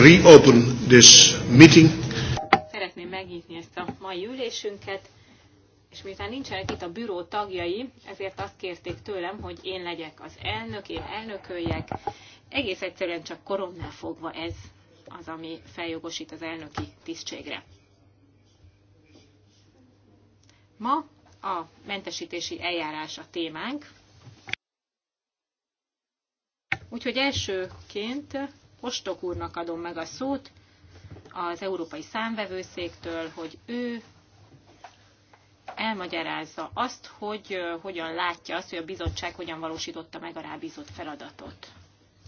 reopen this meeting. Szeretném megnyitni ezt a mai ülésünket, és miután nincsenek itt a büró tagjai, ezért azt kérték tőlem, hogy én legyek az elnök, én elnököljek. Egész egyszerűen csak koromnál fogva ez az, ami feljogosít az elnöki tisztségre. Ma a mentesítési eljárás a témánk. Úgyhogy elsőként Ostok úrnak adom meg a szót az Európai Számvevőszéktől, hogy ő elmagyarázza azt, hogy hogyan látja azt, hogy a bizottság hogyan valósította meg a rábízott feladatot.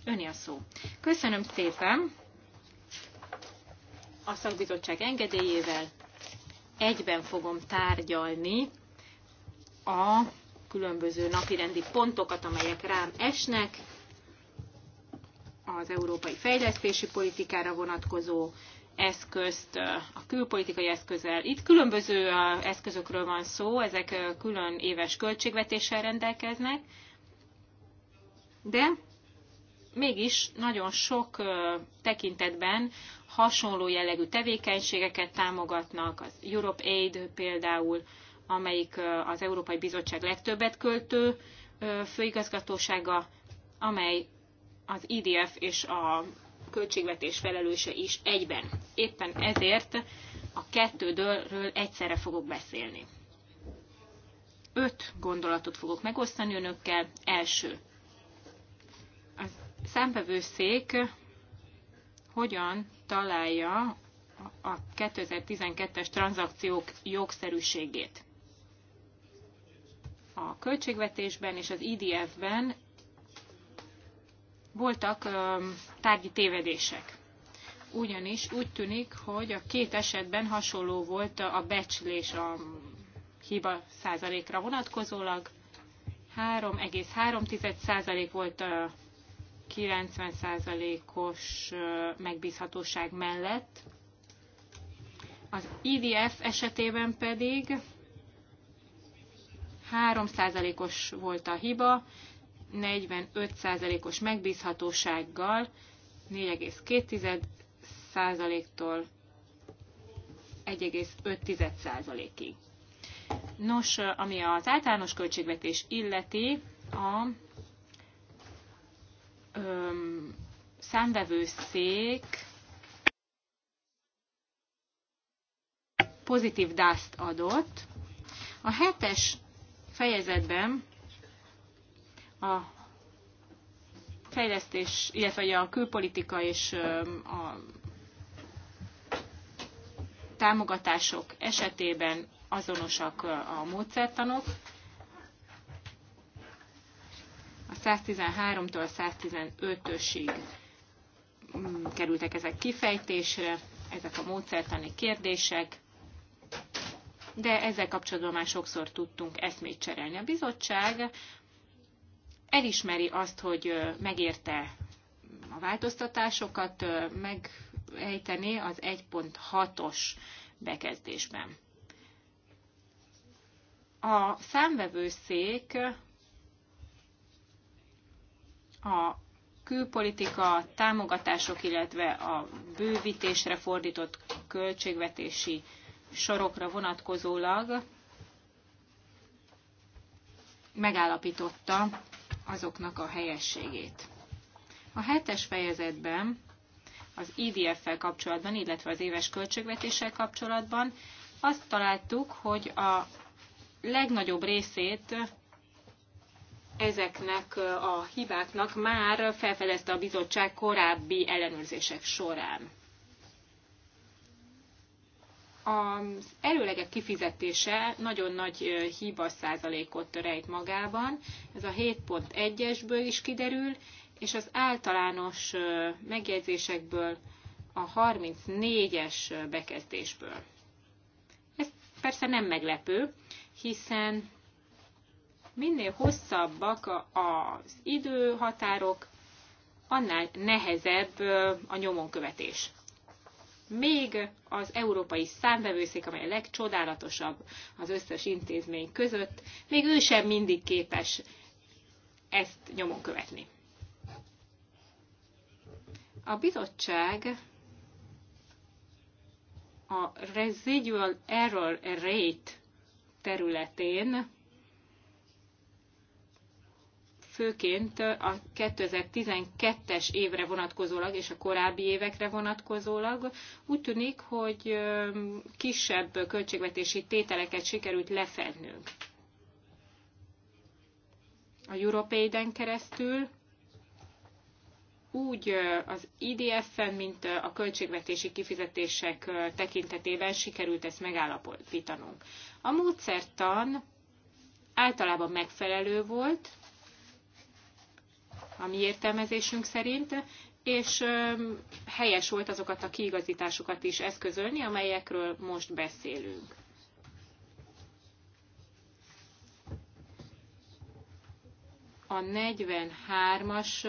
Öni a szó. Köszönöm szépen a szakbizottság engedélyével. Egyben fogom tárgyalni a különböző napirendi pontokat, amelyek rám esnek, az európai fejlesztési politikára vonatkozó eszközt, a külpolitikai eszközzel. Itt különböző eszközökről van szó, ezek külön éves költségvetéssel rendelkeznek, de mégis nagyon sok tekintetben hasonló jellegű tevékenységeket támogatnak, az Europe Aid például, amelyik az Európai Bizottság legtöbbet költő főigazgatósága, amely az IDF e és a költségvetés felelőse is egyben. Éppen ezért a kettődről egyszerre fogok beszélni. Öt gondolatot fogok megosztani önökkel. Első. A számbevőszék hogyan találja a 2012-es tranzakciók jogszerűségét. A költségvetésben és az IDF-ben e voltak tárgyi tévedések. Ugyanis úgy tűnik, hogy a két esetben hasonló volt a becslés a hiba százalékra vonatkozólag. 3,3 százalék volt a 90 százalékos megbízhatóság mellett. Az IDF esetében pedig 3 százalékos volt a hiba, 45%-os megbízhatósággal 4,2%-tól 1,5%-ig. Nos, ami az általános költségvetés illeti, a öm, számvevőszék pozitív dászt adott. A hetes fejezetben a fejlesztés, illetve a külpolitika és a támogatások esetében azonosak a módszertanok. A 113-től 115-ösig mm, kerültek ezek kifejtésre, ezek a módszertani kérdések, de ezzel kapcsolatban már sokszor tudtunk eszmét cserélni. A bizottság elismeri azt, hogy megérte a változtatásokat, megejteni az 1.6-os bekezdésben. A számvevőszék a külpolitika, támogatások, illetve a bővítésre fordított költségvetési sorokra vonatkozólag megállapította azoknak a helyességét. A hetes fejezetben az IDF-fel e kapcsolatban, illetve az éves költségvetéssel kapcsolatban azt találtuk, hogy a legnagyobb részét ezeknek a hibáknak már felfedezte a bizottság korábbi ellenőrzések során az előlegek kifizetése nagyon nagy hiba százalékot rejt magában, ez a 7.1-esből is kiderül, és az általános megjegyzésekből a 34-es bekezdésből. Ez persze nem meglepő, hiszen minél hosszabbak az időhatárok, annál nehezebb a nyomonkövetés még az Európai Számbevőszék, amely a legcsodálatosabb az összes intézmény között, még ő sem mindig képes ezt nyomon követni. A bizottság a residual error rate területén főként a 2012-es évre vonatkozólag és a korábbi évekre vonatkozólag úgy tűnik, hogy kisebb költségvetési tételeket sikerült lefednünk. A Europaiden keresztül úgy az IDF-en, mint a költségvetési kifizetések tekintetében sikerült ezt megállapítanunk. A módszertan általában megfelelő volt, a mi értelmezésünk szerint, és helyes volt azokat a kiigazításokat is eszközölni, amelyekről most beszélünk. A 43-as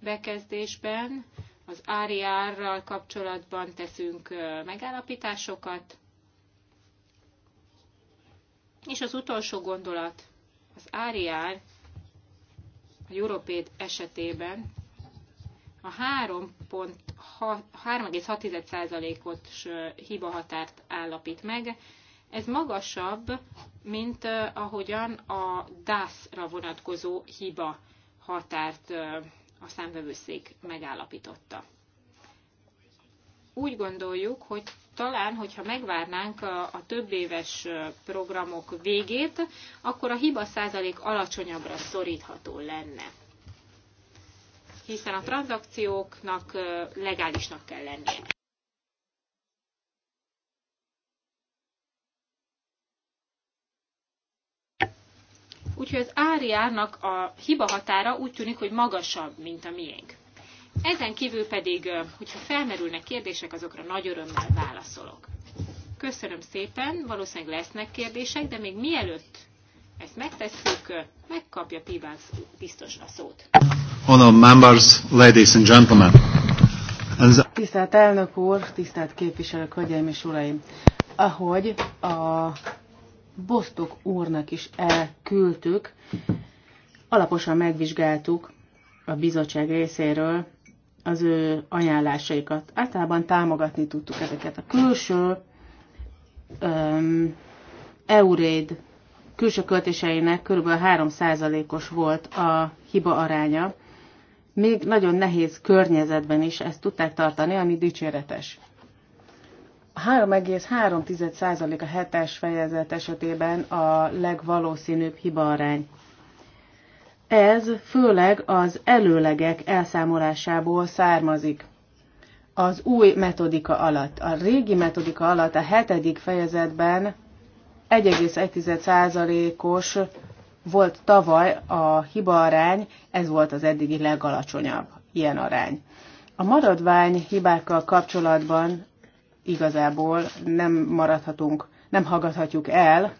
bekezdésben az ARR-ral kapcsolatban teszünk megállapításokat, és az utolsó gondolat, az ARR a Européd esetében a 3,6%-os hibahatárt állapít meg. Ez magasabb, mint ahogyan a DAS-ra vonatkozó hiba határt a számvevőszék megállapította. Úgy gondoljuk, hogy talán, hogyha megvárnánk a, a több éves programok végét, akkor a hiba százalék alacsonyabbra szorítható lenne. Hiszen a tranzakcióknak legálisnak kell lennie. Úgyhogy az áriának a hiba határa úgy tűnik, hogy magasabb, mint a miénk. Ezen kívül pedig, hogyha felmerülnek kérdések, azokra nagy örömmel válaszolok. Köszönöm szépen, valószínűleg lesznek kérdések, de még mielőtt ezt megtesszük, megkapja Pibánsz biztos a szót. Honor members, ladies and gentlemen. Tisztelt elnök úr, tisztelt képviselők, hölgyeim és uraim! Ahogy a Bosztok úrnak is elküldtük, alaposan megvizsgáltuk a bizottság részéről az ő ajánlásaikat. Általában támogatni tudtuk ezeket. A külső um, euréd külső költéseinek kb. 3%-os volt a hiba aránya. Még nagyon nehéz környezetben is ezt tudták tartani, ami dicséretes. 3,3% a hetes fejezet esetében a legvalószínűbb hibaarány. Ez főleg az előlegek elszámolásából származik. Az új metodika alatt, a régi metodika alatt a hetedik fejezetben 1,1%-os volt tavaly a hibaarány, ez volt az eddigi legalacsonyabb ilyen arány. A maradvány hibákkal kapcsolatban igazából nem maradhatunk, nem hallgathatjuk el,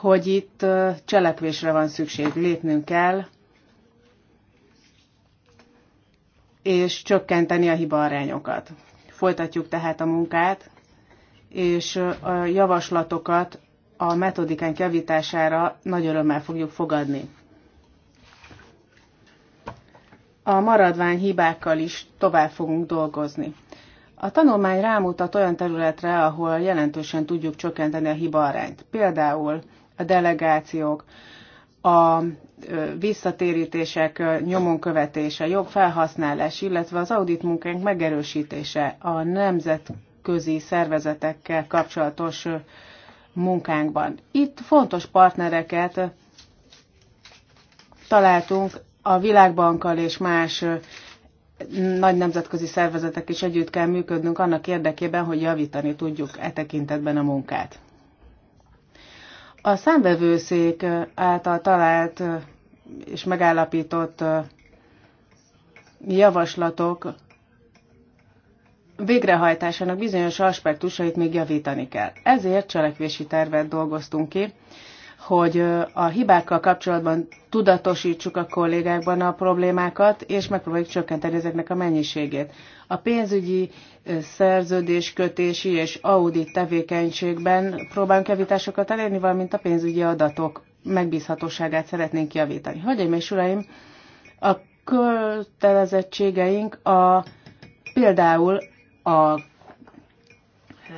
hogy itt cselekvésre van szükség, lépnünk kell, és csökkenteni a hibaarányokat. Folytatjuk tehát a munkát, és a javaslatokat a metodikánk javítására nagy örömmel fogjuk fogadni. A maradvány hibákkal is tovább fogunk dolgozni. A tanulmány rámutat olyan területre, ahol jelentősen tudjuk csökkenteni a hiba arányt. Például a delegációk, a visszatérítések nyomon követése, jobb felhasználás, illetve az audit munkánk megerősítése a nemzetközi szervezetekkel kapcsolatos munkánkban. Itt fontos partnereket találtunk a Világbankkal és más nagy nemzetközi szervezetek is együtt kell működnünk annak érdekében, hogy javítani tudjuk e tekintetben a munkát. A számbevőszék által talált és megállapított javaslatok végrehajtásának bizonyos aspektusait még javítani kell. Ezért cselekvési tervet dolgoztunk ki, hogy a hibákkal kapcsolatban tudatosítsuk a kollégákban a problémákat, és megpróbáljuk csökkenteni ezeknek a mennyiségét. A pénzügyi szerződéskötési és audit tevékenységben próbálunk javításokat elérni, valamint a pénzügyi adatok megbízhatóságát szeretnénk javítani. Hölgyeim és uraim, a kötelezettségeink a, például a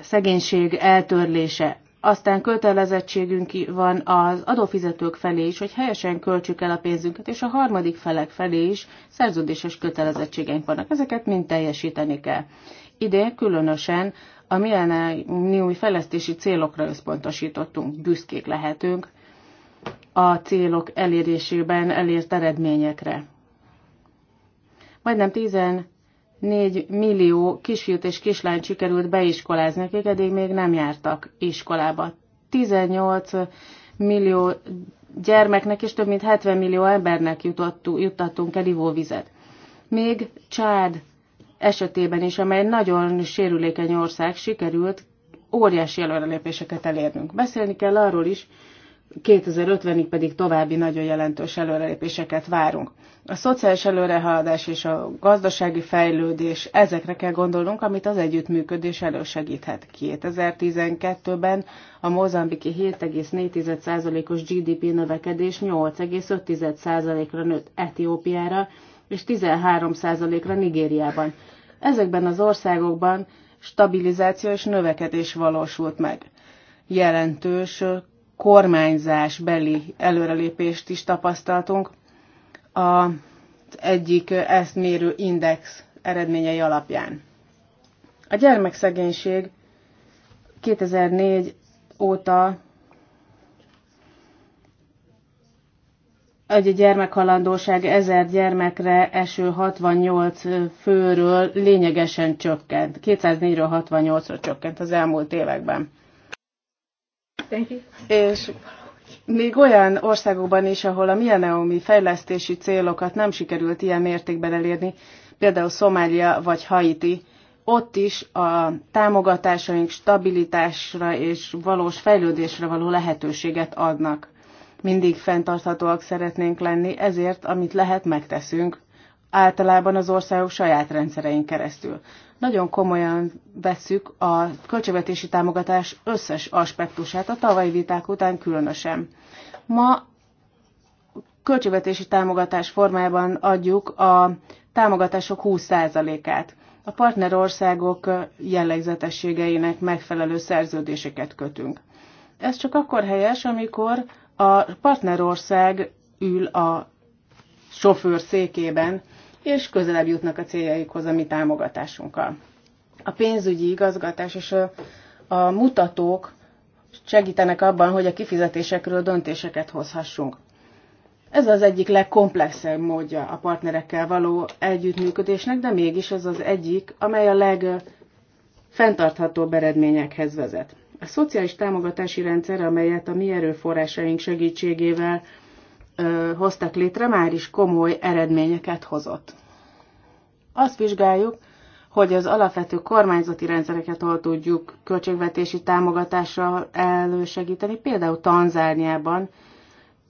szegénység eltörlése, aztán kötelezettségünk van az adófizetők felé is, hogy helyesen költsük el a pénzünket, és a harmadik felek felé is szerződéses kötelezettségeink vannak. Ezeket mind teljesíteni kell. Ide különösen a milleniumi fejlesztési célokra összpontosítottunk, büszkék lehetünk a célok elérésében elért eredményekre. Majdnem 4 millió kisfiút és kislányt sikerült beiskolázni, akik eddig még nem jártak iskolába. 18 millió gyermeknek és több mint 70 millió embernek jutottunk, juttattunk el ivóvizet. Még Csád esetében is, amely nagyon sérülékeny ország, sikerült óriási előrelépéseket elérnünk. Beszélni kell arról is, 2050-ig pedig további nagyon jelentős előrelépéseket várunk. A szociális előrehaladás és a gazdasági fejlődés, ezekre kell gondolnunk, amit az együttműködés elősegíthet. 2012-ben a mozambiki 7,4%-os GDP növekedés 8,5%-ra nőtt Etiópiára és 13%-ra Nigériában. Ezekben az országokban stabilizáció és növekedés valósult meg. Jelentős kormányzás beli előrelépést is tapasztaltunk. A egyik ezt mérő index eredményei alapján. A gyermekszegénység 2004 óta egy gyermekhalandóság ezer gyermekre eső 68 főről lényegesen csökkent. 204-ről 68-ra csökkent az elmúlt években. És még olyan országokban is, ahol a millenniumi fejlesztési célokat nem sikerült ilyen mértékben elérni, például Szomália vagy Haiti, ott is a támogatásaink stabilitásra és valós fejlődésre való lehetőséget adnak. Mindig fenntarthatóak szeretnénk lenni, ezért, amit lehet, megteszünk, általában az országok saját rendszereink keresztül nagyon komolyan vesszük a költségvetési támogatás összes aspektusát, a tavalyi viták után különösen. Ma költségvetési támogatás formájában adjuk a támogatások 20%-át. A partnerországok jellegzetességeinek megfelelő szerződéseket kötünk. Ez csak akkor helyes, amikor a partnerország ül a sofőr székében, és közelebb jutnak a céljaikhoz a mi támogatásunkkal. A pénzügyi igazgatás és a, a mutatók segítenek abban, hogy a kifizetésekről döntéseket hozhassunk. Ez az egyik legkomplexebb módja a partnerekkel való együttműködésnek, de mégis ez az egyik, amely a legfenntarthatóbb eredményekhez vezet. A szociális támogatási rendszer, amelyet a mi erőforrásaink segítségével hoztak létre, már is komoly eredményeket hozott. Azt vizsgáljuk, hogy az alapvető kormányzati rendszereket hol tudjuk költségvetési támogatással elősegíteni. Például Tanzániában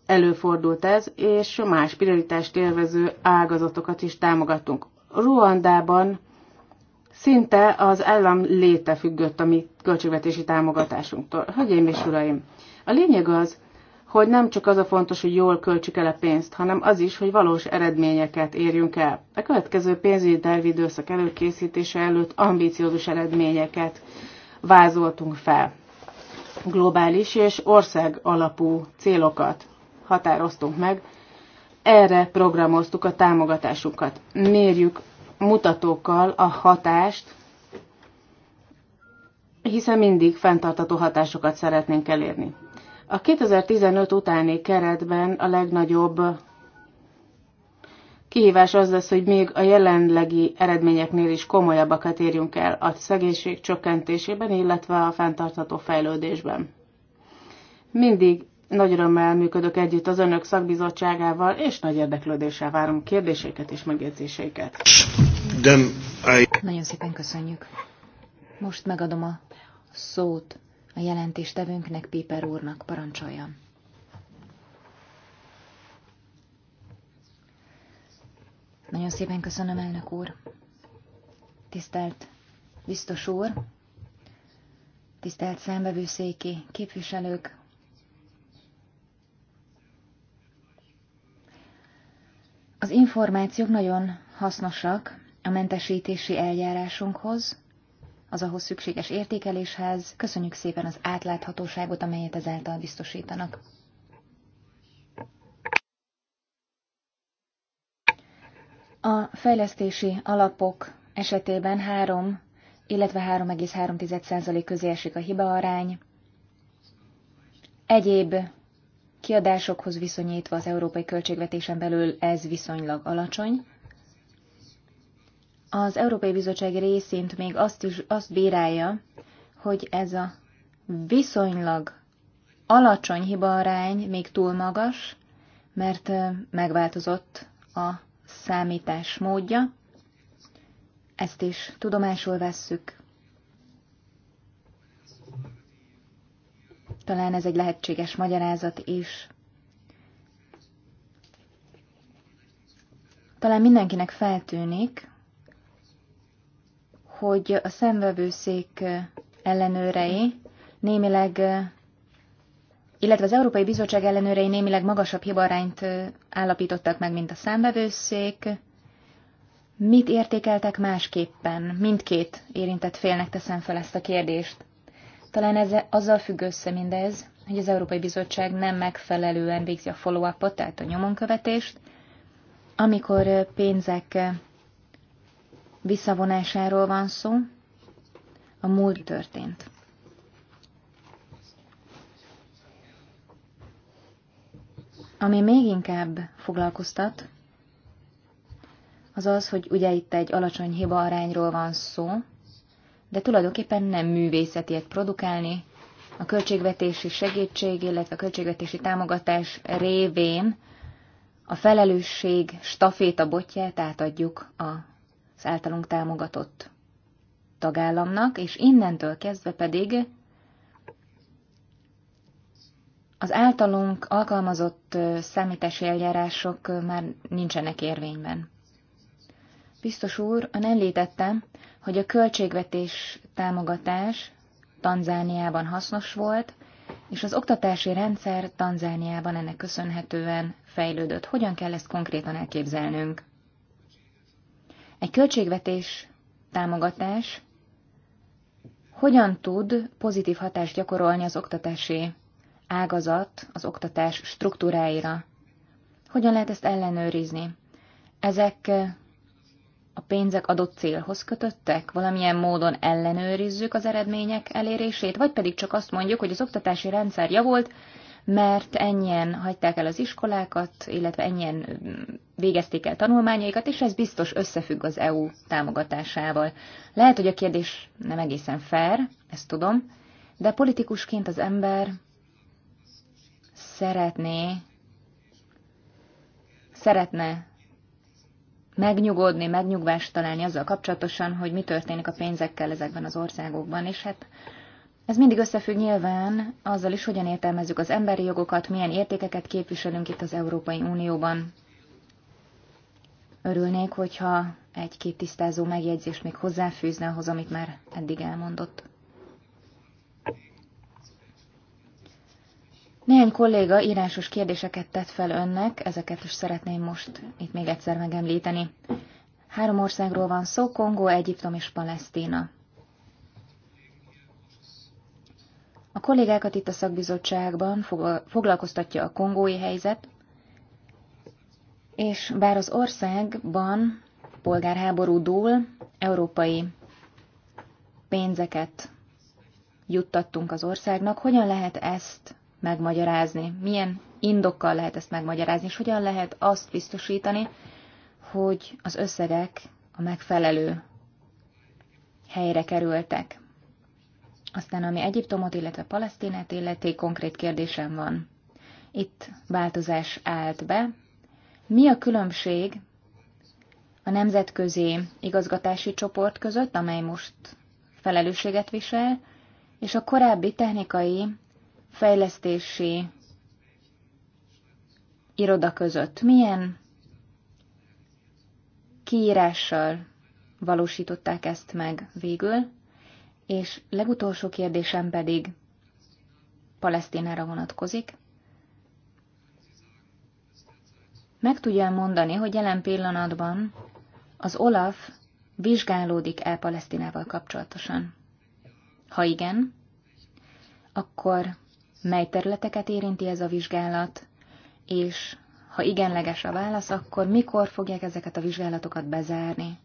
előfordult ez, és más prioritást élvező ágazatokat is támogattunk. Ruandában szinte az állam léte függött a mi költségvetési támogatásunktól. Hölgyeim és uraim, a lényeg az, hogy nem csak az a fontos, hogy jól költsük el a pénzt, hanem az is, hogy valós eredményeket érjünk el. A következő pénzügyi tervidőszak előkészítése előtt ambíciózus eredményeket vázoltunk fel. Globális és ország alapú célokat határoztunk meg, erre programoztuk a támogatásunkat. Mérjük mutatókkal a hatást, hiszen mindig fenntartató hatásokat szeretnénk elérni. A 2015 utáni keretben a legnagyobb kihívás az lesz, hogy még a jelenlegi eredményeknél is komolyabbakat érjünk el a szegénység csökkentésében, illetve a fenntartható fejlődésben. Mindig nagy örömmel működök együtt az önök szakbizottságával, és nagy érdeklődéssel várom kérdéseiket és megjegyzéseiket. I... Nagyon szépen köszönjük. Most megadom a szót a jelentéstevőnknek, Piper úrnak parancsolja. Nagyon szépen köszönöm, elnök úr. Tisztelt biztos úr, tisztelt szembevőszéki képviselők, Az információk nagyon hasznosak a mentesítési eljárásunkhoz, az ahhoz szükséges értékeléshez. Köszönjük szépen az átláthatóságot, amelyet ezáltal biztosítanak. A fejlesztési alapok esetében 3, illetve 3,3% közé esik a hibaarány. Egyéb kiadásokhoz viszonyítva az európai költségvetésen belül ez viszonylag alacsony, az Európai Bizottság részint még azt is azt bírálja, hogy ez a viszonylag alacsony hibaarány még túl magas, mert megváltozott a számítás módja. Ezt is tudomásul vesszük. Talán ez egy lehetséges magyarázat is. Talán mindenkinek feltűnik, hogy a szemvevőszék ellenőrei némileg, illetve az Európai Bizottság ellenőrei némileg magasabb hibarányt állapítottak meg, mint a szemvevőszék. Mit értékeltek másképpen? Mindkét érintett félnek teszem fel ezt a kérdést. Talán ez azzal függ össze mindez, hogy az Európai Bizottság nem megfelelően végzi a follow-upot, tehát a nyomonkövetést, amikor pénzek visszavonásáról van szó, a múlt történt. Ami még inkább foglalkoztat, az az, hogy ugye itt egy alacsony hiba arányról van szó, de tulajdonképpen nem művészetiet produkálni, a költségvetési segítség, illetve a költségvetési támogatás révén a felelősség staféta botját átadjuk a az általunk támogatott tagállamnak, és innentől kezdve pedig az általunk alkalmazott számítási eljárások már nincsenek érvényben. Biztos úr, ön említette, hogy a költségvetés támogatás Tanzániában hasznos volt, és az oktatási rendszer Tanzániában ennek köszönhetően fejlődött. Hogyan kell ezt konkrétan elképzelnünk? Egy költségvetés támogatás hogyan tud pozitív hatást gyakorolni az oktatási ágazat, az oktatás struktúráira? Hogyan lehet ezt ellenőrizni? Ezek a pénzek adott célhoz kötöttek? Valamilyen módon ellenőrizzük az eredmények elérését? Vagy pedig csak azt mondjuk, hogy az oktatási rendszer javult, mert ennyien hagyták el az iskolákat, illetve ennyien végezték el tanulmányaikat, és ez biztos összefügg az EU támogatásával. Lehet, hogy a kérdés nem egészen fair, ezt tudom, de politikusként az ember szeretné, szeretne megnyugodni, megnyugvást találni azzal kapcsolatosan, hogy mi történik a pénzekkel ezekben az országokban, és hát ez mindig összefügg nyilván azzal is, hogyan értelmezzük az emberi jogokat, milyen értékeket képviselünk itt az Európai Unióban. Örülnék, hogyha egy-két tisztázó megjegyzést még hozzáfűzne ahhoz, amit már eddig elmondott. Néhány kolléga írásos kérdéseket tett fel önnek, ezeket is szeretném most itt még egyszer megemlíteni. Három országról van szó, Kongó, Egyiptom és Palesztina. A kollégákat itt a szakbizottságban foglalkoztatja a kongói helyzet, és bár az országban polgárháború dúl, európai pénzeket juttattunk az országnak, hogyan lehet ezt megmagyarázni? Milyen indokkal lehet ezt megmagyarázni, és hogyan lehet azt biztosítani, hogy az összegek a megfelelő helyre kerültek? Aztán, ami Egyiptomot, illetve Palesztinát illeti, konkrét kérdésem van. Itt változás állt be. Mi a különbség a nemzetközi igazgatási csoport között, amely most felelősséget visel, és a korábbi technikai fejlesztési iroda között milyen kiírással valósították ezt meg végül, és legutolsó kérdésem pedig Palesztinára vonatkozik. Meg tudja mondani, hogy jelen pillanatban az Olaf vizsgálódik-e Palesztinával kapcsolatosan? Ha igen, akkor mely területeket érinti ez a vizsgálat, és ha igenleges a válasz, akkor mikor fogják ezeket a vizsgálatokat bezárni?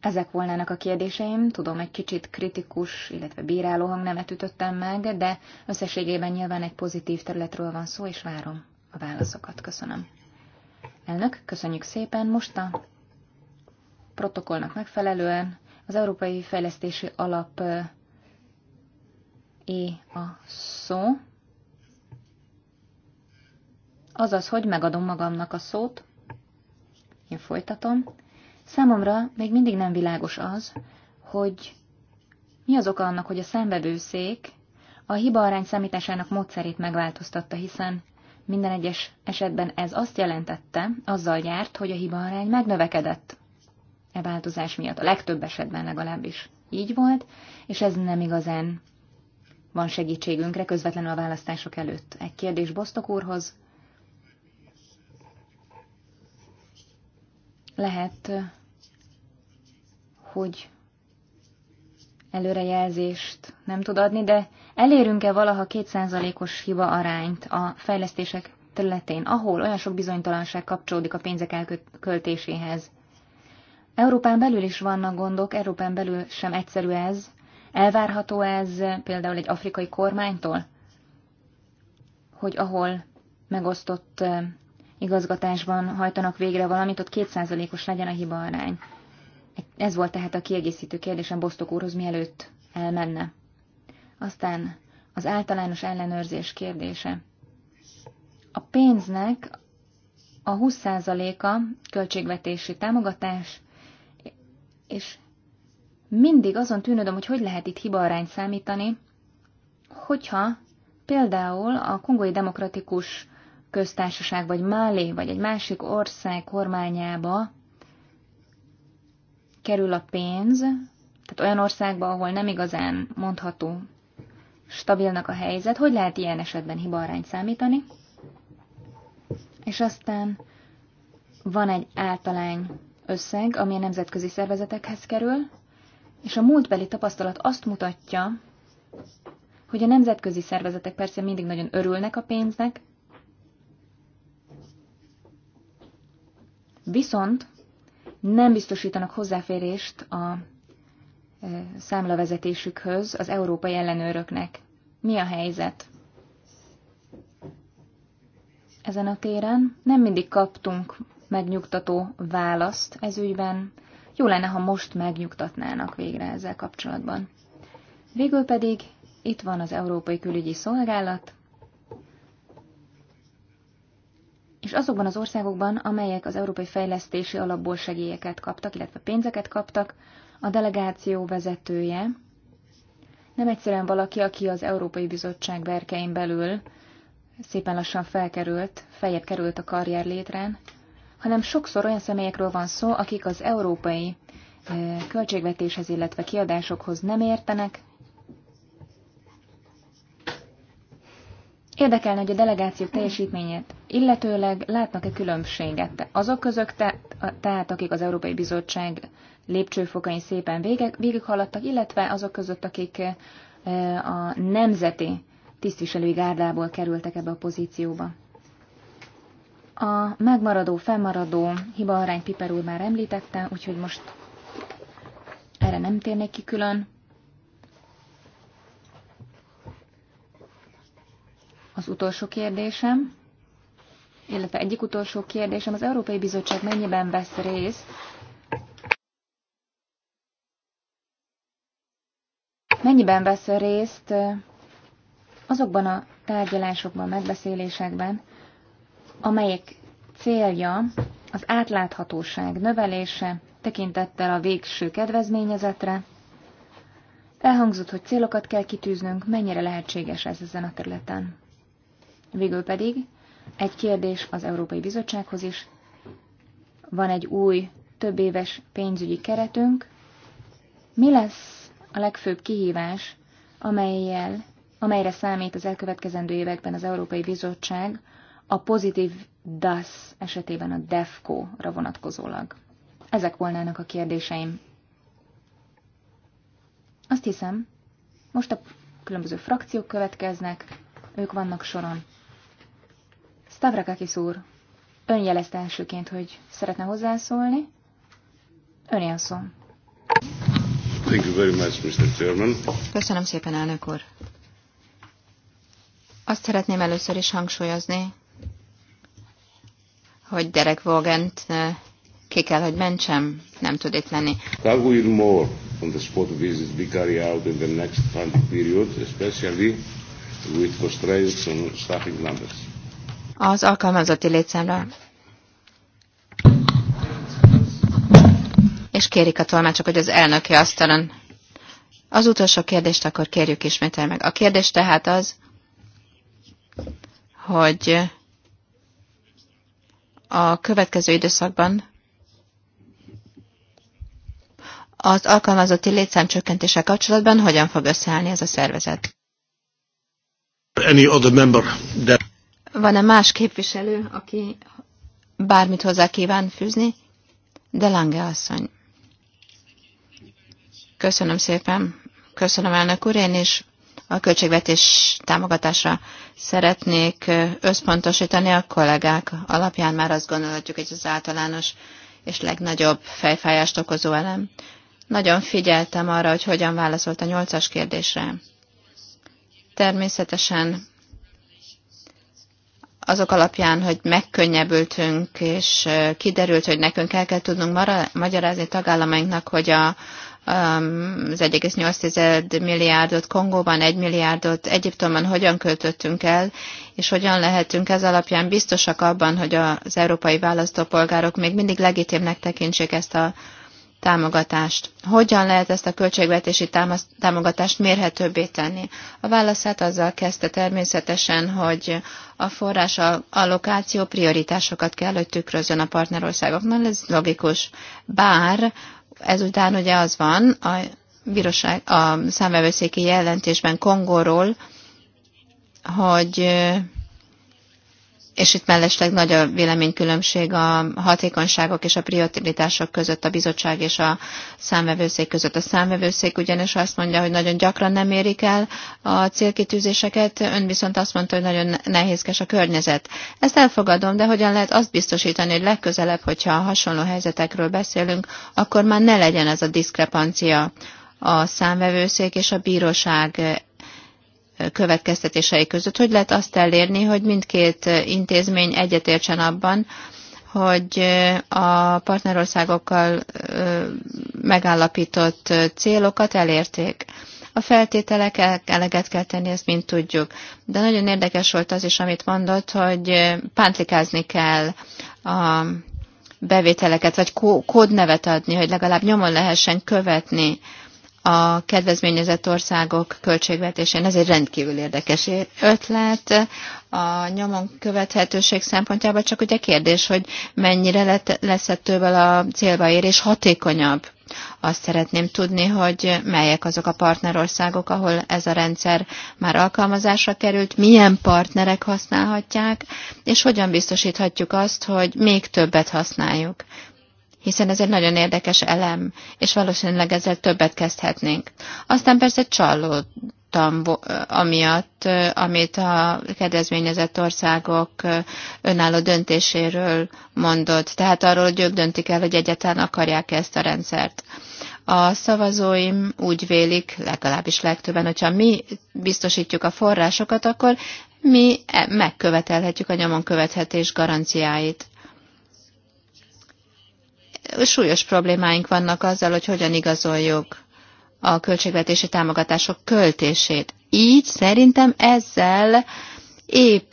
Ezek volnának a kérdéseim. Tudom, egy kicsit kritikus, illetve bíráló hangnemet ütöttem meg, de összességében nyilván egy pozitív területről van szó, és várom a válaszokat. Köszönöm. Elnök, köszönjük szépen. Most a protokollnak megfelelően az Európai Fejlesztési Alap é a szó. Azaz, hogy megadom magamnak a szót. Én folytatom. Számomra még mindig nem világos az, hogy mi az oka annak, hogy a szenvedőszék a hiba arány számításának módszerét megváltoztatta, hiszen minden egyes esetben ez azt jelentette, azzal járt, hogy a hiba arány megnövekedett. E változás miatt, a legtöbb esetben legalábbis így volt, és ez nem igazán van segítségünkre közvetlenül a választások előtt. Egy kérdés Bosztok úrhoz. Lehet, hogy előrejelzést nem tud adni, de elérünk-e valaha kétszázalékos hiba arányt a fejlesztések területén, ahol olyan sok bizonytalanság kapcsolódik a pénzek elköltéséhez? Európán belül is vannak gondok, Európán belül sem egyszerű ez. Elvárható ez például egy afrikai kormánytól, hogy ahol megosztott eh, igazgatásban hajtanak végre valamit, ott kétszázalékos legyen a hiba arány. Ez volt tehát a kiegészítő kérdésem Bosztok úrhoz, mielőtt elmenne. Aztán az általános ellenőrzés kérdése. A pénznek a 20%-a költségvetési támogatás, és mindig azon tűnődöm, hogy hogy lehet itt hibaarány számítani, hogyha például a kongói demokratikus köztársaság, vagy Málé, vagy egy másik ország kormányába kerül a pénz, tehát olyan országba, ahol nem igazán mondható stabilnak a helyzet, hogy lehet ilyen esetben hibarányt számítani? És aztán van egy általány összeg, ami a nemzetközi szervezetekhez kerül, és a múltbeli tapasztalat azt mutatja, hogy a nemzetközi szervezetek persze mindig nagyon örülnek a pénznek, viszont nem biztosítanak hozzáférést a e, számlavezetésükhöz az európai ellenőröknek. Mi a helyzet? Ezen a téren nem mindig kaptunk megnyugtató választ ez ügyben. Jó lenne, ha most megnyugtatnának végre ezzel kapcsolatban. Végül pedig itt van az Európai Külügyi Szolgálat, és azokban az országokban, amelyek az Európai Fejlesztési Alapból segélyeket kaptak, illetve pénzeket kaptak, a delegáció vezetője nem egyszerűen valaki, aki az Európai Bizottság berkein belül szépen lassan felkerült, feljebb került a karrier létrán, hanem sokszor olyan személyekről van szó, akik az európai költségvetéshez, illetve kiadásokhoz nem értenek, Érdekelne, hogy a delegációk teljesítményét illetőleg látnak-e különbséget azok közök, tehát akik az Európai Bizottság lépcsőfokain szépen végig, végighaladtak, illetve azok között, akik eh, a nemzeti tisztviselői gárdából kerültek ebbe a pozícióba. A megmaradó, fennmaradó hibaarány Piper úr már említette, úgyhogy most erre nem térnék ki külön. az utolsó kérdésem, illetve egyik utolsó kérdésem, az Európai Bizottság mennyiben vesz részt mennyiben vesz részt azokban a tárgyalásokban, megbeszélésekben, amelyek célja az átláthatóság növelése tekintettel a végső kedvezményezetre. Elhangzott, hogy célokat kell kitűznünk, mennyire lehetséges ez ezen a területen. Végül pedig egy kérdés az Európai Bizottsághoz is. Van egy új, több éves pénzügyi keretünk. Mi lesz a legfőbb kihívás, amelyel, amelyre számít az elkövetkezendő években az Európai Bizottság a pozitív DAS esetében a DEFCO-ra vonatkozólag? Ezek volnának a kérdéseim. Azt hiszem, most a különböző frakciók következnek, ők vannak soron. Stavrakakis úr, ön jelezte elsőként, hogy szeretne hozzászólni. Ön a szó. Thank you very much, Mr. Chairman. Köszönöm szépen, elnök úr. Azt szeretném először is hangsúlyozni, hogy Derek Vogent ki kell, hogy mentsem, nem tud itt lenni. How will more on the spot visits be carried out in the next funding period, especially with constraints on staffing numbers? az alkalmazotti létszámra. És kérik a tolmácsok, hogy az elnöki asztalon. Az utolsó kérdést akkor kérjük ismétel meg. A kérdés tehát az, hogy a következő időszakban az alkalmazotti létszám csökkentése kapcsolatban hogyan fog összeállni ez a szervezet? Any other member that... Van-e más képviselő, aki bármit hozzá kíván fűzni? De Lange asszony. Köszönöm szépen. Köszönöm elnök úr, én is a költségvetés támogatásra szeretnék összpontosítani. A kollégák alapján már azt gondolhatjuk, hogy az általános és legnagyobb fejfájást okozó elem. Nagyon figyeltem arra, hogy hogyan válaszolt a nyolcas kérdésre. Természetesen azok alapján, hogy megkönnyebbültünk, és kiderült, hogy nekünk el kell tudnunk magyarázni tagállamainknak, hogy a, um, az 1,8 milliárdot Kongóban, 1 milliárdot Egyiptomban hogyan költöttünk el, és hogyan lehetünk ez alapján biztosak abban, hogy az európai választópolgárok még mindig legitimnek tekintsék ezt a támogatást. Hogyan lehet ezt a költségvetési támogatást mérhetőbbé tenni? A válaszát azzal kezdte természetesen, hogy a forrás allokáció prioritásokat kell, hogy tükrözön a partnerországoknak. ez logikus. Bár ezután ugye az van, a, bíróság, a számvevőszéki jelentésben Kongóról, hogy és itt mellesleg nagy a véleménykülönbség a hatékonyságok és a prioritások között, a bizottság és a számvevőszék között. A számvevőszék ugyanis azt mondja, hogy nagyon gyakran nem érik el a célkitűzéseket, ön viszont azt mondta, hogy nagyon nehézkes a környezet. Ezt elfogadom, de hogyan lehet azt biztosítani, hogy legközelebb, hogyha hasonló helyzetekről beszélünk, akkor már ne legyen ez a diszkrepancia a számvevőszék és a bíróság következtetései között. Hogy lehet azt elérni, hogy mindkét intézmény egyetértsen abban, hogy a partnerországokkal megállapított célokat elérték. A feltételek eleget kell tenni, ezt mind tudjuk. De nagyon érdekes volt az is, amit mondott, hogy pántlikázni kell a bevételeket, vagy kódnevet adni, hogy legalább nyomon lehessen követni a kedvezményezett országok költségvetésén. Ez egy rendkívül érdekes ötlet a nyomon követhetőség szempontjából, csak ugye kérdés, hogy mennyire lesz ettől a célba érés hatékonyabb. Azt szeretném tudni, hogy melyek azok a partnerországok, ahol ez a rendszer már alkalmazásra került, milyen partnerek használhatják, és hogyan biztosíthatjuk azt, hogy még többet használjuk hiszen ez egy nagyon érdekes elem, és valószínűleg ezzel többet kezdhetnénk. Aztán persze csalódtam amiatt, amit a kedvezményezett országok önálló döntéséről mondott, tehát arról, hogy ők döntik el, hogy egyáltalán akarják -e ezt a rendszert. A szavazóim úgy vélik, legalábbis legtöbben, hogyha mi biztosítjuk a forrásokat, akkor mi e- megkövetelhetjük a nyomon követhetés garanciáit súlyos problémáink vannak azzal, hogy hogyan igazoljuk a költségvetési támogatások költését. Így szerintem ezzel épp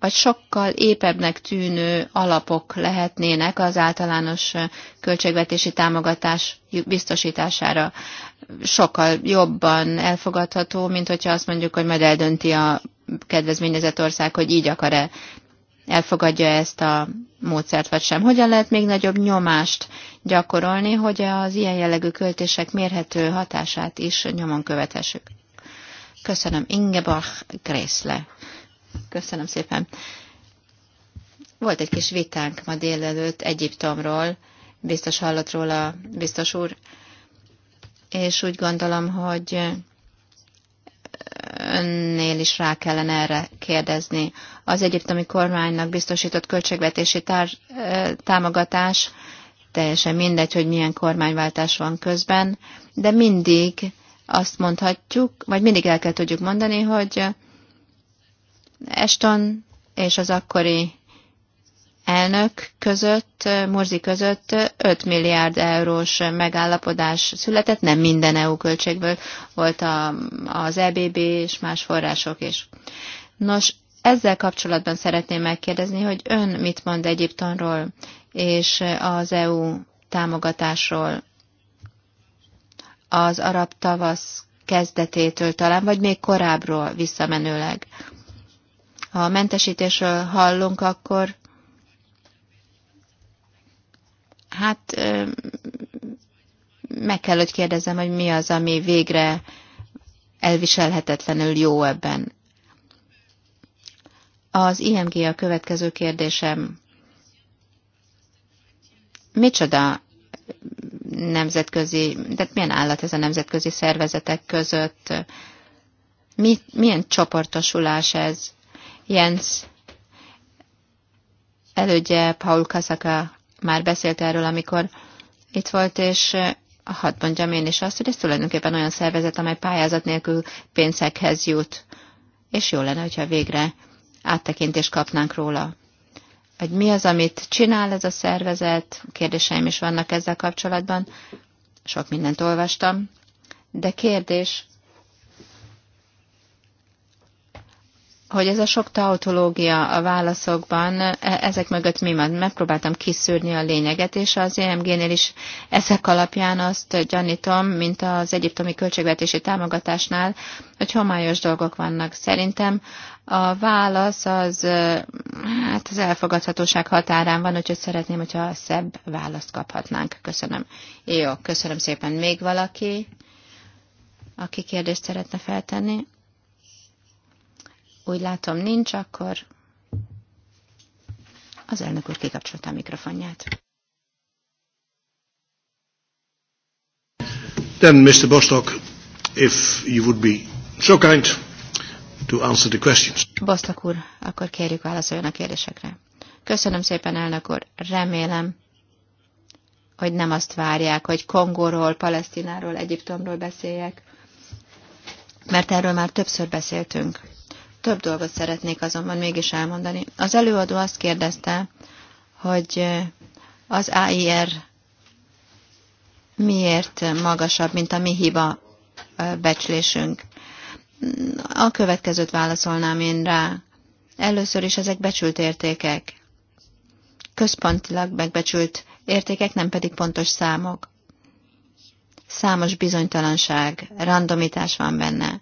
vagy sokkal épebbnek tűnő alapok lehetnének az általános költségvetési támogatás biztosítására. Sokkal jobban elfogadható, mint hogyha azt mondjuk, hogy majd eldönti a kedvezményezett ország, hogy így akar-e, elfogadja ezt a módszert vagy sem. Hogyan lehet még nagyobb nyomást gyakorolni, hogy az ilyen jellegű költések mérhető hatását is nyomon követhessük? Köszönöm. Ingeborg Grészle. Köszönöm szépen. Volt egy kis vitánk ma délelőtt Egyiptomról, biztos hallott róla, biztos úr, és úgy gondolom, hogy önnél is rá kellene erre kérdezni. Az egyiptomi kormánynak biztosított költségvetési tár, támogatás teljesen mindegy, hogy milyen kormányváltás van közben, de mindig azt mondhatjuk, vagy mindig el kell tudjuk mondani, hogy Eston és az akkori elnök között, Morzi között 5 milliárd eurós megállapodás született, nem minden EU költségből volt a, az EBB és más források is. Nos, ezzel kapcsolatban szeretném megkérdezni, hogy ön mit mond Egyiptomról és az EU támogatásról az arab tavasz kezdetétől talán, vagy még korábbról visszamenőleg. Ha a mentesítésről hallunk, akkor Hát meg kell, hogy kérdezem, hogy mi az, ami végre elviselhetetlenül jó ebben. Az IMG a következő kérdésem. Micsoda nemzetközi, tehát milyen állat ez a nemzetközi szervezetek között? Mi, milyen csoportosulás ez? Jens, elődje Paul Kaszaka már beszélt erről, amikor itt volt, és eh, hadd mondjam én is azt, hogy ez tulajdonképpen olyan szervezet, amely pályázat nélkül pénzekhez jut. És jó lenne, hogyha végre áttekintést kapnánk róla. Hogy mi az, amit csinál ez a szervezet, kérdéseim is vannak ezzel kapcsolatban, sok mindent olvastam, de kérdés, hogy ez a sok tautológia a válaszokban, e, ezek mögött mi van? Megpróbáltam kiszűrni a lényeget, és az EMG-nél is ezek alapján azt gyanítom, mint az egyiptomi költségvetési támogatásnál, hogy homályos dolgok vannak. Szerintem a válasz az, e, hát az elfogadhatóság határán van, úgyhogy szeretném, hogyha szebb választ kaphatnánk. Köszönöm. Jó, köszönöm szépen. Még valaki, aki kérdést szeretne feltenni? Úgy látom nincs, akkor az elnök úr kikapcsolta a mikrofonját. Then, Mr. Bostock, if you would be so kind to answer the questions. Bostock úr, akkor kérjük válaszoljon a kérdésekre. Köszönöm szépen, elnök úr. Remélem, hogy nem azt várják, hogy Kongóról, Palesztináról, Egyiptomról beszéljek, mert erről már többször beszéltünk. Több dolgot szeretnék azonban mégis elmondani. Az előadó azt kérdezte, hogy eh, az AIR miért magasabb, mint a mi hiba eh, becslésünk. A következőt válaszolnám én rá. Először is ezek becsült értékek. Központilag megbecsült értékek, nem pedig pontos számok. Számos bizonytalanság, randomitás van benne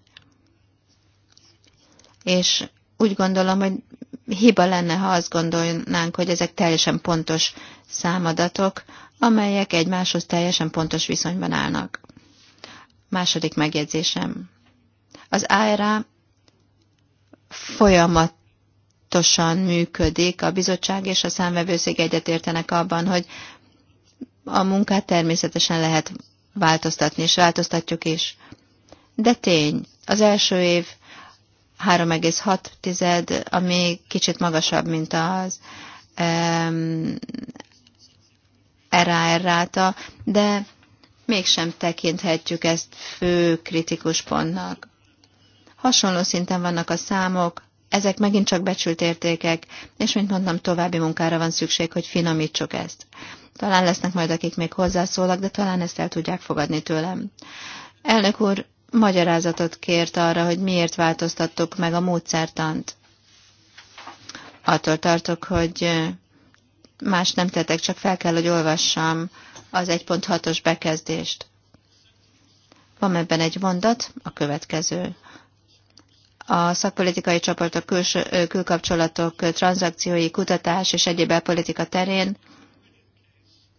és úgy gondolom, hogy hiba lenne, ha azt gondolnánk, hogy ezek teljesen pontos számadatok, amelyek egymáshoz teljesen pontos viszonyban állnak. Második megjegyzésem. Az ARA folyamatosan működik, a bizottság és a számvevőszék egyetértenek abban, hogy a munkát természetesen lehet változtatni, és változtatjuk is. De tény, az első év 3,6, ami kicsit magasabb, mint az RAR ráta, de mégsem tekinthetjük ezt fő kritikus pontnak. Hasonló szinten vannak a számok, ezek megint csak becsült értékek, és mint mondtam, további munkára van szükség, hogy finomítsuk ezt. Talán lesznek majd, akik még hozzászólnak, de talán ezt el tudják fogadni tőlem. Elnök úr, magyarázatot kért arra, hogy miért változtattuk meg a módszertant. Attól tartok, hogy más nem tettek, csak fel kell, hogy olvassam az 1.6-os bekezdést. Van ebben egy mondat, a következő. A szakpolitikai csoportok külső, külkapcsolatok, tranzakciói, kutatás és egyéb politika terén,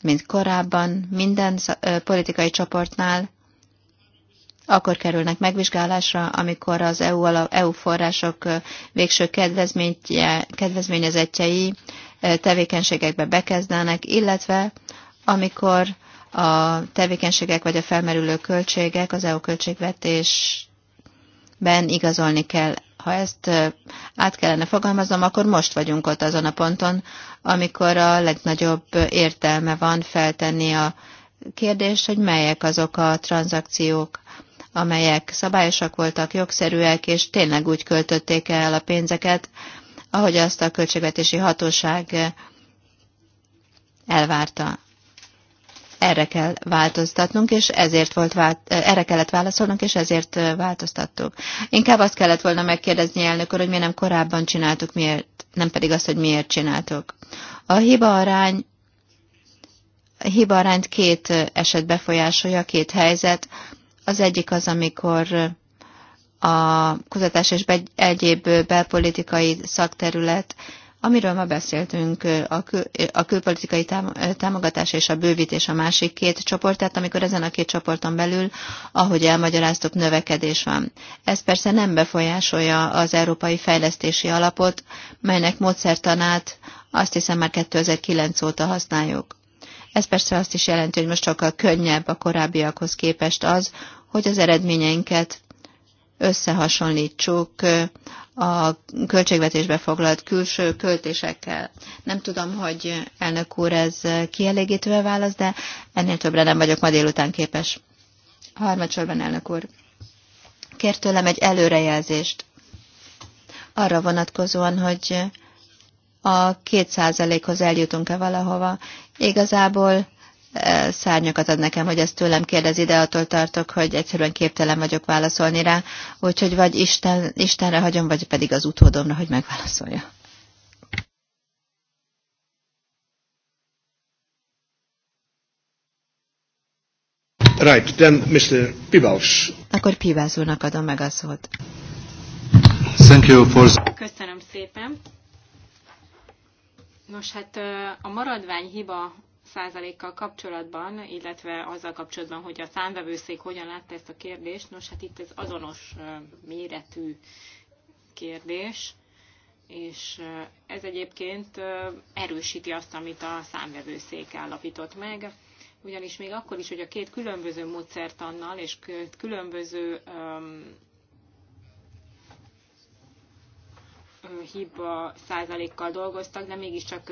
mint korábban minden politikai csoportnál, akkor kerülnek megvizsgálásra, amikor az EU, EU források végső kedvezményezettjei tevékenységekbe bekezdenek, illetve amikor a tevékenységek vagy a felmerülő költségek az EU költségvetésben igazolni kell. Ha ezt át kellene fogalmaznom, akkor most vagyunk ott azon a ponton, amikor a legnagyobb értelme van feltenni a kérdést, hogy melyek azok a tranzakciók, amelyek szabályosak voltak, jogszerűek, és tényleg úgy költötték el a pénzeket, ahogy azt a költségvetési hatóság elvárta. Erre kell változtatnunk, és ezért volt vált, erre kellett válaszolnunk, és ezért változtattuk. Inkább azt kellett volna megkérdezni elnök hogy miért nem korábban csináltuk, miért, nem pedig azt, hogy miért csináltuk. A hiba arány arányt két eset befolyásolja, két helyzet. Az egyik az, amikor a kutatás és egyéb belpolitikai szakterület, amiről ma beszéltünk, a, kül, a külpolitikai támogatás és a bővítés a másik két csoport, tehát amikor ezen a két csoporton belül, ahogy elmagyaráztuk, növekedés van. Ez persze nem befolyásolja az Európai Fejlesztési Alapot, melynek módszertanát azt hiszem már 2009 óta használjuk. Ez persze azt is jelenti, hogy most sokkal könnyebb a korábbiakhoz képest az, hogy az eredményeinket összehasonlítsuk a költségvetésbe foglalt külső költésekkel. Nem tudom, hogy elnök úr ez kielégítő -e válasz, de ennél többre nem vagyok ma délután képes. Harmadsorban elnök úr. kért tőlem egy előrejelzést arra vonatkozóan, hogy a kétszázalékhoz eljutunk-e valahova. Igazából e, szárnyakat ad nekem, hogy ezt tőlem kérdezi, de attól tartok, hogy egyszerűen képtelen vagyok válaszolni rá, úgyhogy vagy Isten, Istenre hagyom, vagy pedig az utódomra, hogy megválaszolja. Right, then Mr. Pibaus. Akkor Pibaus úrnak adom meg a szót. Thank you for... Köszönöm szépen. Nos, hát a maradvány hiba százalékkal kapcsolatban, illetve azzal kapcsolatban, hogy a számvevőszék hogyan látta ezt a kérdést, nos, hát itt ez azonos méretű kérdés, és ez egyébként erősíti azt, amit a számvevőszék állapított meg, ugyanis még akkor is, hogy a két különböző módszertannal és különböző hiba százalékkal dolgoztak, de mégiscsak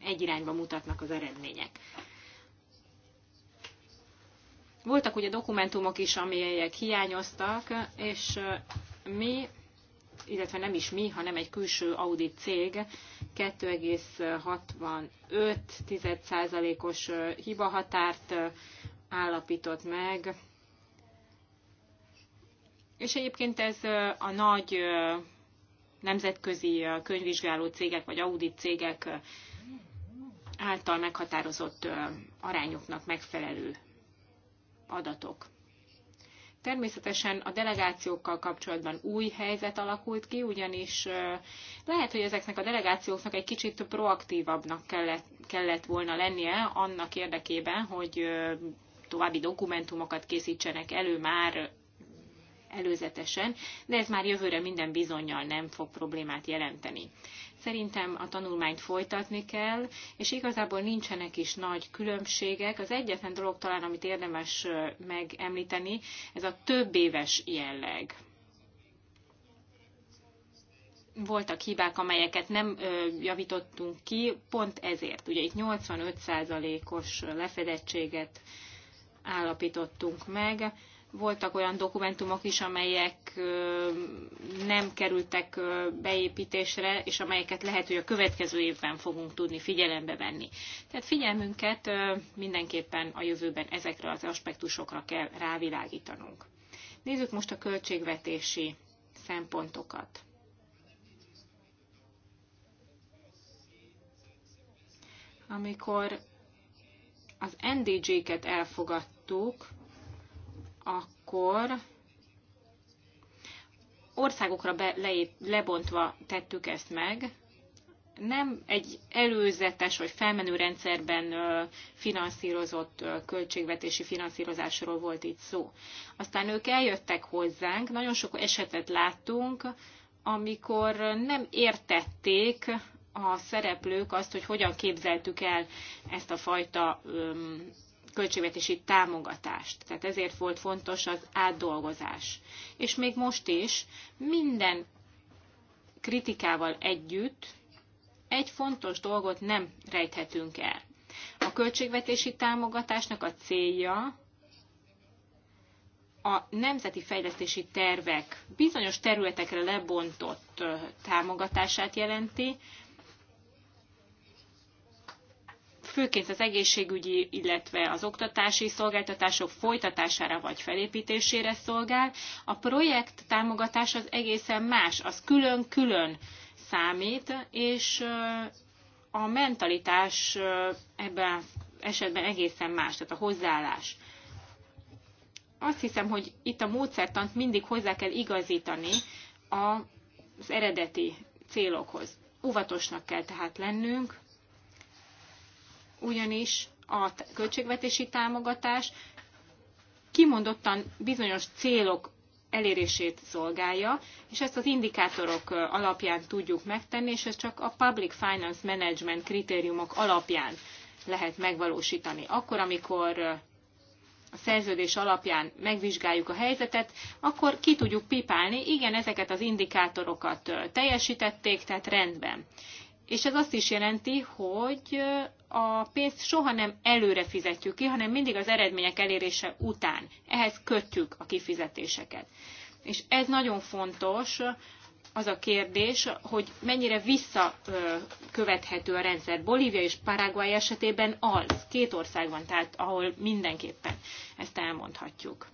egy irányba mutatnak az eredmények. Voltak ugye dokumentumok is, amelyek hiányoztak, és mi, illetve nem is mi, hanem egy külső audit cég 2,65%-os hibahatárt állapított meg. És egyébként ez a nagy nemzetközi könyvvizsgáló cégek vagy audit cégek által meghatározott arányoknak megfelelő adatok. Természetesen a delegációkkal kapcsolatban új helyzet alakult ki, ugyanis lehet, hogy ezeknek a delegációknak egy kicsit proaktívabbnak kellett, kellett volna lennie annak érdekében, hogy további dokumentumokat készítsenek elő már előzetesen, de ez már jövőre minden bizonyal nem fog problémát jelenteni. Szerintem a tanulmányt folytatni kell, és igazából nincsenek is nagy különbségek. Az egyetlen dolog talán, amit érdemes megemlíteni, ez a több éves jelleg voltak hibák, amelyeket nem ö, javítottunk ki, pont ezért. Ugye itt 85%-os lefedettséget állapítottunk meg, voltak olyan dokumentumok is, amelyek nem kerültek beépítésre, és amelyeket lehet, hogy a következő évben fogunk tudni figyelembe venni. Tehát figyelmünket mindenképpen a jövőben ezekre az aspektusokra kell rávilágítanunk. Nézzük most a költségvetési szempontokat. Amikor az NDG-ket elfogadtuk, akkor országokra be, le, lebontva tettük ezt meg, nem egy előzetes vagy felmenő rendszerben finanszírozott költségvetési finanszírozásról volt itt szó. Aztán ők eljöttek hozzánk, nagyon sok esetet láttunk, amikor nem értették a szereplők azt, hogy hogyan képzeltük el ezt a fajta költségvetési támogatást. Tehát ezért volt fontos az átdolgozás. És még most is minden kritikával együtt egy fontos dolgot nem rejthetünk el. A költségvetési támogatásnak a célja a nemzeti fejlesztési tervek bizonyos területekre lebontott támogatását jelenti, főként az egészségügyi, illetve az oktatási szolgáltatások folytatására vagy felépítésére szolgál. A projekt támogatás az egészen más, az külön-külön számít, és a mentalitás ebben az esetben egészen más, tehát a hozzáállás. Azt hiszem, hogy itt a módszertant mindig hozzá kell igazítani az eredeti célokhoz. Óvatosnak kell tehát lennünk, ugyanis a költségvetési támogatás kimondottan bizonyos célok elérését szolgálja, és ezt az indikátorok alapján tudjuk megtenni, és ez csak a public finance management kritériumok alapján lehet megvalósítani. Akkor, amikor a szerződés alapján megvizsgáljuk a helyzetet, akkor ki tudjuk pipálni, igen, ezeket az indikátorokat teljesítették, tehát rendben és ez azt is jelenti, hogy a pénzt soha nem előre fizetjük ki, hanem mindig az eredmények elérése után. Ehhez kötjük a kifizetéseket. És ez nagyon fontos, az a kérdés, hogy mennyire visszakövethető a rendszer. Bolívia és Paraguay esetében az, két országban, tehát ahol mindenképpen ezt elmondhatjuk.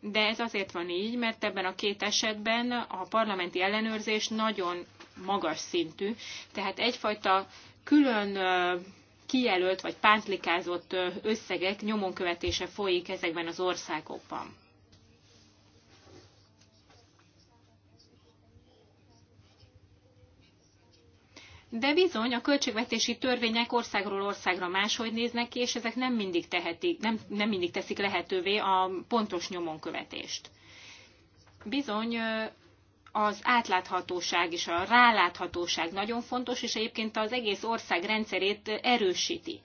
De ez azért van így, mert ebben a két esetben a parlamenti ellenőrzés nagyon magas szintű, tehát egyfajta külön kijelölt vagy pántlikázott összegek nyomon követése folyik ezekben az országokban. De bizony, a költségvetési törvények országról országra máshogy néznek ki, és ezek nem mindig, tehetik, nem, nem mindig teszik lehetővé a pontos nyomonkövetést. Bizony, az átláthatóság és a ráláthatóság nagyon fontos, és egyébként az egész ország rendszerét erősíti.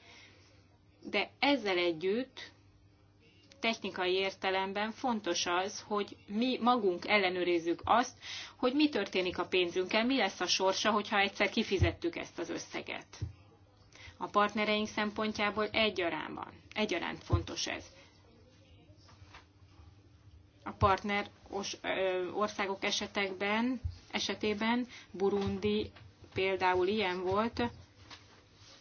De ezzel együtt technikai értelemben fontos az, hogy mi magunk ellenőrizzük azt, hogy mi történik a pénzünkkel, mi lesz a sorsa, hogyha egyszer kifizettük ezt az összeget. A partnereink szempontjából egyaránt van. Egyaránt fontos ez a partner országok esetekben, esetében Burundi például ilyen volt,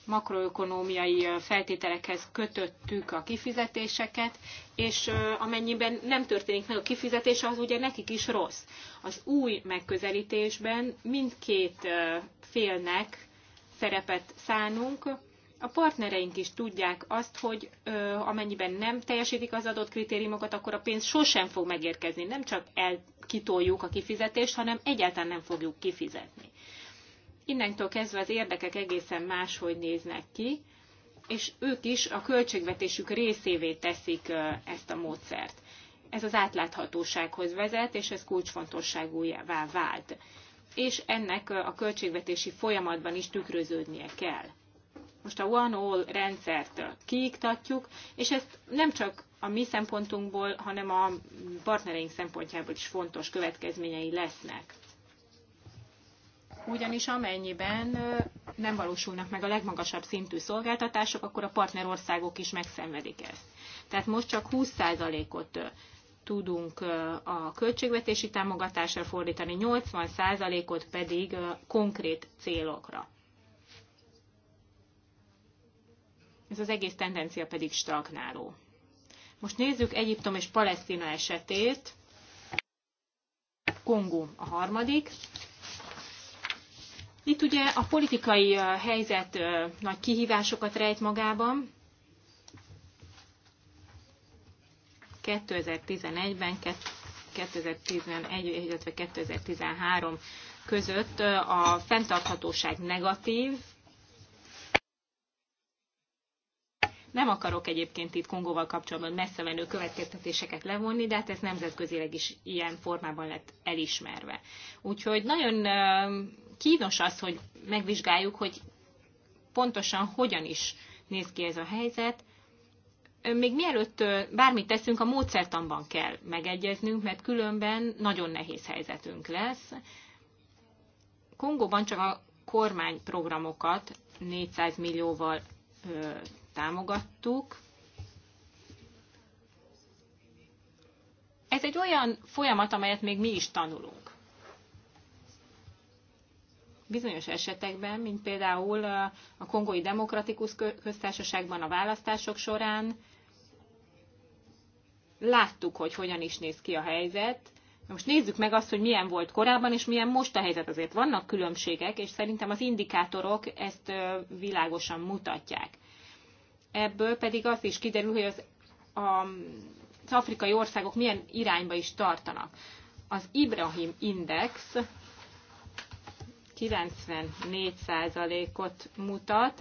makroökonómiai feltételekhez kötöttük a kifizetéseket, és amennyiben nem történik meg a kifizetés, az ugye nekik is rossz. Az új megközelítésben mindkét félnek szerepet szánunk, a partnereink is tudják azt, hogy ö, amennyiben nem teljesítik az adott kritériumokat, akkor a pénz sosem fog megérkezni. Nem csak elkitoljuk a kifizetést, hanem egyáltalán nem fogjuk kifizetni. Innentől kezdve az érdekek egészen máshogy néznek ki, és ők is a költségvetésük részévé teszik ezt a módszert. Ez az átláthatósághoz vezet, és ez kulcsfontosságúvá vált. És ennek a költségvetési folyamatban is tükröződnie kell most a One All rendszert kiiktatjuk, és ezt nem csak a mi szempontunkból, hanem a partnereink szempontjából is fontos következményei lesznek. Ugyanis amennyiben nem valósulnak meg a legmagasabb szintű szolgáltatások, akkor a partnerországok is megszenvedik ezt. Tehát most csak 20%-ot tudunk a költségvetési támogatásra fordítani, 80%-ot pedig konkrét célokra. ez az egész tendencia pedig stagnáló. Most nézzük Egyiptom és Palesztina esetét. Kongó a harmadik. Itt ugye a politikai helyzet nagy kihívásokat rejt magában. 2011-ben, 2011, illetve 2013 között a fenntarthatóság negatív Nem akarok egyébként itt Kongóval kapcsolatban messze menő következtetéseket levonni, de hát ez nemzetközileg is ilyen formában lett elismerve. Úgyhogy nagyon kínos az, hogy megvizsgáljuk, hogy pontosan hogyan is néz ki ez a helyzet. Még mielőtt bármit teszünk, a módszertanban kell megegyeznünk, mert különben nagyon nehéz helyzetünk lesz. Kongóban csak a kormányprogramokat 400 millióval támogattuk. Ez egy olyan folyamat, amelyet még mi is tanulunk. Bizonyos esetekben, mint például a Kongói Demokratikus Köztársaságban a választások során, láttuk, hogy hogyan is néz ki a helyzet. Most nézzük meg azt, hogy milyen volt korábban, és milyen most a helyzet. Azért vannak különbségek, és szerintem az indikátorok ezt világosan mutatják ebből pedig az is kiderül, hogy az, a, az afrikai országok milyen irányba is tartanak. Az Ibrahim Index 94%-ot mutat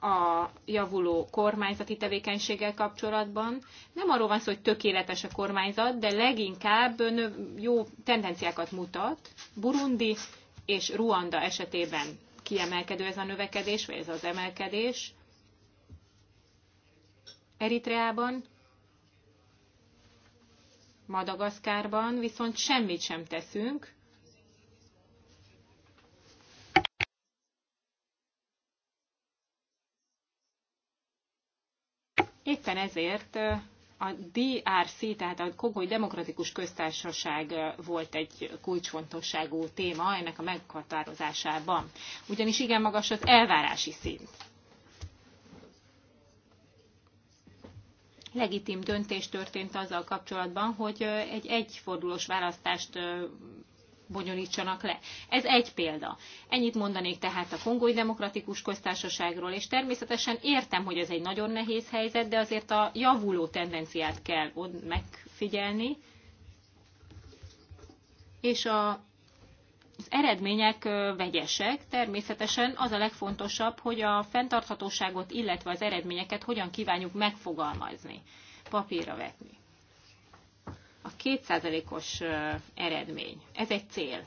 a javuló kormányzati tevékenységgel kapcsolatban. Nem arról van szó, hogy tökéletes a kormányzat, de leginkább jó tendenciákat mutat. Burundi és Ruanda esetében kiemelkedő ez a növekedés, vagy ez az emelkedés. Eritreában, Madagaszkárban viszont semmit sem teszünk, Éppen ezért a DRC, tehát a Kongói Demokratikus Köztársaság volt egy kulcsfontosságú téma ennek a meghatározásában. Ugyanis igen magas az elvárási szint. legitim döntés történt azzal kapcsolatban, hogy egy egyfordulós választást bonyolítsanak le. Ez egy példa. Ennyit mondanék tehát a Kongói Demokratikus Köztársaságról, és természetesen értem, hogy ez egy nagyon nehéz helyzet, de azért a javuló tendenciát kell megfigyelni, és a az eredmények vegyesek, természetesen az a legfontosabb, hogy a fenntarthatóságot, illetve az eredményeket hogyan kívánjuk megfogalmazni, papírra vetni. A kétszázalékos eredmény, ez egy cél.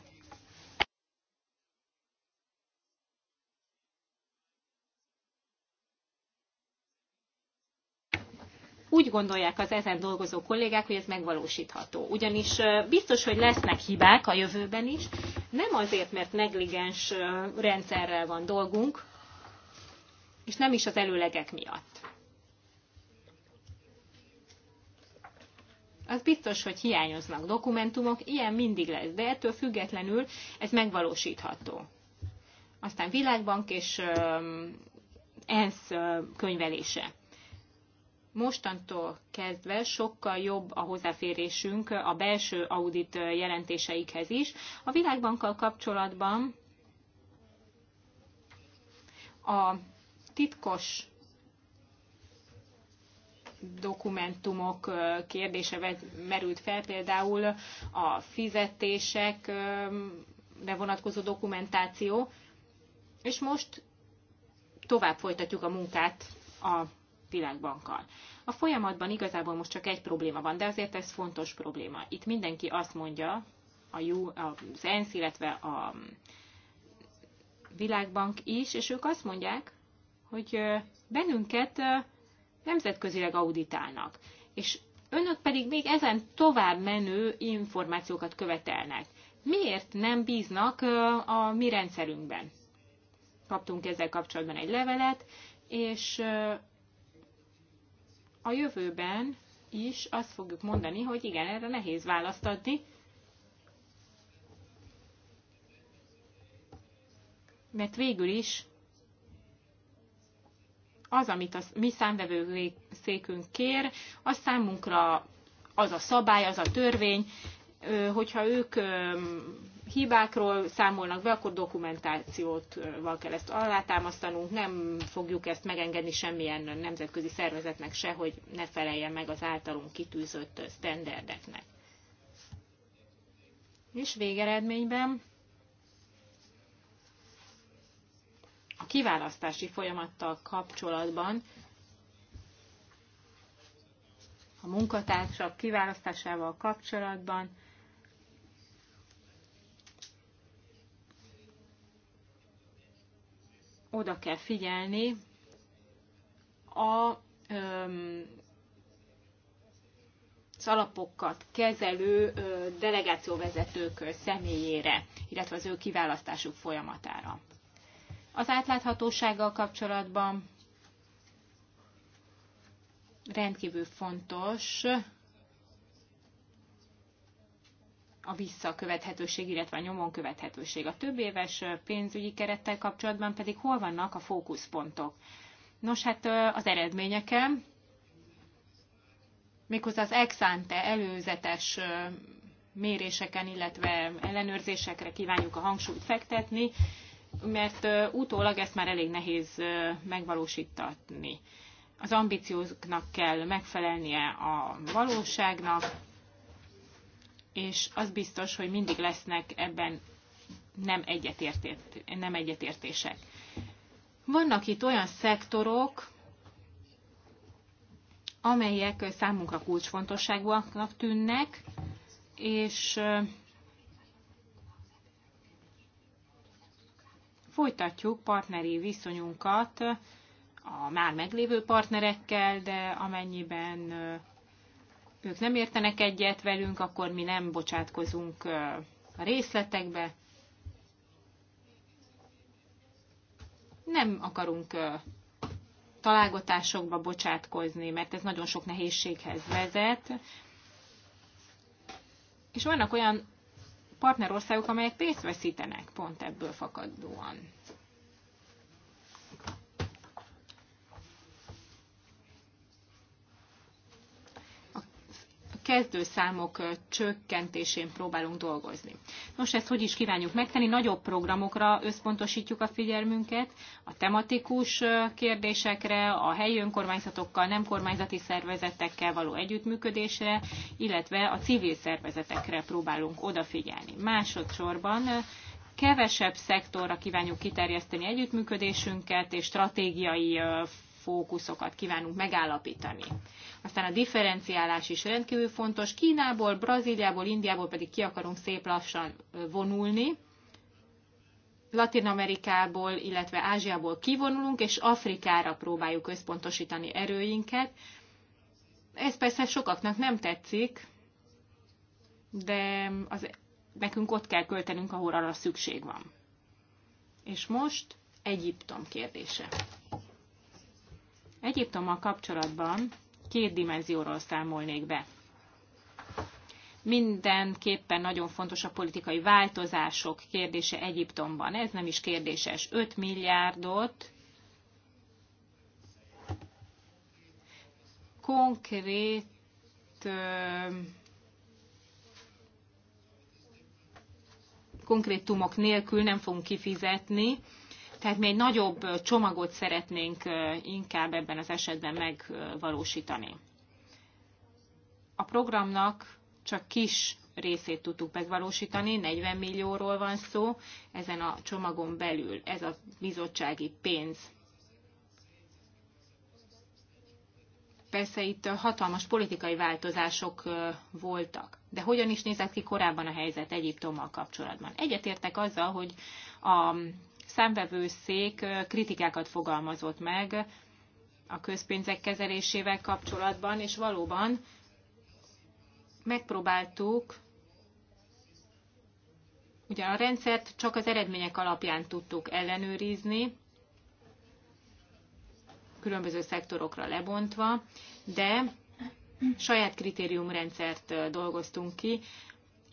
úgy gondolják az ezen dolgozó kollégák, hogy ez megvalósítható. Ugyanis biztos, hogy lesznek hibák a jövőben is, nem azért, mert negligens rendszerrel van dolgunk, és nem is az előlegek miatt. Az biztos, hogy hiányoznak dokumentumok, ilyen mindig lesz, de ettől függetlenül ez megvalósítható. Aztán Világbank és ENSZ könyvelése mostantól kezdve sokkal jobb a hozzáférésünk a belső audit jelentéseikhez is. A világbankkal kapcsolatban a titkos dokumentumok kérdése merült fel, például a fizetésekre vonatkozó dokumentáció, és most tovább folytatjuk a munkát a világbankkal. A folyamatban igazából most csak egy probléma van, de azért ez fontos probléma. Itt mindenki azt mondja, a jó, az ENSZ, illetve a világbank is, és ők azt mondják, hogy bennünket nemzetközileg auditálnak. És önök pedig még ezen tovább menő információkat követelnek. Miért nem bíznak a mi rendszerünkben? Kaptunk ezzel kapcsolatban egy levelet, és a jövőben is azt fogjuk mondani, hogy igen, erre nehéz választ adni, mert végül is az, amit a mi számvevőszékünk kér, az számunkra az a szabály, az a törvény, hogyha ők hibákról számolnak be, akkor dokumentációval kell ezt alátámasztanunk, nem fogjuk ezt megengedni semmilyen nemzetközi szervezetnek se, hogy ne feleljen meg az általunk kitűzött sztenderdeknek. És végeredményben a kiválasztási folyamattal kapcsolatban a munkatársak kiválasztásával kapcsolatban oda kell figyelni a az alapokat kezelő delegációvezetők személyére, illetve az ő kiválasztásuk folyamatára. Az átláthatósággal kapcsolatban rendkívül fontos a visszakövethetőség, illetve a nyomon követhetőség. A több éves pénzügyi kerettel kapcsolatban pedig hol vannak a fókuszpontok? Nos, hát az eredményeken, méghozzá az ex ante előzetes méréseken, illetve ellenőrzésekre kívánjuk a hangsúlyt fektetni, mert utólag ezt már elég nehéz megvalósítatni. Az ambícióknak kell megfelelnie a valóságnak, és az biztos, hogy mindig lesznek ebben nem, egyetértét, nem egyetértések. Vannak itt olyan szektorok, amelyek számunkra kulcsfontosságúaknak tűnnek, és folytatjuk partneri viszonyunkat a már meglévő partnerekkel, de amennyiben ők nem értenek egyet velünk, akkor mi nem bocsátkozunk a részletekbe. Nem akarunk találgatásokba bocsátkozni, mert ez nagyon sok nehézséghez vezet. És vannak olyan partnerországok, amelyek pénzt veszítenek pont ebből fakadóan. kezdőszámok csökkentésén próbálunk dolgozni. Nos, ezt hogy is kívánjuk megtenni? Nagyobb programokra összpontosítjuk a figyelmünket, a tematikus kérdésekre, a helyi önkormányzatokkal, nem kormányzati szervezetekkel való együttműködésre, illetve a civil szervezetekre próbálunk odafigyelni. Másodszorban kevesebb szektorra kívánjuk kiterjeszteni együttműködésünket, és stratégiai fókuszokat kívánunk megállapítani. Aztán a differenciálás is rendkívül fontos. Kínából, Brazíliából, Indiából pedig ki akarunk szép lassan vonulni. Latin Amerikából, illetve Ázsiából kivonulunk, és Afrikára próbáljuk összpontosítani erőinket. Ez persze sokaknak nem tetszik, de az, nekünk ott kell költenünk, ahol arra szükség van. És most Egyiptom kérdése. Egyiptommal kapcsolatban két dimenzióról számolnék be. Mindenképpen nagyon fontos a politikai változások kérdése Egyiptomban. Ez nem is kérdéses. 5 milliárdot konkrét konkrétumok nélkül nem fogunk kifizetni, tehát mi egy nagyobb csomagot szeretnénk inkább ebben az esetben megvalósítani. A programnak csak kis részét tudtuk megvalósítani, 40 millióról van szó ezen a csomagon belül, ez a bizottsági pénz. Persze itt hatalmas politikai változások voltak. De hogyan is nézett ki korábban a helyzet Egyiptommal kapcsolatban? Egyetértek azzal, hogy a szék kritikákat fogalmazott meg a közpénzek kezelésével kapcsolatban, és valóban megpróbáltuk, ugyan a rendszert csak az eredmények alapján tudtuk ellenőrizni, különböző szektorokra lebontva, de saját kritériumrendszert dolgoztunk ki,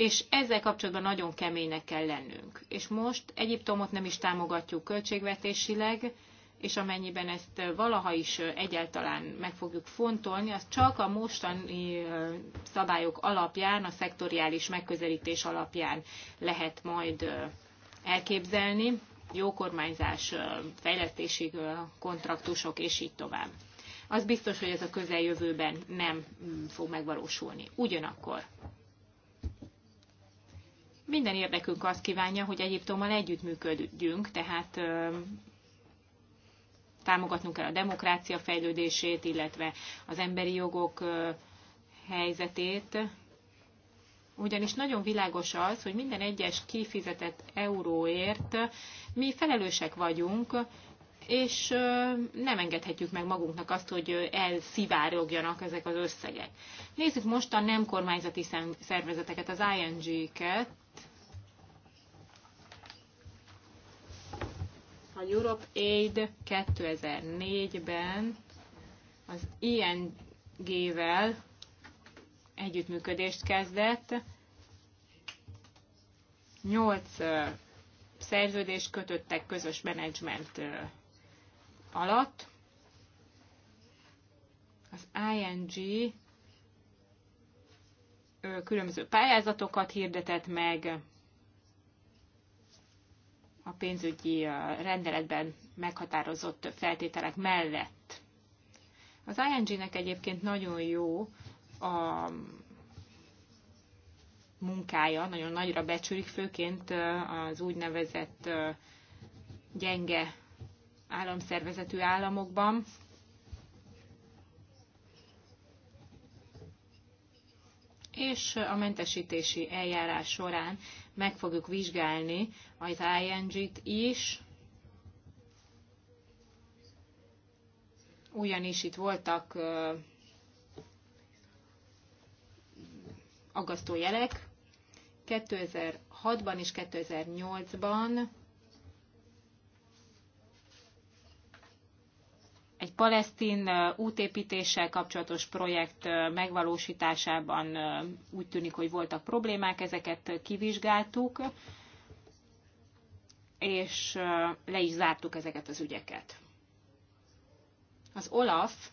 és ezzel kapcsolatban nagyon keménynek kell lennünk. És most Egyiptomot nem is támogatjuk költségvetésileg, és amennyiben ezt valaha is egyáltalán meg fogjuk fontolni, az csak a mostani szabályok alapján, a szektoriális megközelítés alapján lehet majd elképzelni, jó kormányzás, fejlesztési kontraktusok, és így tovább. Az biztos, hogy ez a közeljövőben nem mm, fog megvalósulni. Ugyanakkor minden érdekünk azt kívánja, hogy Egyiptommal együttműködjünk, tehát támogatnunk kell a demokrácia fejlődését, illetve az emberi jogok helyzetét, ugyanis nagyon világos az, hogy minden egyes kifizetett euróért mi felelősek vagyunk, és nem engedhetjük meg magunknak azt, hogy elszivárogjanak ezek az összegek. Nézzük most a nem kormányzati szervezeteket, az ING-ket. a Europe Aid 2004-ben az ING-vel együttműködést kezdett. Nyolc szerződést kötöttek közös menedzsment alatt. Az ING különböző pályázatokat hirdetett meg, a pénzügyi rendeletben meghatározott feltételek mellett. Az ING-nek egyébként nagyon jó a munkája, nagyon nagyra becsülik, főként az úgynevezett gyenge államszervezetű államokban. És a mentesítési eljárás során meg fogjuk vizsgálni az ING-t is, ugyanis itt voltak aggasztó jelek. 2006-ban és 2008-ban egy palesztin útépítéssel kapcsolatos projekt megvalósításában úgy tűnik, hogy voltak problémák, ezeket kivizsgáltuk, és le is zártuk ezeket az ügyeket. Az OLAF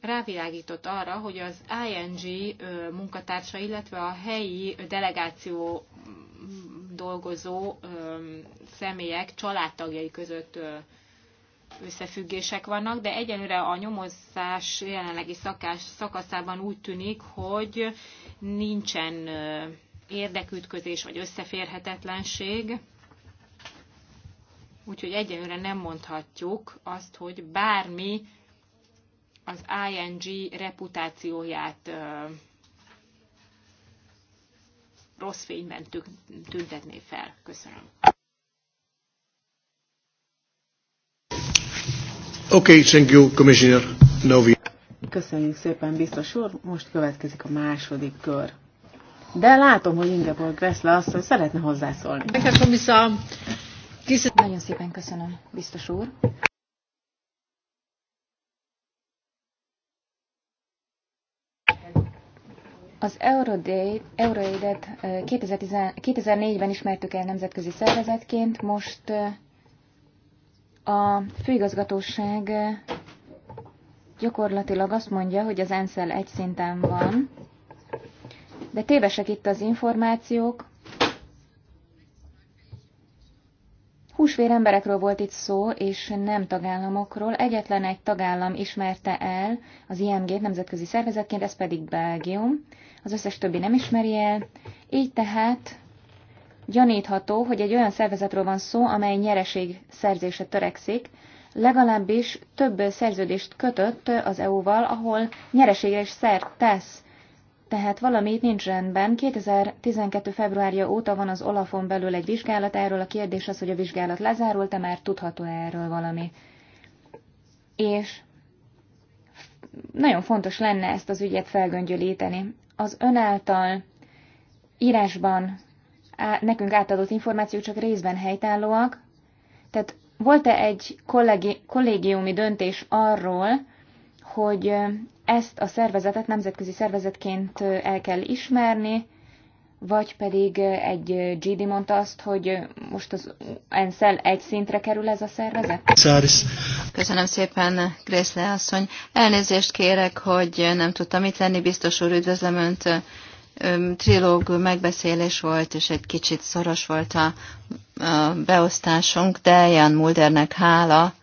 rávilágított arra, hogy az ING munkatársa, illetve a helyi delegáció dolgozó személyek családtagjai között összefüggések vannak, de egyenlőre a nyomozás jelenlegi szakás, szakaszában úgy tűnik, hogy nincsen érdekütközés vagy összeférhetetlenség, úgyhogy egyenlőre nem mondhatjuk azt, hogy bármi az ING reputációját rossz fényben tüntetné fel. Köszönöm. Okay, thank you, Commissioner Novi. Köszönjük szépen, biztos úr. Most következik a második kör. De látom, hogy Ingeborg Gressle azt, hogy szeretne hozzászólni. Nagyon szépen köszönöm, biztos úr. Az Euroaidet 2004-ben ismertük el nemzetközi szervezetként, most a főigazgatóság gyakorlatilag azt mondja, hogy az ENSZEL egy szinten van, de tévesek itt az információk. Húsvér emberekről volt itt szó, és nem tagállamokról. Egyetlen egy tagállam ismerte el az IMG-t nemzetközi szervezetként, ez pedig Belgium az összes többi nem ismeri el, így tehát gyanítható, hogy egy olyan szervezetről van szó, amely nyereség szerzése törekszik, legalábbis több szerződést kötött az EU-val, ahol nyereségre is szert tesz. Tehát valamit nincs rendben. 2012. februárja óta van az Olafon belül egy vizsgálat erről. A kérdés az, hogy a vizsgálat lezárult-e, már tudható -e erről valami. És nagyon fontos lenne ezt az ügyet felgöngyölíteni. Az ön által írásban á, nekünk átadott információk csak részben helytállóak, tehát volt-e egy kollégi, kollégiumi döntés arról, hogy ezt a szervezetet nemzetközi szervezetként el kell ismerni, vagy pedig egy GD mondta azt, hogy most az Enszel egy szintre kerül ez a szervezet? Köszönöm szépen, Grészle asszony. Elnézést kérek, hogy nem tudtam itt lenni, biztos úr, üdvözlöm Önt. Trilóg megbeszélés volt, és egy kicsit szoros volt a, a beosztásunk, de Jan Muldernek hála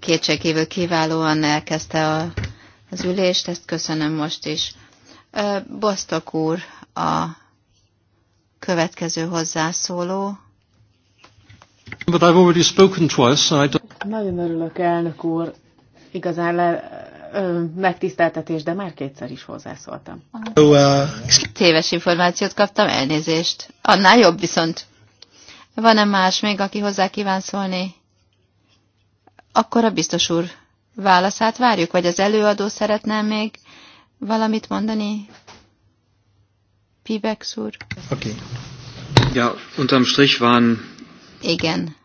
kétségkívül kiválóan elkezdte a, az ülést, ezt köszönöm most is. Bosztok úr a következő hozzászóló. But I've already spoken twice, and I don't... Nagyon örülök, elnök úr. Igazán le, ö, megtiszteltetés, de már kétszer is hozzászóltam. So, uh... Téves információt kaptam, elnézést. Annál jobb viszont. Van-e más még, aki hozzá kíván szólni? Akkor a biztos úr válaszát várjuk, vagy az előadó szeretne még valamit mondani? Pibex úr. Oké. Okay. Ja, unterm Strich waren... Igen.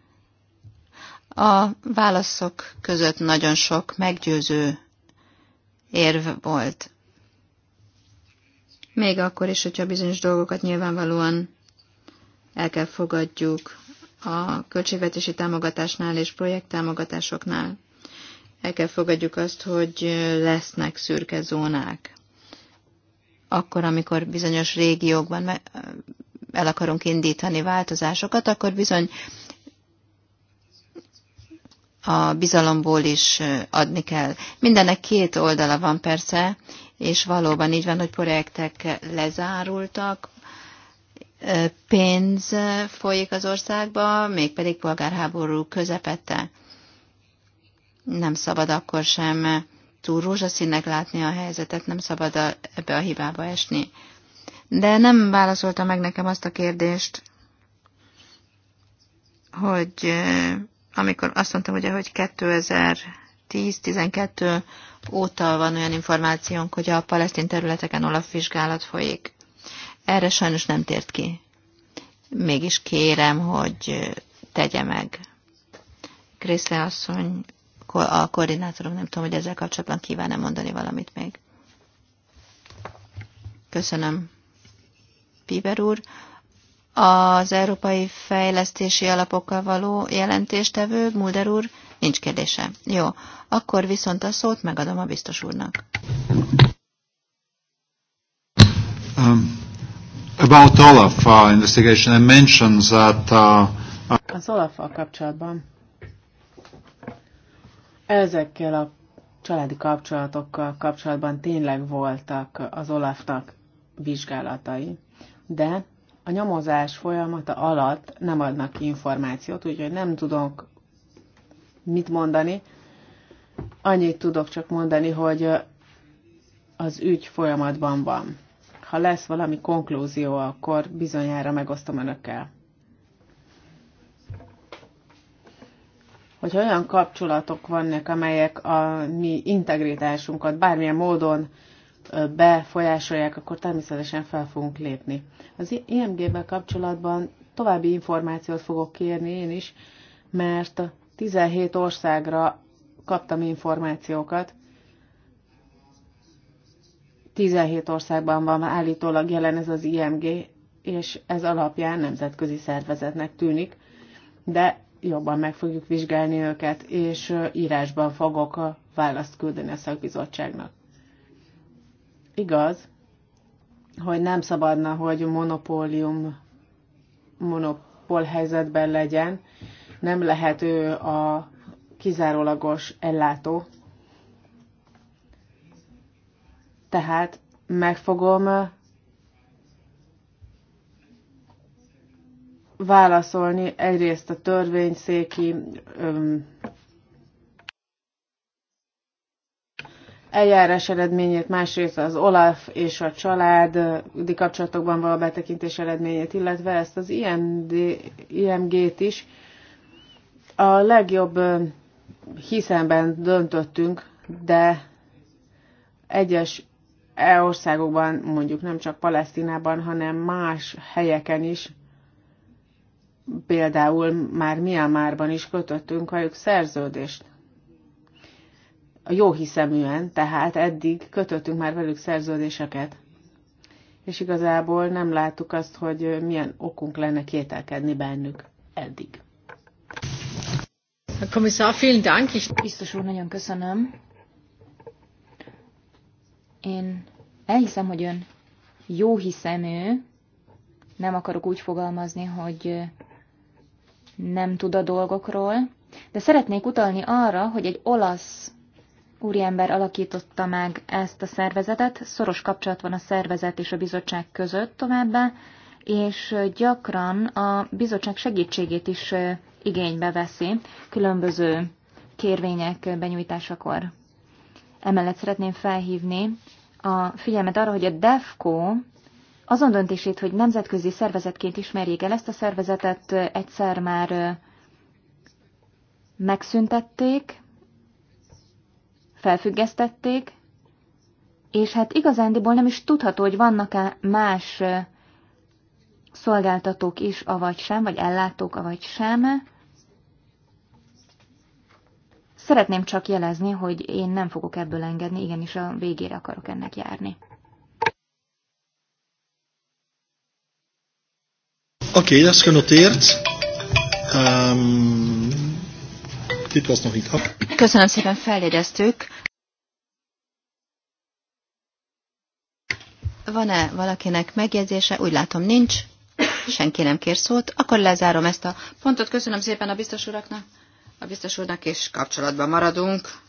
A válaszok között nagyon sok meggyőző érv volt. Még akkor is, hogyha bizonyos dolgokat nyilvánvalóan el kell fogadjuk a költségvetési támogatásnál és projekttámogatásoknál el kell fogadjuk azt, hogy lesznek szürke zónák. Akkor, amikor bizonyos régiókban el akarunk indítani változásokat, akkor bizony a bizalomból is adni kell. Mindennek két oldala van persze, és valóban így van, hogy projektek lezárultak, pénz folyik az országba, mégpedig polgárháború közepette nem szabad akkor sem túl rózsaszínnek látni a helyzetet, nem szabad a, ebbe a hibába esni. De nem válaszolta meg nekem azt a kérdést, hogy amikor azt mondtam, ugye, hogy 2010-12 óta van olyan információnk, hogy a palesztin területeken olaf vizsgálat folyik. Erre sajnos nem tért ki. Mégis kérem, hogy tegye meg. Kriszle asszony a koordinátorok. Nem tudom, hogy ezzel kapcsolatban kíván-e mondani valamit még. Köszönöm. Piber úr, az Európai Fejlesztési Alapokkal való jelentéstevő, Mulder úr, nincs kérdése. Jó, akkor viszont a szót megadom a biztos úrnak. Um, about Olaf uh, investigation, I mentioned that... Uh, az olaf kapcsolatban ezekkel a családi kapcsolatokkal kapcsolatban tényleg voltak az Olafnak vizsgálatai, de a nyomozás folyamata alatt nem adnak ki információt, úgyhogy nem tudok mit mondani. Annyit tudok csak mondani, hogy az ügy folyamatban van. Ha lesz valami konklúzió, akkor bizonyára megosztom önökkel. hogy olyan kapcsolatok vannak, amelyek a mi integritásunkat bármilyen módon befolyásolják, akkor természetesen fel fogunk lépni. Az IMG-vel kapcsolatban további információt fogok kérni én is, mert 17 országra kaptam információkat. 17 országban van állítólag jelen ez az IMG, és ez alapján nemzetközi szervezetnek tűnik, de jobban meg fogjuk vizsgálni őket, és írásban fogok a választ küldeni a szakbizottságnak. Igaz, hogy nem szabadna, hogy monopólium, monopól helyzetben legyen, nem lehet ő a kizárólagos ellátó. Tehát meg fogom válaszolni egyrészt a törvényszéki öm, eljárás eredményét, másrészt az Olaf és a család kapcsolatokban való betekintés eredményét, illetve ezt az IMD, IMG-t is a legjobb hiszemben döntöttünk, de egyes országokban, mondjuk nem csak Palesztinában, hanem más helyeken is Például már Miamárban is kötöttünk velük szerződést. Jó hiszeműen, tehát eddig kötöttünk már velük szerződéseket. És igazából nem láttuk azt, hogy milyen okunk lenne kételkedni bennük eddig. A komisszár, vielen Dank. Ich Biztos úr, nagyon köszönöm. Én elhiszem, hogy ön jó hiszemű, nem akarok úgy fogalmazni, hogy nem tud a dolgokról, de szeretnék utalni arra, hogy egy olasz úriember alakította meg ezt a szervezetet, szoros kapcsolat van a szervezet és a bizottság között továbbá, és gyakran a bizottság segítségét is igénybe veszi különböző kérvények benyújtásakor. Emellett szeretném felhívni a figyelmet arra, hogy a DEFCO azon döntését, hogy nemzetközi szervezetként ismerjék el ezt a szervezetet, egyszer már megszüntették, felfüggesztették, és hát igazándiból nem is tudható, hogy vannak-e más szolgáltatók is, avagy sem, vagy ellátók, avagy sem. Szeretném csak jelezni, hogy én nem fogok ebből engedni, igenis a végére akarok ennek járni. Oké, okay, dat is genoteerd. Um, dit was nog niet af. Köszönöm szépen, feljegyeztük. Van-e valakinek megjegyzése? Úgy látom, nincs. Senki nem kér szót. Akkor lezárom ezt a pontot. Köszönöm szépen a biztos uraknak. A biztos úrnak is kapcsolatban maradunk.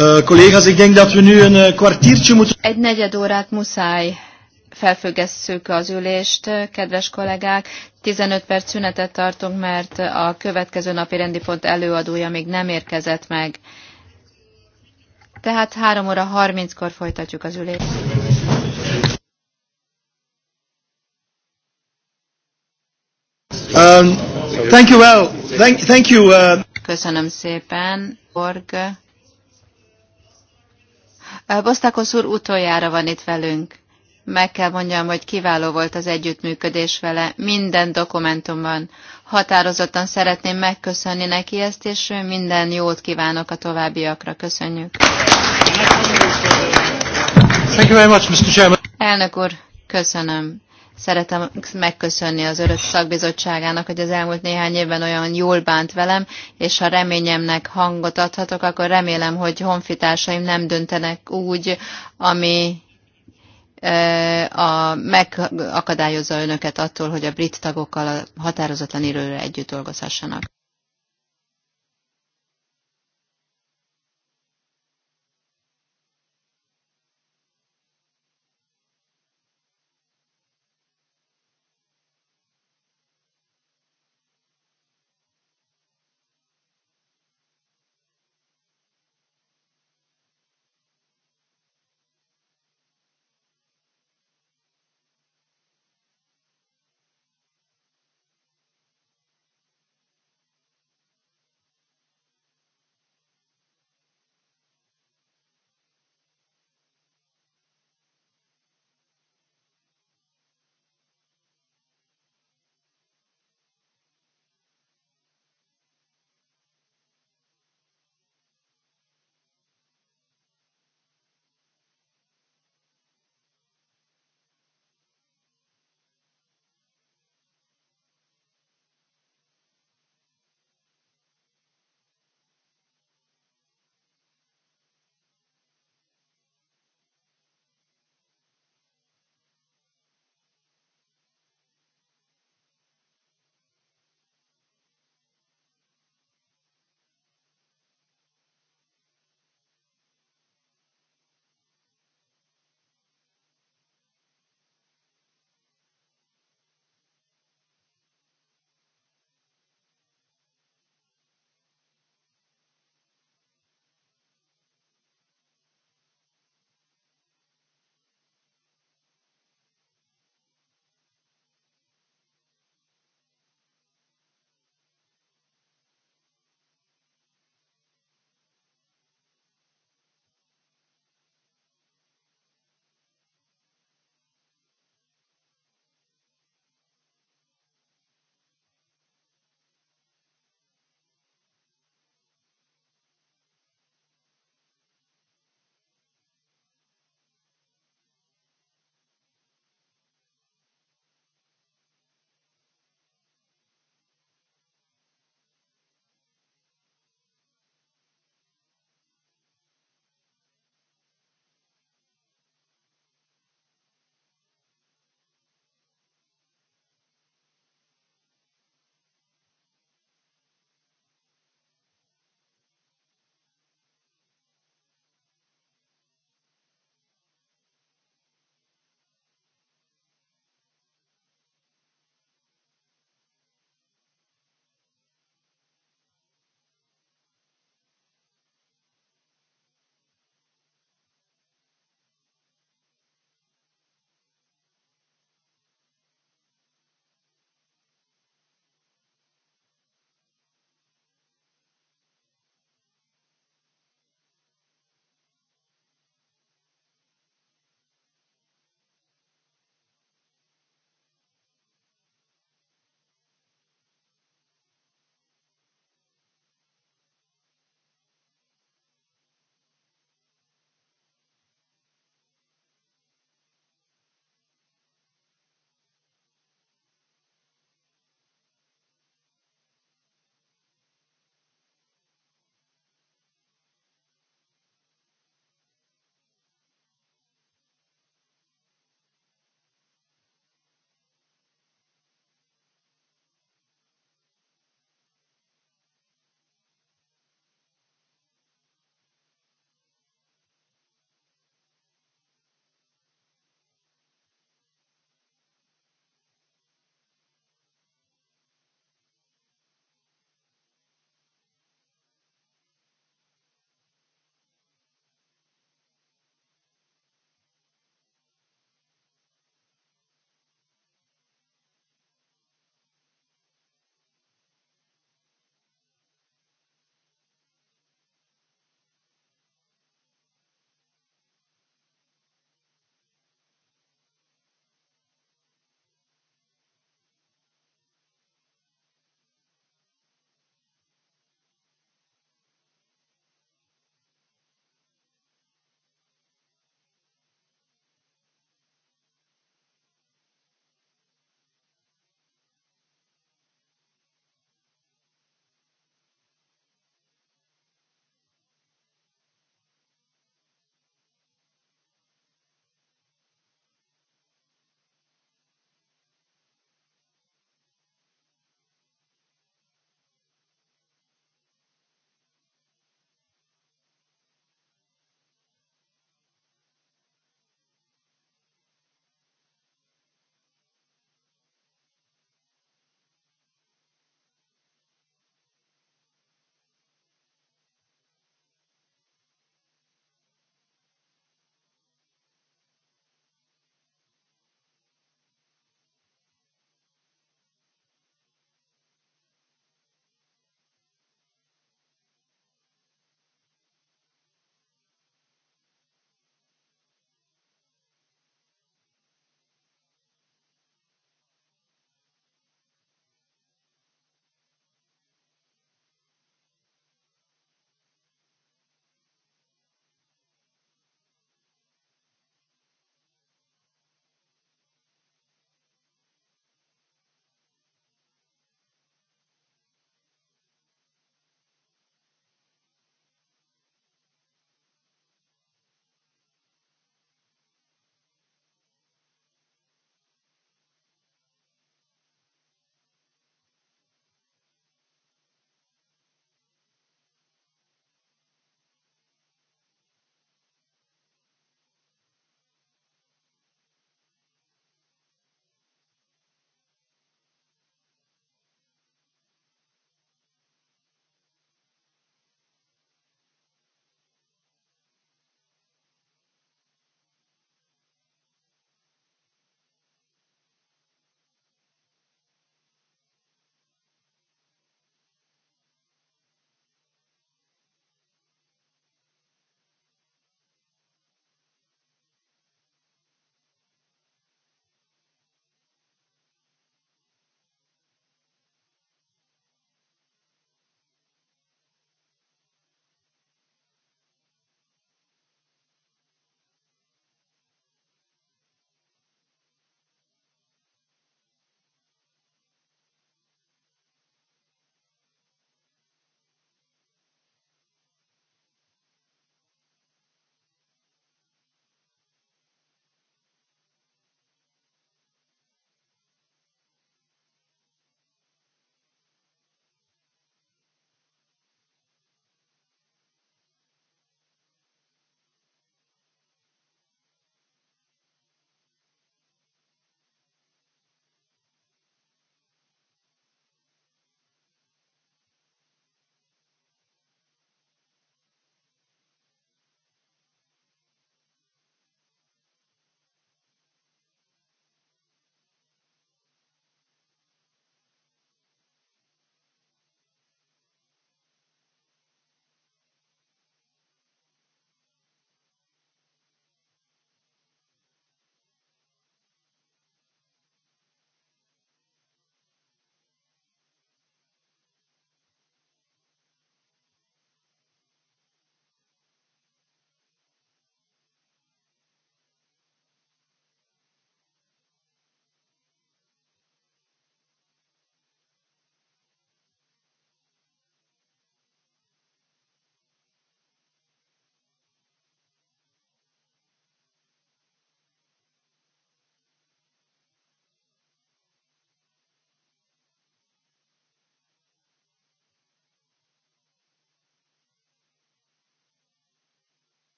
Uh, collega's, ik denk dat we nu een eh, kwartiertje moeten... Egy negyed órát muszáj felfüggesszük az ülést, eh, kedves kollégák. 15 perc szünetet tartunk, mert a következő napi rendi pont előadója még nem érkezett meg. Tehát 3 óra 30-kor folytatjuk az ülést. Um, thank you well. Thank, thank you. Uh... Köszönöm szépen, Borg Bosztakosz úr utoljára van itt velünk. Meg kell mondjam, hogy kiváló volt az együttműködés vele minden dokumentumban. Határozottan szeretném megköszönni neki ezt, és minden jót kívánok a továbbiakra. Köszönjük. Thank you very much, Mr. Chairman. Elnök úr, köszönöm. Szeretem megköszönni az Örök Szakbizottságának, hogy az elmúlt néhány évben olyan jól bánt velem, és ha reményemnek hangot adhatok, akkor remélem, hogy honfitársaim nem döntenek úgy, ami a, megakadályozza önöket attól, hogy a brit tagokkal a határozatlan időre együtt dolgozhassanak.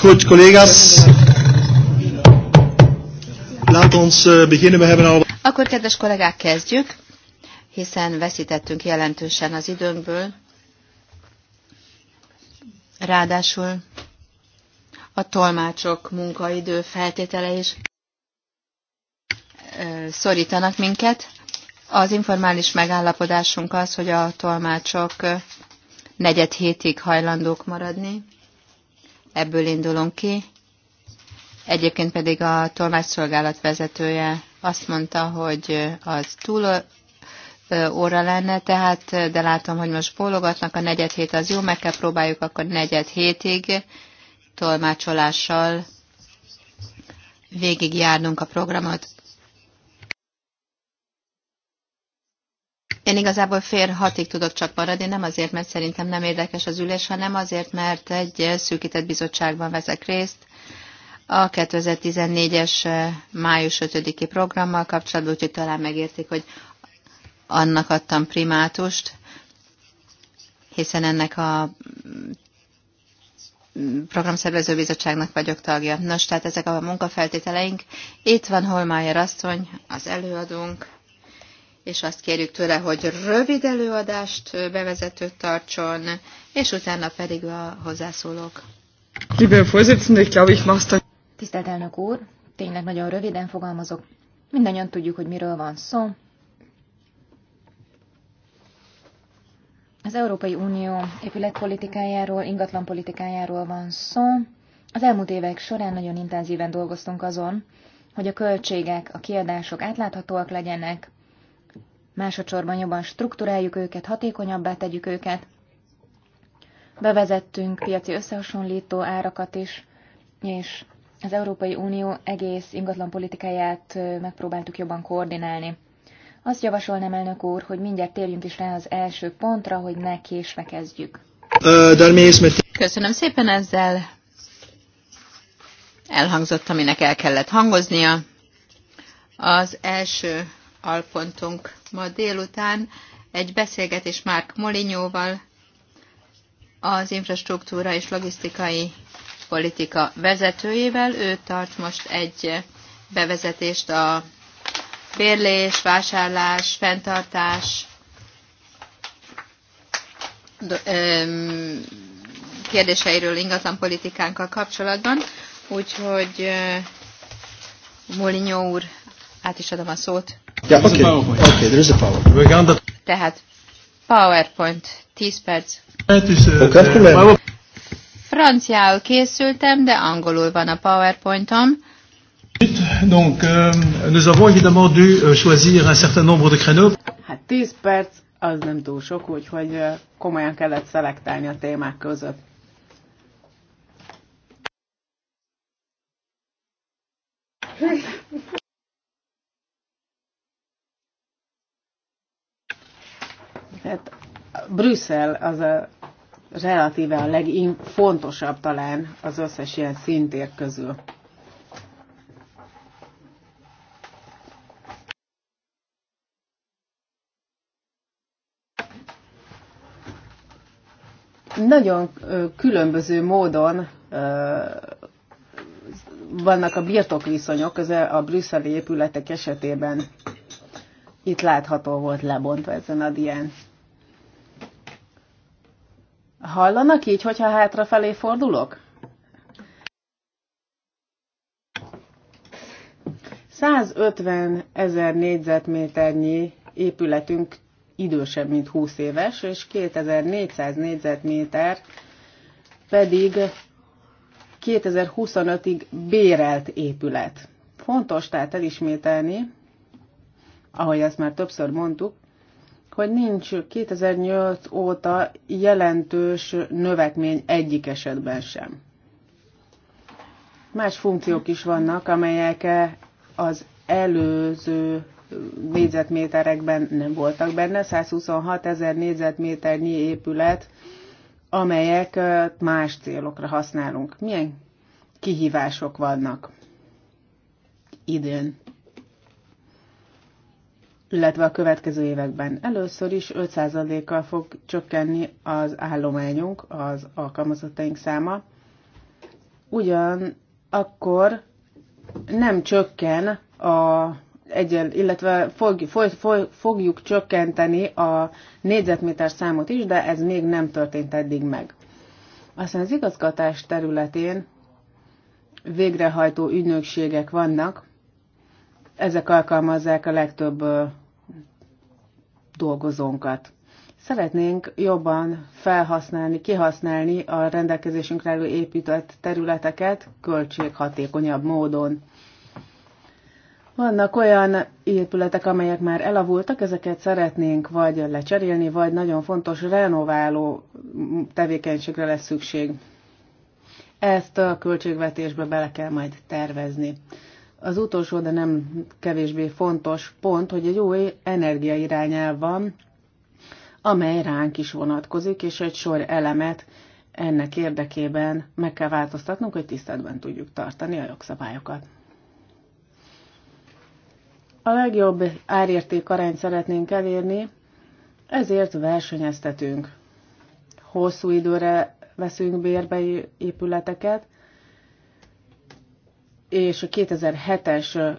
Goed, collega's. Laat ons eh, beginnen. We hebben al... Akkor, kedves kollégák, kezdjük, hiszen veszítettünk jelentősen az időnkből. Ráadásul a tolmácsok munkaidő feltétele is eh, szorítanak minket. Az informális megállapodásunk az, hogy a tolmácsok eh, negyed hétig hajlandók maradni Ebből indulunk ki. Egyébként pedig a tolmácsszolgálat vezetője azt mondta, hogy az túl óra lenne, tehát, de látom, hogy most bólogatnak, a negyed hét az jó, meg kell próbáljuk akkor negyed hétig tolmácsolással végigjárnunk a programot. Én igazából fél hatig tudok csak maradni, nem azért, mert szerintem nem érdekes az ülés, hanem azért, mert egy szűkített bizottságban vezek részt, a 2014-es eh, május 5-i programmal kapcsolatban, úgyhogy talán megértik, hogy annak adtam primátust, hiszen ennek a mm, programszervező bizottságnak vagyok tagja. Nos, tehát ezek a munkafeltételeink. Itt van Holmájer asszony, az előadónk, és azt kérjük tőle, hogy rövid előadást, bevezetőt tartson, és utána pedig a hozzászólók. Tisztelt elnök úr, tényleg nagyon röviden fogalmazok. Mindannyian tudjuk, hogy miről van szó. Az Európai Unió épületpolitikájáról, ingatlanpolitikájáról van szó. Az elmúlt évek során nagyon intenzíven dolgoztunk azon, hogy a költségek, a kiadások átláthatóak legyenek, másodszorban jobban strukturáljuk őket, hatékonyabbá tegyük őket. Bevezettünk piaci összehasonlító árakat is, és az Európai Unió egész ingatlanpolitikáját megpróbáltuk jobban koordinálni. Azt javasolnám, elnök úr, hogy mindjárt térjünk is rá az első pontra, hogy ne késve kezdjük. Köszönöm szépen ezzel. Elhangzott, aminek el kellett hangoznia. Az első alpontunk ma délután egy beszélgetés Márk Molinyóval, az infrastruktúra és logisztikai politika vezetőjével. Ő tart most egy bevezetést a bérlés, vásárlás, fenntartás kérdéseiről ingatlanpolitikánkkal kapcsolatban. Úgyhogy Molinyó úr, át is adom a szót. Yeah, okay. PowerPoint. Okay, there is a PowerPoint. Tehát PowerPoint, 10 perc. Uh, Franciául készültem, de angolul van a PowerPointom. Donc, euh, nous avons évidemment dû euh, choisir un certain nombre de créneaux. Hát 10 perc az nem túl sok, úgyhogy euh, komolyan kellett szelektálni a témák között. Tehát Brüsszel az a relatíve a legfontosabb talán az összes ilyen szintér közül. Nagyon különböző módon vannak a birtokviszonyok az a brüsszeli épületek esetében. Itt látható volt lebontva ezen a dián. Hallanak így, hogyha hátrafelé fordulok? 150 ezer négyzetméternyi épületünk idősebb, mint 20 éves, és 2400 négyzetméter pedig 2025-ig bérelt épület. Fontos tehát elismételni, ahogy ezt már többször mondtuk, hogy nincs 2008 óta jelentős növekmény egyik esetben sem. Más funkciók is vannak, amelyek az előző négyzetméterekben nem voltak benne. 126 ezer négyzetméternyi épület, amelyek más célokra használunk. Milyen kihívások vannak idén? illetve a következő években. Először is 5%-kal fog csökkenni az állományunk, az alkalmazottaink száma. Ugyan akkor nem csökken a egyen, illetve fog, fog, fog, fogjuk csökkenteni a négyzetméter számot is, de ez még nem történt eddig meg. Aztán az igazgatás területén végrehajtó ügynökségek vannak, ezek alkalmazzák a legtöbb dolgozónkat. Szeretnénk jobban felhasználni, kihasználni a rendelkezésünkre álló épített területeket költséghatékonyabb módon. Vannak olyan épületek, amelyek már elavultak, ezeket szeretnénk vagy lecserélni, vagy nagyon fontos renováló tevékenységre lesz szükség. Ezt a költségvetésbe bele kell majd tervezni. Az utolsó, de nem kevésbé fontos pont, hogy egy új energiairányelv van, amely ránk is vonatkozik, és egy sor elemet ennek érdekében meg kell változtatnunk, hogy tiszteletben tudjuk tartani a jogszabályokat. A legjobb árérték arányt szeretnénk elérni, ezért versenyeztetünk. Hosszú időre veszünk bérbe épületeket, és a 2007-es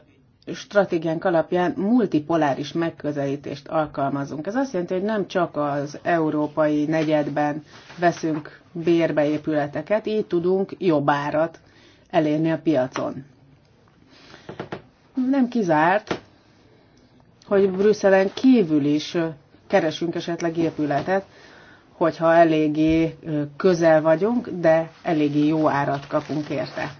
stratégiánk alapján multipoláris megközelítést alkalmazunk. Ez azt jelenti, hogy nem csak az európai negyedben veszünk bérbeépületeket, így tudunk jobb árat elérni a piacon. Nem kizárt, hogy Brüsszelen kívül is keresünk esetleg épületet, hogyha eléggé közel vagyunk, de eléggé jó árat kapunk érte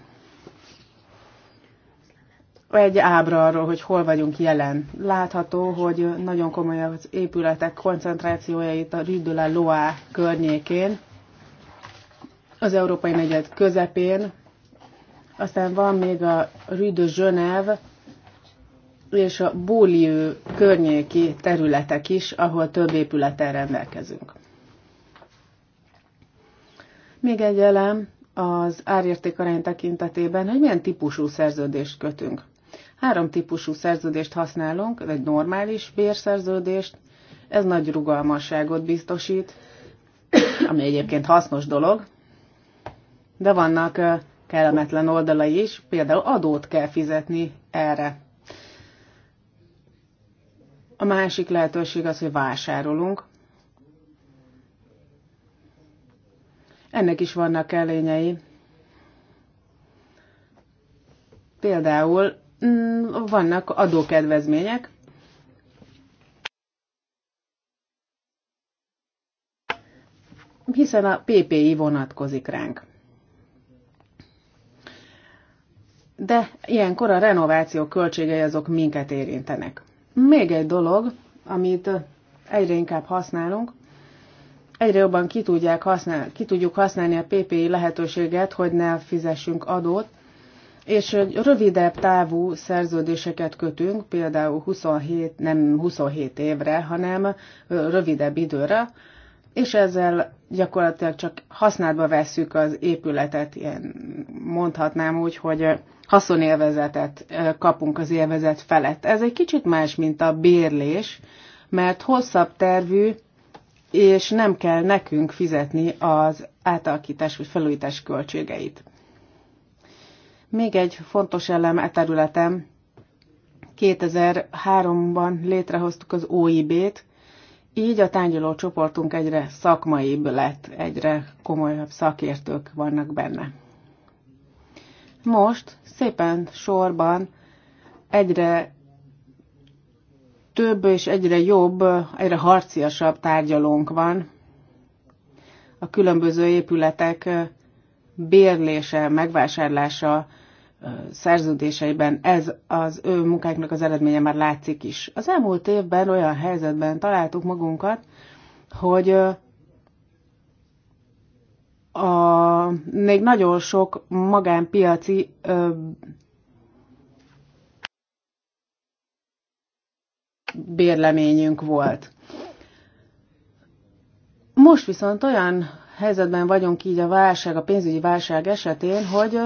egy ábra arról, hogy hol vagyunk jelen. Látható, hogy nagyon komoly az épületek koncentrációja itt a Rue Loa környékén, az Európai Negyed közepén, aztán van még a Rue Zsönev és a Bólió környéki területek is, ahol több épülettel rendelkezünk. Még egy elem az árértékarány tekintetében, hogy milyen típusú szerződést kötünk. Három típusú szerződést használunk, egy normális bérszerződést, ez nagy rugalmasságot biztosít, ami egyébként hasznos dolog, de vannak kellemetlen oldalai is, például adót kell fizetni erre. A másik lehetőség az, hogy vásárolunk. Ennek is vannak előnyei. Például Mm, vannak adókedvezmények. Hiszen a PPI vonatkozik ránk. De ilyenkor a renováció költségei azok minket érintenek. Még egy dolog, amit egyre inkább használunk, egyre jobban ki, tudják ki tudjuk használni a PPI lehetőséget, hogy ne fizessünk adót, és rövidebb távú szerződéseket kötünk, például 27, nem 27 évre, hanem rövidebb időre, és ezzel gyakorlatilag csak használatba vesszük az épületet, ilyen mondhatnám úgy, hogy haszonélvezetet kapunk az élvezet felett. Ez egy kicsit más, mint a bérlés, mert hosszabb tervű, és nem kell nekünk fizetni az átalakítás vagy felújítás költségeit. Még egy fontos elem e területen, 2003-ban létrehoztuk az OIB-t, így a tárgyaló csoportunk egyre szakmaibb lett, egyre komolyabb szakértők vannak benne. Most szépen sorban egyre több és egyre jobb, egyre harciasabb tárgyalónk van. A különböző épületek bérlése, megvásárlása szerződéseiben ez az ő munkáknak az eredménye már látszik is. Az elmúlt évben olyan helyzetben találtuk magunkat, hogy a, még nagyon sok magánpiaci ö, bérleményünk volt. Most viszont olyan helyzetben vagyunk így a válság, a pénzügyi válság esetén, hogy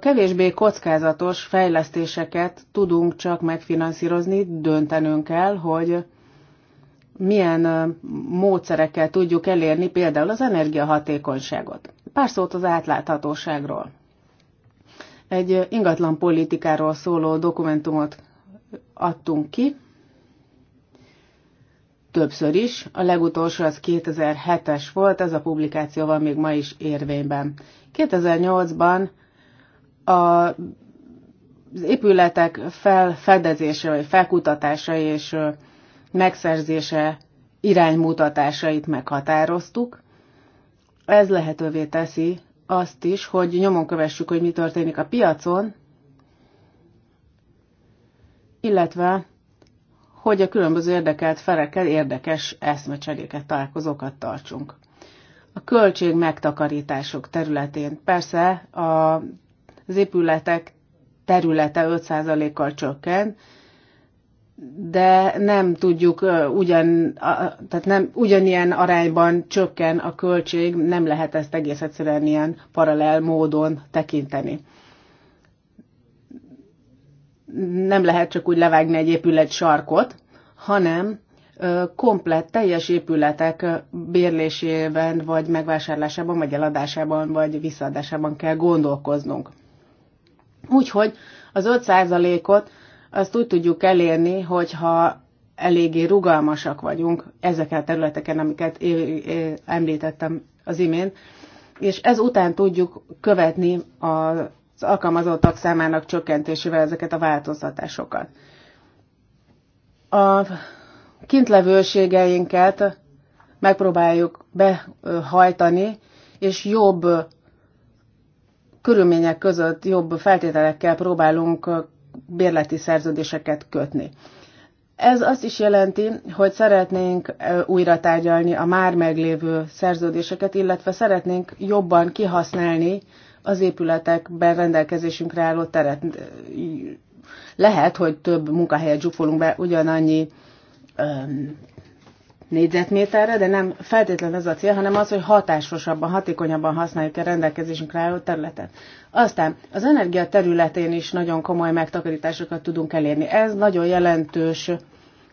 kevésbé kockázatos fejlesztéseket tudunk csak megfinanszírozni, döntenünk kell, hogy milyen módszerekkel tudjuk elérni például az energiahatékonyságot. Pár szót az átláthatóságról. Egy ingatlan politikáról szóló dokumentumot adtunk ki, többször is, a legutolsó az 2007-es volt, ez a publikáció van még ma is érvényben. 2008-ban a az épületek felfedezése, vagy felkutatása és megszerzése iránymutatásait meghatároztuk. Ez lehetővé teszi azt is, hogy nyomon kövessük, hogy mi történik a piacon, illetve hogy a különböző érdekelt felekkel érdekes eszmecseréket, találkozókat tartsunk. A költség megtakarítások területén persze a az épületek területe 5%-kal csökken, de nem tudjuk ugyan, tehát nem ugyanilyen arányban csökken a költség, nem lehet ezt egész egyszerűen ilyen paralel módon tekinteni. Nem lehet csak úgy levágni egy épület sarkot, hanem komplett, teljes épületek bérlésében, vagy megvásárlásában, vagy eladásában, vagy visszaadásában kell gondolkoznunk. Úgyhogy az 5%-ot azt úgy tudjuk elérni, hogyha eléggé rugalmasak vagyunk ezeken a területeken, amiket említettem az imént, és ez után tudjuk követni az alkalmazottak számának csökkentésével ezeket a változtatásokat. A kintlevőségeinket megpróbáljuk behajtani, és jobb körülmények között jobb feltételekkel próbálunk bérleti szerződéseket kötni. Ez azt is jelenti, hogy szeretnénk újra tárgyalni a már meglévő szerződéseket, illetve szeretnénk jobban kihasználni az épületekben rendelkezésünkre álló teret. Lehet, hogy több munkahelyet zsúfolunk be ugyanannyi négyzetméterre, de nem feltétlenül az a cél, hanem az, hogy hatásosabban, hatékonyabban használjuk a rendelkezésünkre álló területet. Aztán az energia területén is nagyon komoly megtakarításokat tudunk elérni. Ez nagyon jelentős,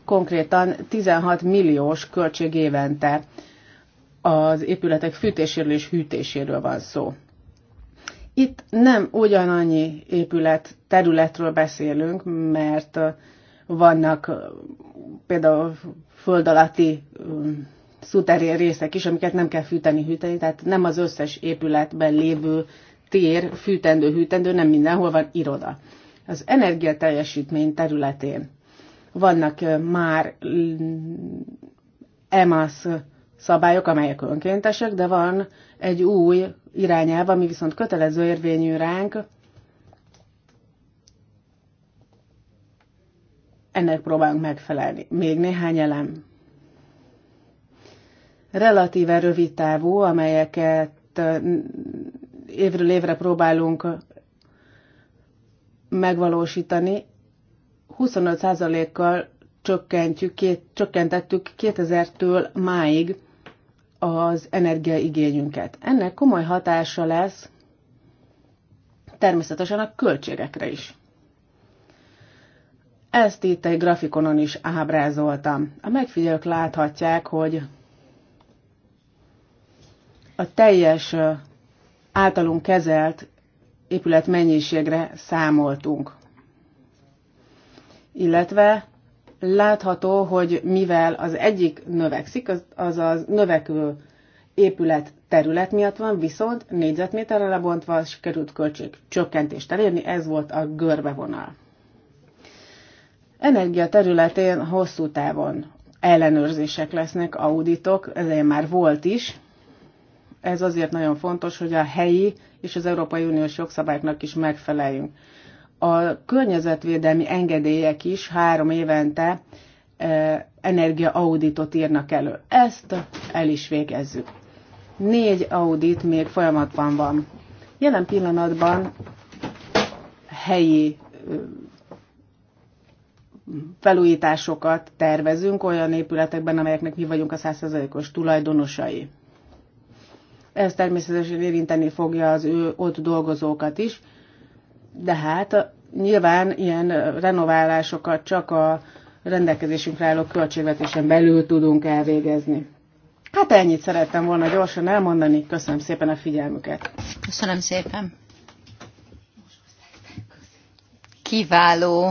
konkrétan 16 milliós költség évente az épületek fűtéséről és hűtéséről van szó. Itt nem ugyanannyi épület területről beszélünk, mert vannak például föld alatti um, szuterén részek is, amiket nem kell fűteni, hűteni, tehát nem az összes épületben lévő tér fűtendő, hűtendő, nem mindenhol van iroda. Az energiateljesítmény területén vannak már mm, EMAS szabályok, amelyek önkéntesek, de van egy új irányelv, ami viszont kötelező érvényű ránk, ennek próbálunk megfelelni. Még néhány elem. Relatíve rövid távú, amelyeket évről évre próbálunk megvalósítani, 25%-kal csökkentjük, két, csökkentettük 2000-től máig az energiaigényünket. Ennek komoly hatása lesz természetesen a költségekre is. Ezt itt egy grafikonon is ábrázoltam. A megfigyelők láthatják, hogy a teljes általunk kezelt épület mennyiségre számoltunk. Illetve látható, hogy mivel az egyik növekszik, az, azaz növekvő épület terület miatt van, viszont négyzetméterre lebontva sikerült költség csökkentést elérni, ez volt a görbe vonal energia területén hosszú távon ellenőrzések lesznek, auditok, ezért már volt is. Ez azért nagyon fontos, hogy a helyi és az Európai Uniós jogszabályoknak is megfeleljünk. A környezetvédelmi engedélyek is három évente e, energiaauditot írnak elő. Ezt el is végezzük. Négy audit még folyamatban van. Jelen pillanatban helyi felújításokat tervezünk olyan épületekben, amelyeknek mi vagyunk a 100%-os tulajdonosai. Ez természetesen érinteni fogja az ő ott dolgozókat is, de hát nyilván ilyen renoválásokat csak a rendelkezésünkre álló költségvetésen belül tudunk elvégezni. Hát ennyit szerettem volna gyorsan elmondani. Köszönöm szépen a figyelmüket. Köszönöm szépen. Kiváló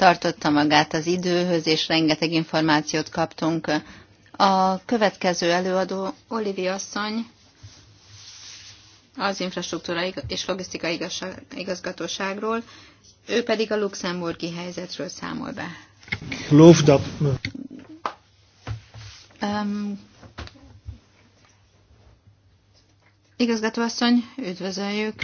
tartotta magát az időhöz, és rengeteg információt kaptunk. A következő előadó Olivia asszony, az infrastruktúra és logisztika igazgatóságról, ő pedig a luxemburgi helyzetről számol be. Lófdap. Um, igazgatóasszony, üdvözöljük.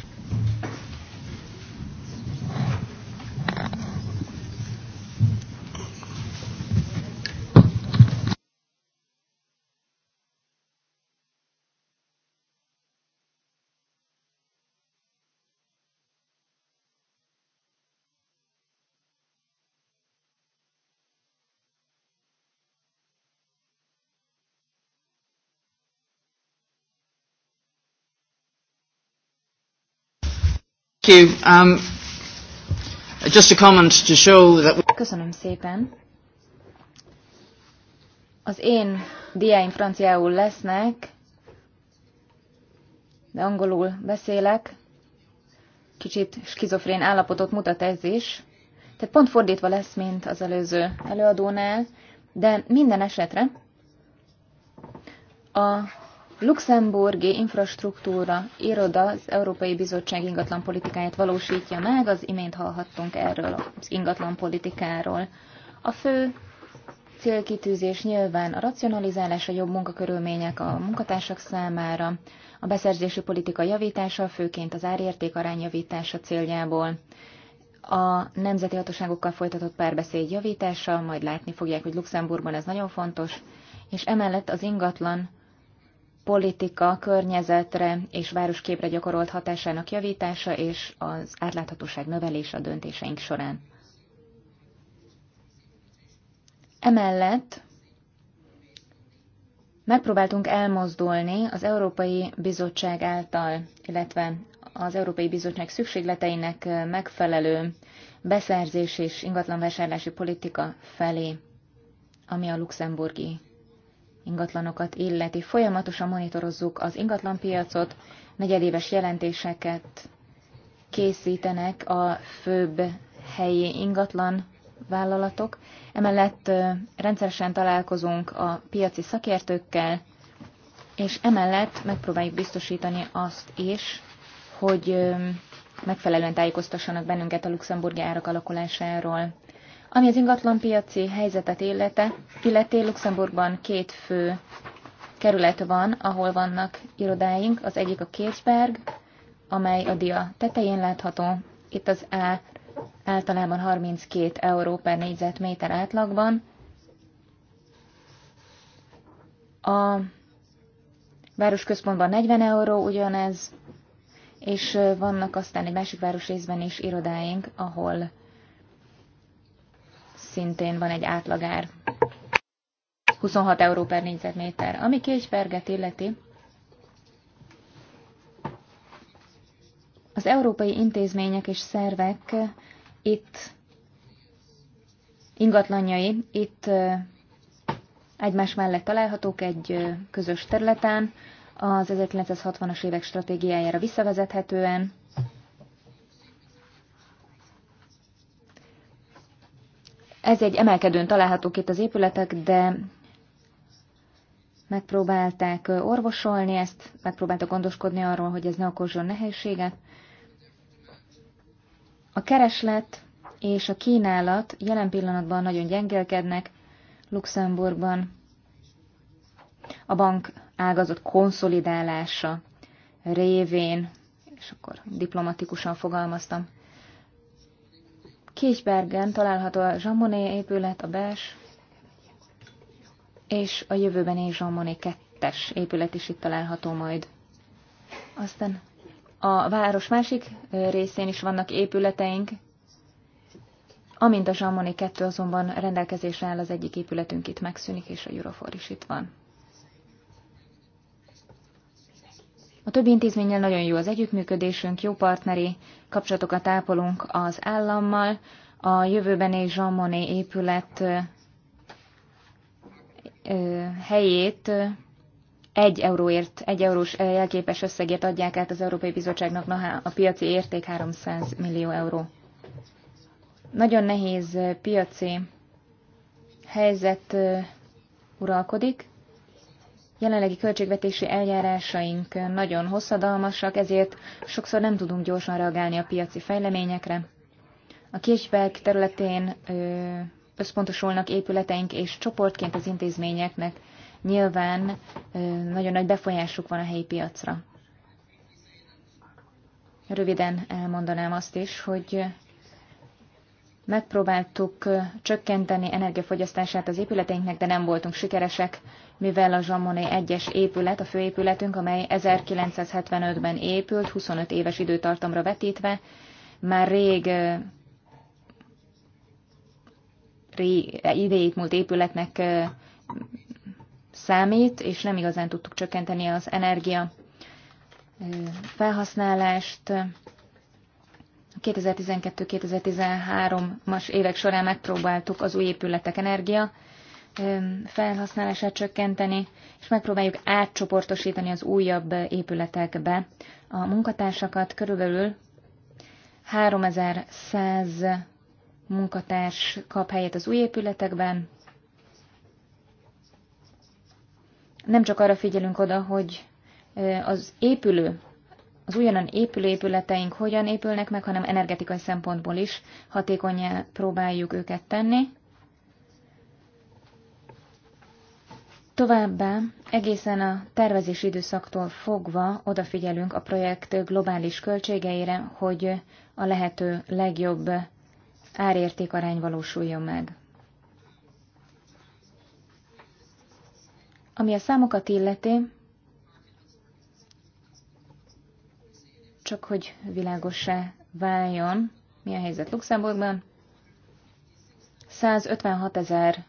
you. Um, just a comment to show that we... Köszönöm szépen. Az én diáim franciául lesznek, de angolul beszélek. Kicsit skizofrén állapotot mutat ez is. Tehát pont fordítva lesz, mint az előző előadónál, de minden esetre a luxemburgi infrastruktúra iroda az Európai Bizottság ingatlan politikáját valósítja meg, az imént hallhattunk erről az ingatlan politikáról. A fő célkitűzés nyilván a racionalizálás, a jobb munkakörülmények a munkatársak számára, a beszerzési politika javítása, főként az árérték arány javítása céljából, a nemzeti hatóságokkal folytatott párbeszéd javítása, majd látni fogják, hogy Luxemburgban ez nagyon fontos, és emellett az ingatlan politika környezetre és városképre gyakorolt hatásának javítása és az átláthatóság növelése a döntéseink során. Emellett megpróbáltunk elmozdulni az Európai Bizottság által, illetve az Európai Bizottság szükségleteinek megfelelő beszerzés és ingatlanvásárlási politika felé, ami a luxemburgi ingatlanokat illeti. Folyamatosan monitorozzuk az ingatlanpiacot, negyedéves jelentéseket készítenek a főbb helyi ingatlan vállalatok. Emellett rendszeresen találkozunk a piaci szakértőkkel, és emellett megpróbáljuk biztosítani azt is, hogy megfelelően tájékoztassanak bennünket a luxemburgi árak alakulásáról. Ami az ingatlanpiaci helyzetet illete, illeti Luxemburgban két fő kerület van, ahol vannak irodáink. Az egyik a Kirchberg, amely a dia tetején látható. Itt az A általában 32 euró per négyzetméter átlagban. A városközpontban 40 euró ugyanez, és vannak aztán egy másik városrészben is irodáink, ahol szintén van egy átlagár. 26 euró per négyzetméter. Ami Kécsberget illeti, az európai intézmények és szervek eh, itt ingatlanjai itt eh, egymás mellett találhatók egy eh, közös területen, az 1960-as évek stratégiájára visszavezethetően, Ez egy emelkedőn találhatók itt az épületek, de megpróbálták orvosolni ezt, megpróbáltak gondoskodni arról, hogy ez ne okozzon nehézséget. A kereslet és a kínálat jelen pillanatban nagyon gyengelkednek Luxemburgban. A bank ágazott konszolidálása révén, és akkor diplomatikusan fogalmaztam. Kisbergen található a Zsamoné épület, a Bels, és a jövőben is Zsamoné 2-es épület is itt található majd. Aztán a város másik részén is vannak épületeink, amint a Zsamoné 2 azonban rendelkezésre áll, az egyik épületünk itt megszűnik, és a Eurofor is itt van. A többi intézménnyel nagyon jó az együttműködésünk, jó partneri kapcsolatokat ápolunk az állammal. A jövőben Jean Monnet épület helyét egy euróért, egy eurós jelképes összegért adják át az Európai Bizottságnak, na a piaci érték 300 millió euró. Nagyon nehéz piaci helyzet uralkodik, jelenlegi költségvetési eljárásaink nagyon hosszadalmasak, ezért sokszor nem tudunk gyorsan reagálni a piaci fejleményekre. A Kirchberg területén összpontosulnak épületeink, és csoportként az intézményeknek nyilván nagyon nagy befolyásuk van a helyi piacra. Röviden elmondanám azt is, hogy megpróbáltuk csökkenteni energiafogyasztását az épületeinknek, de nem voltunk sikeresek mivel a Zsamoné 1-es épület, a főépületünk, amely 1975-ben épült, 25 éves időtartamra vetítve, már rég, rég idejét múlt épületnek számít, és nem igazán tudtuk csökkenteni az energia felhasználást. 2012-2013-as évek során megpróbáltuk az új épületek energia felhasználását csökkenteni, és megpróbáljuk átcsoportosítani az újabb épületekbe a munkatársakat. Körülbelül 3100 munkatárs kap helyet az új épületekben. Nem csak arra figyelünk oda, hogy az épülő, az újonnan épülő épületeink hogyan épülnek meg, hanem energetikai szempontból is hatékonyá próbáljuk őket tenni. Továbbá egészen a tervezési időszaktól fogva odafigyelünk a projekt globális költségeire, hogy a lehető legjobb árértékarány valósuljon meg. Ami a számokat illeti, csak hogy világosá váljon, mi a helyzet Luxemburgban, 156 ezer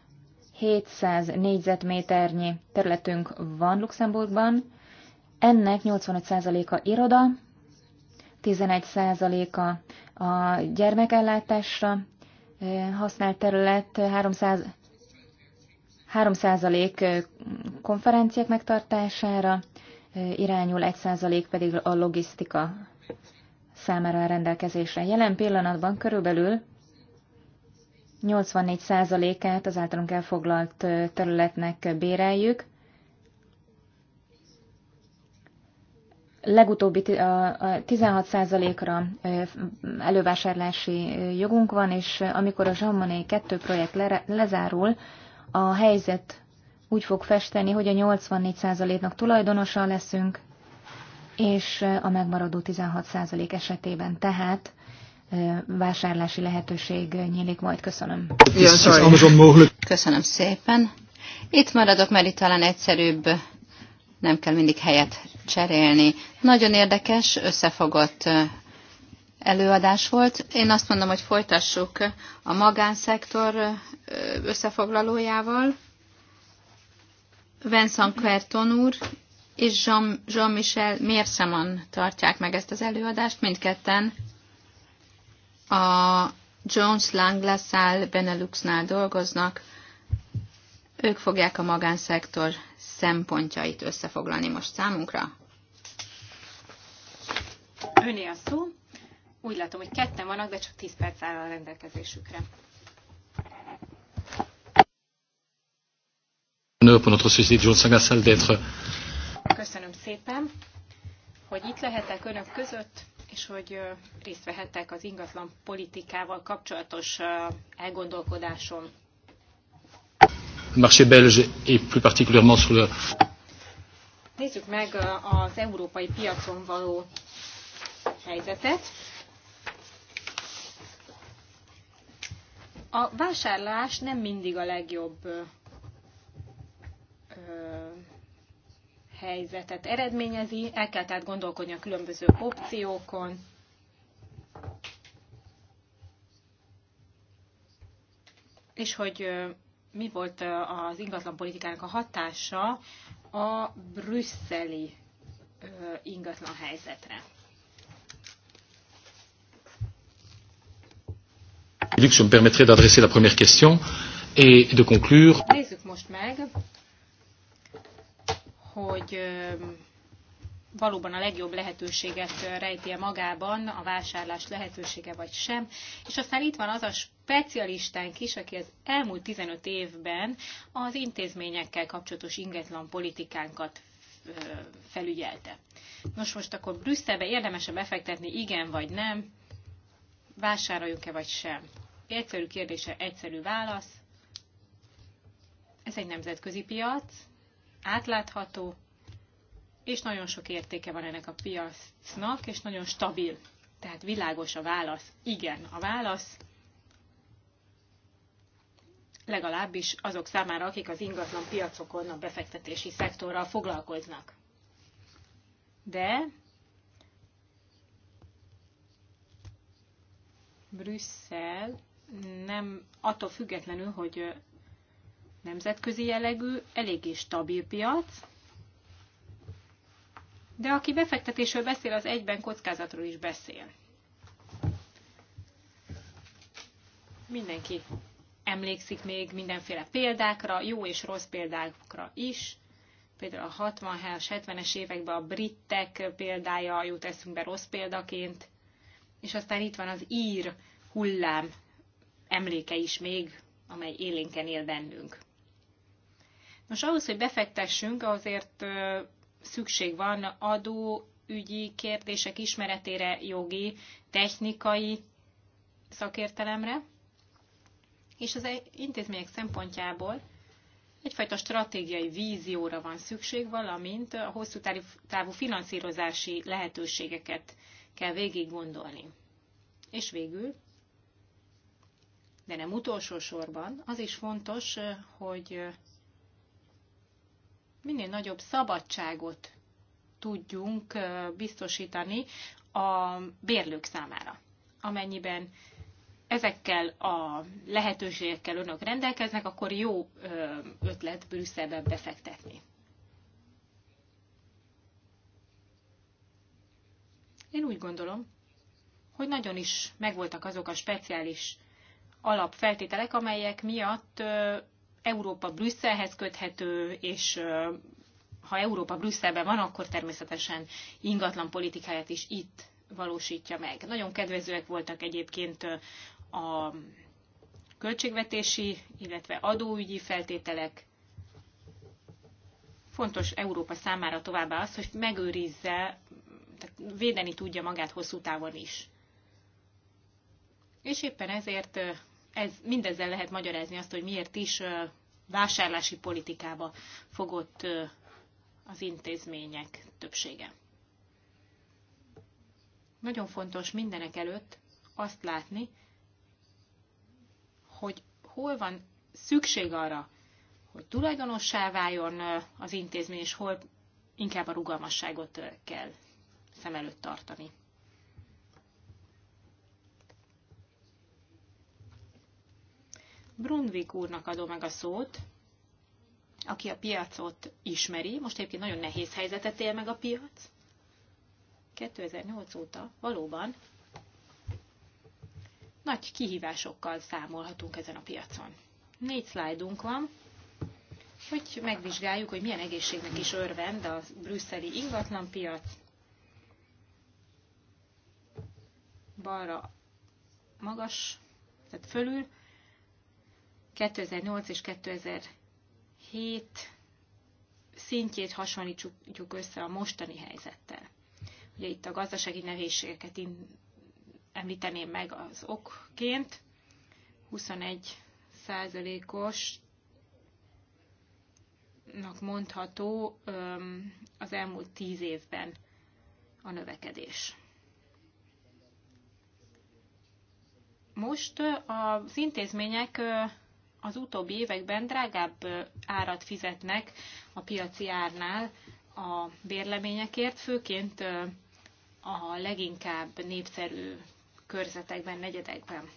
700 négyzetméternyi területünk van Luxemburgban, ennek 85%-a iroda, 11%-a a gyermekellátásra használt terület, 300, 3% konferenciák megtartására irányul, 1% pedig a logisztika számára a rendelkezésre. Jelen pillanatban körülbelül 84%-át az általunk elfoglalt területnek béreljük. Legutóbbi 16%-ra elővásárlási jogunk van, és amikor a Zsammané 2 projekt lezárul, a helyzet úgy fog festeni, hogy a 84%-nak tulajdonosa leszünk, és a megmaradó 16% esetében tehát vásárlási lehetőség nyílik majd. Köszönöm. Köszönöm szépen. Itt maradok, mert itt talán egyszerűbb, nem kell mindig helyet cserélni. Nagyon érdekes, összefogott előadás volt. Én azt mondom, hogy folytassuk a magánszektor összefoglalójával. Vincent Querton úr és Jean-Michel Jean tartják meg ezt az előadást, mindketten a Jones Lang LaSalle Beneluxnál dolgoznak, ők fogják a magánszektor szempontjait összefoglalni most számunkra. Öné a szó. Úgy látom, hogy ketten vannak, de csak 10 perc áll a rendelkezésükre. Köszönöm szépen, hogy itt lehetek önök között és hogy részt vehettek az ingatlan politikával kapcsolatos elgondolkodáson. Marché belge et plus particulièrement sur le... Nézzük meg az európai piacon való helyzetet. A vásárlás nem mindig a legjobb helyzetet eredményezi. El kell tehát gondolkodni a különböző opciókon. És hogy mi volt az ingatlanpolitikának a hatása a brüsszeli ingatlan helyzetre. Luc, je me permettrai d'adresser la première question et de conclure. Nézzük most meg hogy valóban a legjobb lehetőséget rejti magában, a vásárlás lehetősége vagy sem. És aztán itt van az a specialistánk is, aki az elmúlt 15 évben az intézményekkel kapcsolatos ingetlan politikánkat felügyelte. Nos, most akkor Brüsszelbe érdemese befektetni, igen vagy nem, vásároljuk-e vagy sem? Egyszerű kérdése, egyszerű válasz. Ez egy nemzetközi piac, átlátható, és nagyon sok értéke van ennek a piacnak, és nagyon stabil. Tehát világos a válasz. Igen, a válasz legalábbis azok számára, akik az ingatlan piacokon a befektetési szektorral foglalkoznak. De Brüsszel nem attól függetlenül, hogy nemzetközi jellegű, eléggé stabil piac, de aki befektetésről beszél, az egyben kockázatról is beszél. Mindenki emlékszik még mindenféle példákra, jó és rossz példákra is. Például a 60-as, 70-es években a britek példája jut eszünkbe rossz példaként, és aztán itt van az ír hullám emléke is még, amely élénken él bennünk. Nos, ahhoz, hogy befektessünk, azért szükség van adóügyi kérdések ismeretére, jogi, technikai szakértelemre, és az intézmények szempontjából egyfajta stratégiai vízióra van szükség, valamint a hosszú távú finanszírozási lehetőségeket kell végig gondolni. És végül, de nem utolsó sorban, az is fontos, hogy minél nagyobb szabadságot tudjunk biztosítani a bérlők számára. Amennyiben ezekkel a lehetőségekkel önök rendelkeznek, akkor jó ötlet Brüsszelbe befektetni. Én úgy gondolom, hogy nagyon is megvoltak azok a speciális alapfeltételek, amelyek miatt Európa Brüsszelhez köthető, és ha Európa Brüsszelben van, akkor természetesen ingatlan politikáját is itt valósítja meg. Nagyon kedvezőek voltak egyébként a költségvetési, illetve adóügyi feltételek. Fontos Európa számára továbbá az, hogy megőrizze, tehát védeni tudja magát hosszú távon is. És éppen ezért ez, mindezzel lehet magyarázni azt, hogy miért is vásárlási politikába fogott az intézmények többsége. Nagyon fontos mindenek előtt azt látni, hogy hol van szükség arra, hogy tulajdonossá váljon az intézmény, és hol inkább a rugalmasságot kell szem előtt tartani. Brunvik úrnak adom meg a szót, aki a piacot ismeri. Most egyébként nagyon nehéz helyzetet él meg a piac. 2008 óta valóban nagy kihívásokkal számolhatunk ezen a piacon. Négy szlájdunk van, hogy megvizsgáljuk, hogy milyen egészségnek is örvend a brüsszeli ingatlanpiac. Balra magas, tehát fölül 2008 és 2007 szintjét hasonlítjuk össze a mostani helyzettel. Ugye itt a gazdasági nehézségeket említeném meg az okként. 21 százalékos mondható az elmúlt tíz évben a növekedés. Most az intézmények az utóbbi években drágább árat fizetnek a piaci árnál a bérleményekért, főként a leginkább népszerű körzetekben, negyedekben.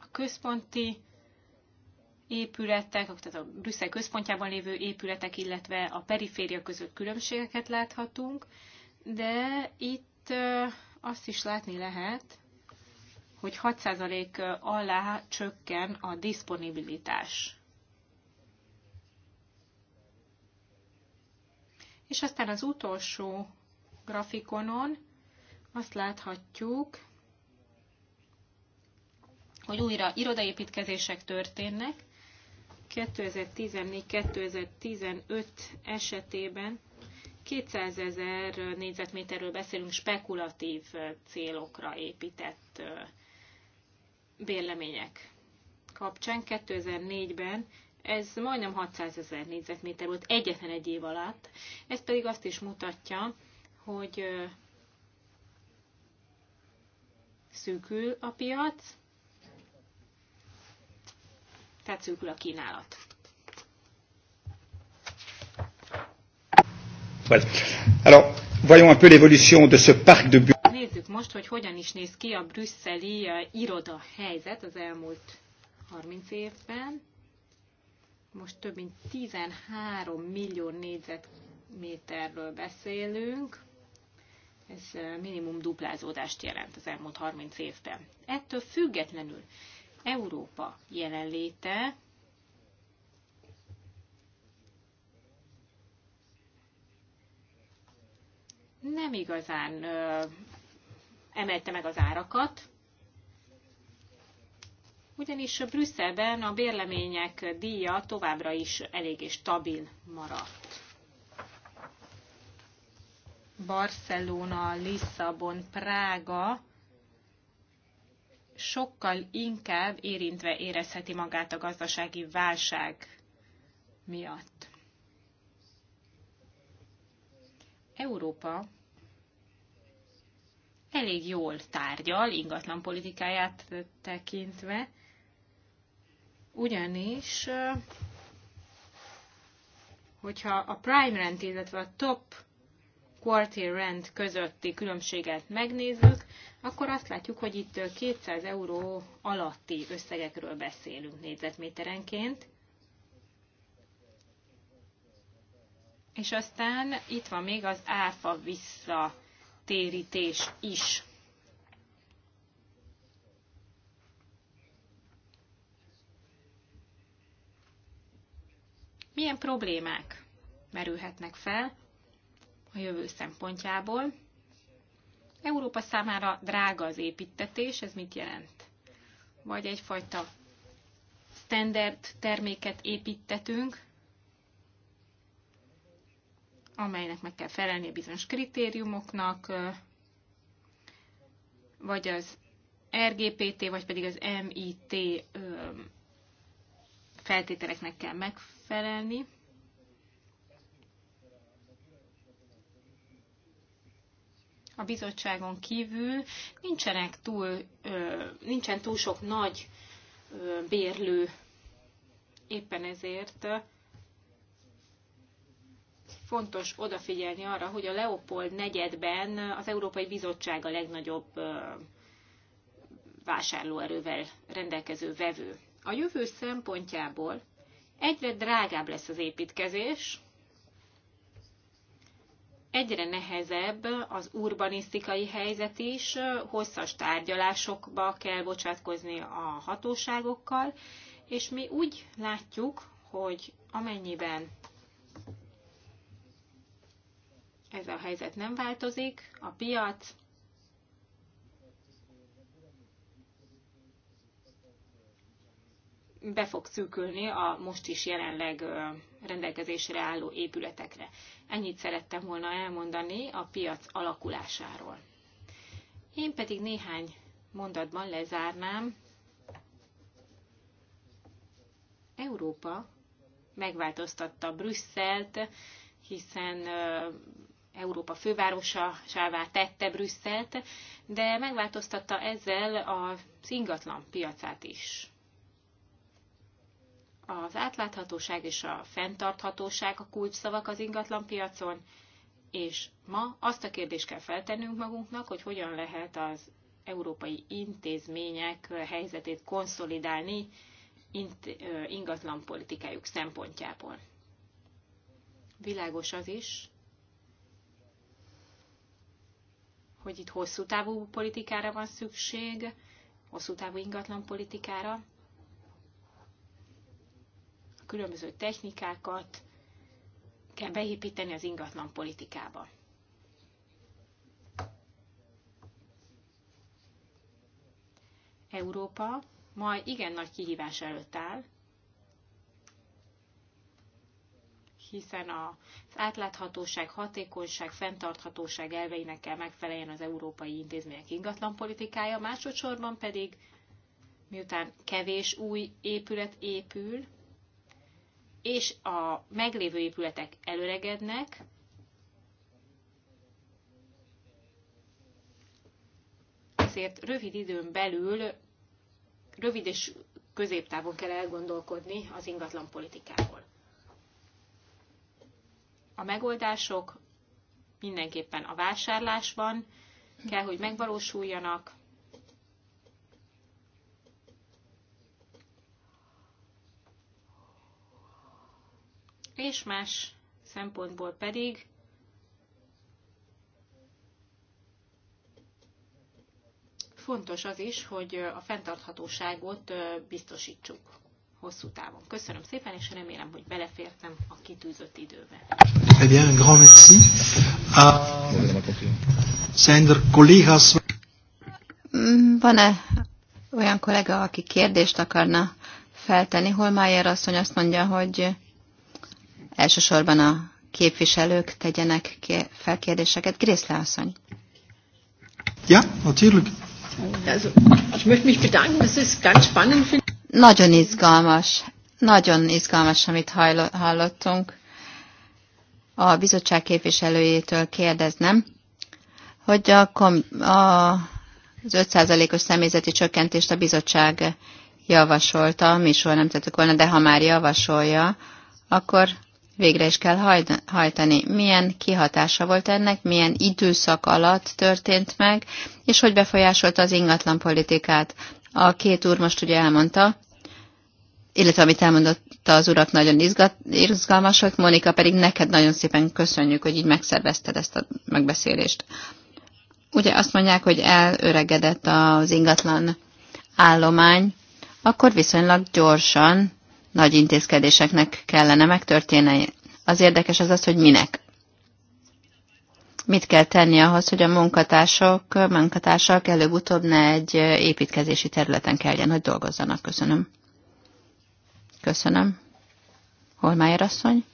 A központi épületek, tehát a Brüsszel központjában lévő épületek, illetve a periféria között különbségeket láthatunk de itt azt is látni lehet, hogy 6% alá csökken a diszponibilitás. És aztán az utolsó grafikonon azt láthatjuk, hogy újra irodaépítkezések történnek. 2014-2015 esetében 200 ezer négyzetméterről beszélünk spekulatív célokra épített bérlemények kapcsán. 2004-ben ez majdnem 600 ezer négyzetméter volt egyetlen egy év alatt. Ez pedig azt is mutatja, hogy szűkül a piac, tehát szűkül a kínálat. Voilà. Alors, voyons un peu l'évolution de ce parc de bureaux. Nézzük most, hogy hogyan is néz ki a brüsszeli uh, iroda helyzet az elmúlt 30 évben. Most több mint 13 millió négyzetméterről beszélünk. Ez eh, minimum duplázódást jelent az elmúlt 30 évben. Ettől függetlenül Európa jelenléte nem igazán ö, emelte meg az árakat, ugyanis Brüsszelben a bérlemények díja továbbra is eléggé stabil maradt. Barcelona, Lisszabon, Prága sokkal inkább érintve érezheti magát a gazdasági válság miatt. Európa elég jól tárgyal ingatlan politikáját tekintve, ugyanis hogyha a prime rent, illetve a top quarter rent közötti különbséget megnézzük, akkor azt látjuk, hogy itt 200 euró alatti összegekről beszélünk négyzetméterenként. És aztán itt van még az áfa visszatérítés is. Milyen problémák merülhetnek fel a jövő szempontjából? Európa számára drága az építetés, ez mit jelent? Vagy egyfajta standard terméket építetünk, amelynek meg kell felelnie bizonyos kritériumoknak, vagy az RGPT, vagy pedig az MIT feltételeknek kell megfelelni. A bizottságon kívül nincsenek túl, nincsen túl sok nagy bérlő, éppen ezért fontos odafigyelni arra, hogy a Leopold negyedben az Európai Bizottság a legnagyobb vásárlóerővel rendelkező vevő. A jövő szempontjából egyre drágább lesz az építkezés, egyre nehezebb az urbanisztikai helyzet is, hosszas tárgyalásokba kell bocsátkozni a hatóságokkal, és mi úgy látjuk, hogy amennyiben ez a helyzet nem változik, a piac be fog szűkülni a most is jelenleg rendelkezésre álló épületekre. Ennyit szerettem volna elmondani a piac alakulásáról. Én pedig néhány mondatban lezárnám. Európa megváltoztatta Brüsszelt, hiszen Európa fővárosává tette Brüsszelt, de megváltoztatta ezzel az ingatlan piacát is. Az átláthatóság és a fenntarthatóság a kulcsszavak az ingatlan piacon, és ma azt a kérdést kell feltennünk magunknak, hogy hogyan lehet az európai intézmények helyzetét konszolidálni ingatlan politikájuk szempontjából. Világos az is, hogy itt hosszú távú politikára van szükség, hosszú távú ingatlan politikára, a különböző technikákat kell beépíteni az ingatlan politikába. Európa ma igen nagy kihívás előtt áll, hiszen az átláthatóság, hatékonyság, fenntarthatóság elveinek kell megfeleljen az európai intézmények ingatlanpolitikája, másodszorban pedig, miután kevés új épület épül, és a meglévő épületek előregednek, ezért rövid időn belül, rövid és középtávon kell elgondolkodni az ingatlan politikáról a megoldások mindenképpen a vásárlásban kell, hogy megvalósuljanak. És más szempontból pedig fontos az is, hogy a fenntarthatóságot biztosítsuk hosszú távon. Köszönöm szépen, és remélem, hogy belefértem a kitűzött időbe. Très bien, grand merci. Zijn ah, er collega's? Mm, van-e olyan kollega, aki kérdést akarna feltenni? Holmájer asszony azt mondja, hogy elsősorban a képviselők tegyenek fel kérdéseket. Grészle asszony. Ja, natürlich. Also, ich möchte mich bedanken, das ist ganz spannend. Nagyon izgalmas, nagyon izgalmas, amit hallottunk. A bizottság képviselőjétől kérdeznem, hogy a, a, az 5%-os személyzeti csökkentést a bizottság javasolta, mi soha nem tettük volna, de ha már javasolja, akkor végre is kell hajtani. Milyen kihatása volt ennek, milyen időszak alatt történt meg, és hogy befolyásolta az ingatlan politikát. A két úr most ugye elmondta, illetve amit elmondott az urak, nagyon izgalmas izgalmasak. Monika, pedig neked nagyon szépen köszönjük, hogy így megszervezted ezt a megbeszélést. Ugye azt mondják, hogy elöregedett az ingatlan állomány, akkor viszonylag gyorsan nagy intézkedéseknek kellene megtörténni. Az érdekes az az, hogy minek. Mit kell tenni ahhoz, hogy a munkatársak, munkatársak előbb-utóbb ne egy építkezési területen kelljen, hogy dolgozzanak. Köszönöm. Köszönöm. Holmájer asszony?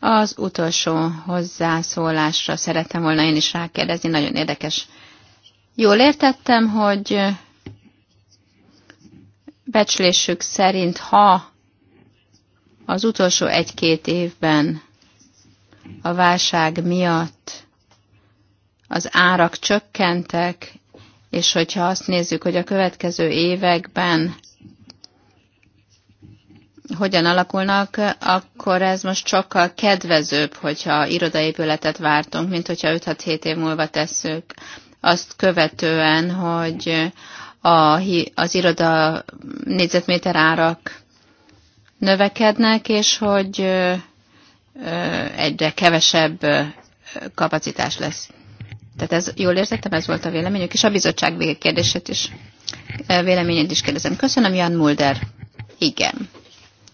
Az utolsó hozzászólásra szerettem volna én is rákérdezni, nagyon érdekes. Jól értettem, hogy becslésük szerint, ha az utolsó egy-két évben a válság miatt az árak csökkentek, és hogyha azt nézzük, hogy a következő években hogyan alakulnak, akkor ez most sokkal kedvezőbb, hogyha irodaépületet vártunk, mint hogyha 5-6-7 év múlva tesszük. Azt követően, hogy a, az iroda négyzetméter árak növekednek, és hogy egyre kevesebb kapacitás lesz. Tehát ez, jól érzettem ez volt a véleményük, és a bizottság végkérdését is, véleményét is kérdezem. Köszönöm, Jan Mulder. Igen.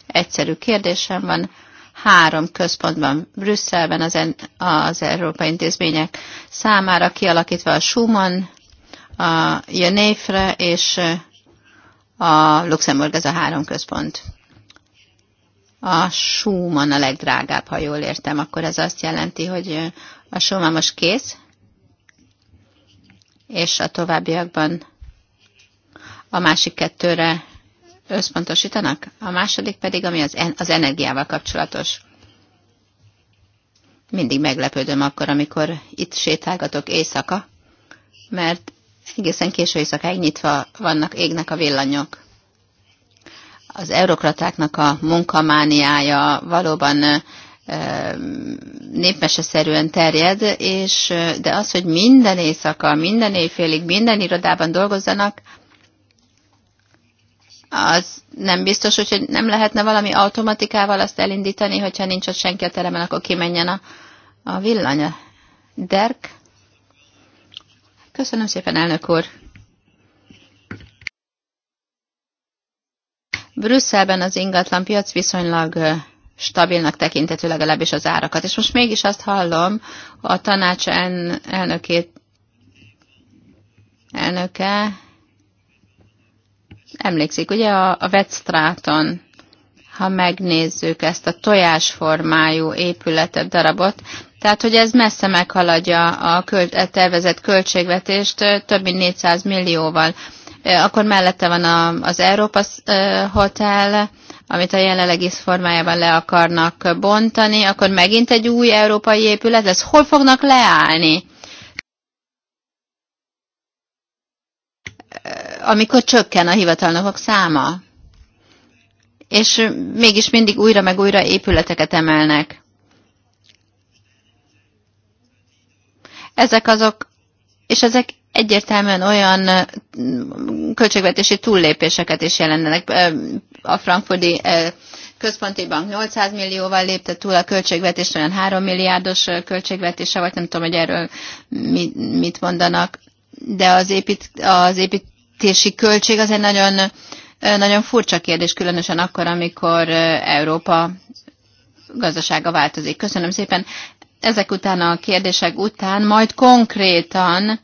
Egyszerű kérdésem van. Három központban, Brüsszelben az, az Európai Intézmények számára kialakítva a Schumann, a Jönéfre és a Luxemburg, ez a három központ. A Schumann a legdrágább, ha jól értem, akkor ez azt jelenti, hogy a Schumann most kész, és a továbbiakban a másik kettőre összpontosítanak, a második pedig, ami az, en- az energiával kapcsolatos. Mindig meglepődöm akkor, amikor itt sétálgatok éjszaka, mert egészen késő éjszakáig nyitva vannak, égnek a villanyok. Az eurokratáknak a munkamániája valóban népmeseszerűen terjed, és, de az, hogy minden éjszaka, minden éjfélig, minden irodában dolgozzanak, az nem biztos, hogy nem lehetne valami automatikával azt elindítani, hogyha nincs ott senki a teremben, akkor kimenjen a, a villanya. Derk? Köszönöm szépen, elnök úr. Brüsszelben az ingatlan piac viszonylag stabilnak tekintető legalábbis az árakat. És most mégis azt hallom a tanács elnökét, elnöke, emlékszik, ugye a, a Vetstráton, ha megnézzük ezt a tojásformájú épületet, darabot, tehát, hogy ez messze meghaladja a, költ, tervezett költségvetést több mint 400 millióval. Akkor mellette van a, az Európa Hotel, amit a jelenlegi formájában le akarnak bontani, akkor megint egy új európai épület Ez Hol fognak leállni? Amikor csökken a hivatalnokok száma. És mégis mindig újra meg újra épületeket emelnek. Ezek azok, és ezek egyértelműen olyan költségvetési túllépéseket is jelentenek. A frankfurti központi bank 800 millióval lépte túl a költségvetést, olyan 3 milliárdos költségvetése, vagy nem tudom, hogy erről mit mondanak, de az, épít, az építési költség az egy nagyon, nagyon furcsa kérdés, különösen akkor, amikor Európa gazdasága változik. Köszönöm szépen. Ezek után a kérdések után majd konkrétan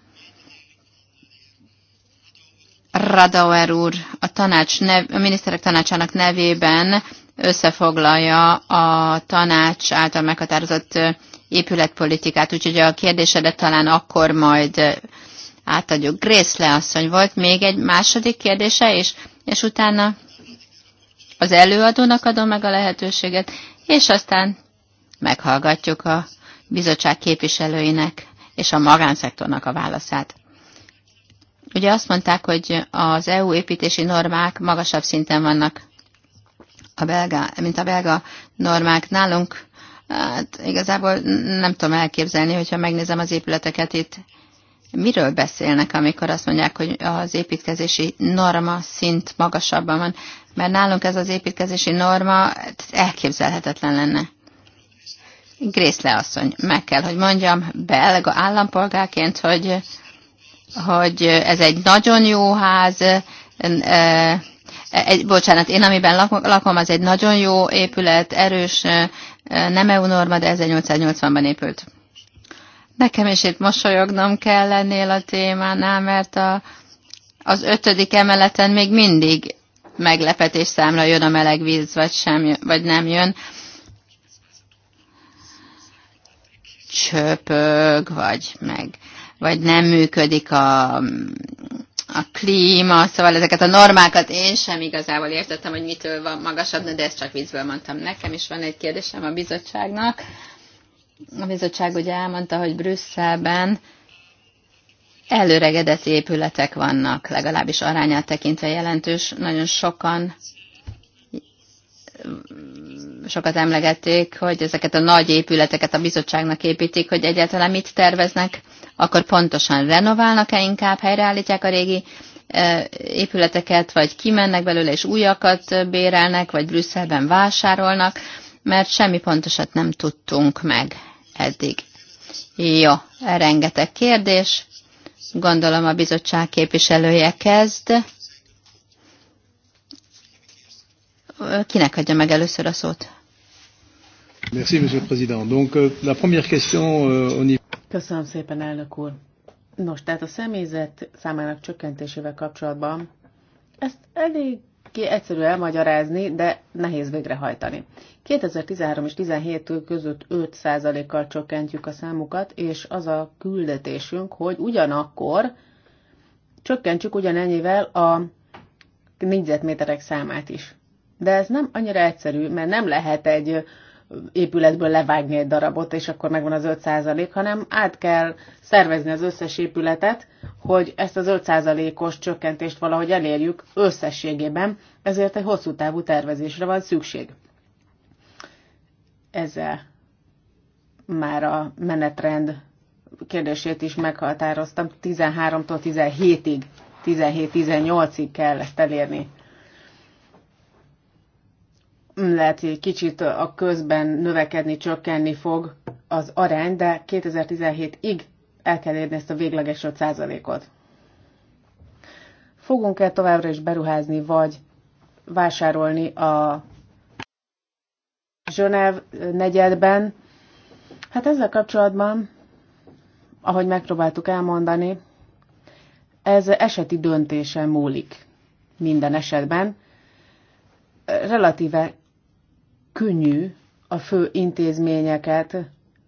Radauer úr a, tanács nev, a miniszterek tanácsának nevében összefoglalja a tanács által meghatározott épületpolitikát, úgyhogy a kérdésedet talán akkor majd átadjuk. Grész asszony volt még egy második kérdése is, és utána az előadónak adom meg a lehetőséget, és aztán meghallgatjuk a bizottság képviselőinek és a magánszektornak a válaszát. Ugye azt mondták, hogy az EU építési normák magasabb szinten vannak, a belga, mint a belga normák nálunk. Hát igazából nem tudom elképzelni, hogyha megnézem az épületeket itt, miről beszélnek, amikor azt mondják, hogy az építkezési norma szint magasabban van, mert nálunk ez az építkezési norma hát elképzelhetetlen lenne. Grészle asszony, meg kell, hogy mondjam, belga állampolgárként, hogy hogy ez egy nagyon jó ház, egy, bocsánat, én amiben lakom, az egy nagyon jó épület, erős, nem EU norma, de 1880-ban épült. Nekem is itt mosolyognom kell ennél a témánál, mert a, az ötödik emeleten még mindig meglepetés számra jön a meleg víz, vagy, sem, vagy nem jön. Csöpög, vagy meg vagy nem működik a, a klíma, szóval ezeket a normákat én sem igazából értettem, hogy mitől van magasabb, de ezt csak viccből mondtam nekem, és van egy kérdésem a bizottságnak. A bizottság ugye elmondta, hogy Brüsszelben előregedett épületek vannak, legalábbis arányát tekintve jelentős. Nagyon sokan sokat emlegették, hogy ezeket a nagy épületeket a bizottságnak építik, hogy egyáltalán mit terveznek akkor pontosan renoválnak-e inkább, helyreállítják a régi épületeket, vagy kimennek belőle és újakat bérelnek, vagy Brüsszelben vásárolnak, mert semmi pontosat nem tudtunk meg eddig. Jó, rengeteg kérdés. Gondolom a bizottság képviselője kezd. Kinek adja meg először a szót? Merci, Monsieur le Président. Donc, euh, la première question euh, on y... Köszönöm szépen, elnök úr. Nos, tehát a személyzet számának csökkentésével kapcsolatban ezt elég ki egyszerű elmagyarázni, de nehéz végrehajtani. 2013 és 2017 között 5%-kal csökkentjük a számukat, és az a küldetésünk, hogy ugyanakkor csökkentsük ugyanennyivel a négyzetméterek számát is. De ez nem annyira egyszerű, mert nem lehet egy épületből levágni egy darabot, és akkor megvan az 5 hanem át kell szervezni az összes épületet, hogy ezt az 5 os csökkentést valahogy elérjük összességében, ezért egy hosszú távú tervezésre van szükség. Ezzel már a menetrend kérdését is meghatároztam, 13-tól 17-ig, 17-18-ig kell ezt elérni lehet, hogy egy kicsit a közben növekedni, csökkenni fog az arány, de 2017-ig el kell érni ezt a végleges 5%-ot. Fogunk-e továbbra is beruházni, vagy vásárolni a Zsönev negyedben? Hát ezzel kapcsolatban, ahogy megpróbáltuk elmondani, ez eseti döntésen múlik minden esetben relatíve könnyű a fő intézményeket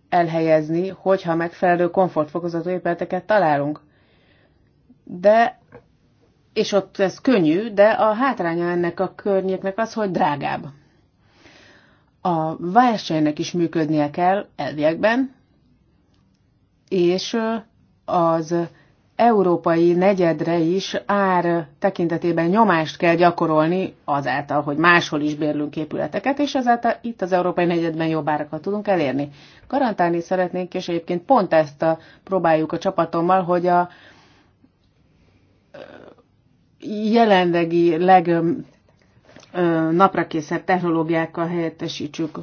elhelyezni, hogyha megfelelő komfortfokozatú épületeket találunk. De, és ott ez könnyű, de a hátránya ennek a környéknek az, hogy drágább. A versenynek is működnie kell elviekben, és az európai negyedre is ár tekintetében nyomást kell gyakorolni azáltal, hogy máshol is bérlünk épületeket, és ezáltal itt az európai negyedben jobb árakat tudunk elérni. Garantálni szeretnénk, és egyébként pont ezt a, próbáljuk a csapatommal, hogy a jelenlegi leg naprakészebb technológiákkal helyettesítsük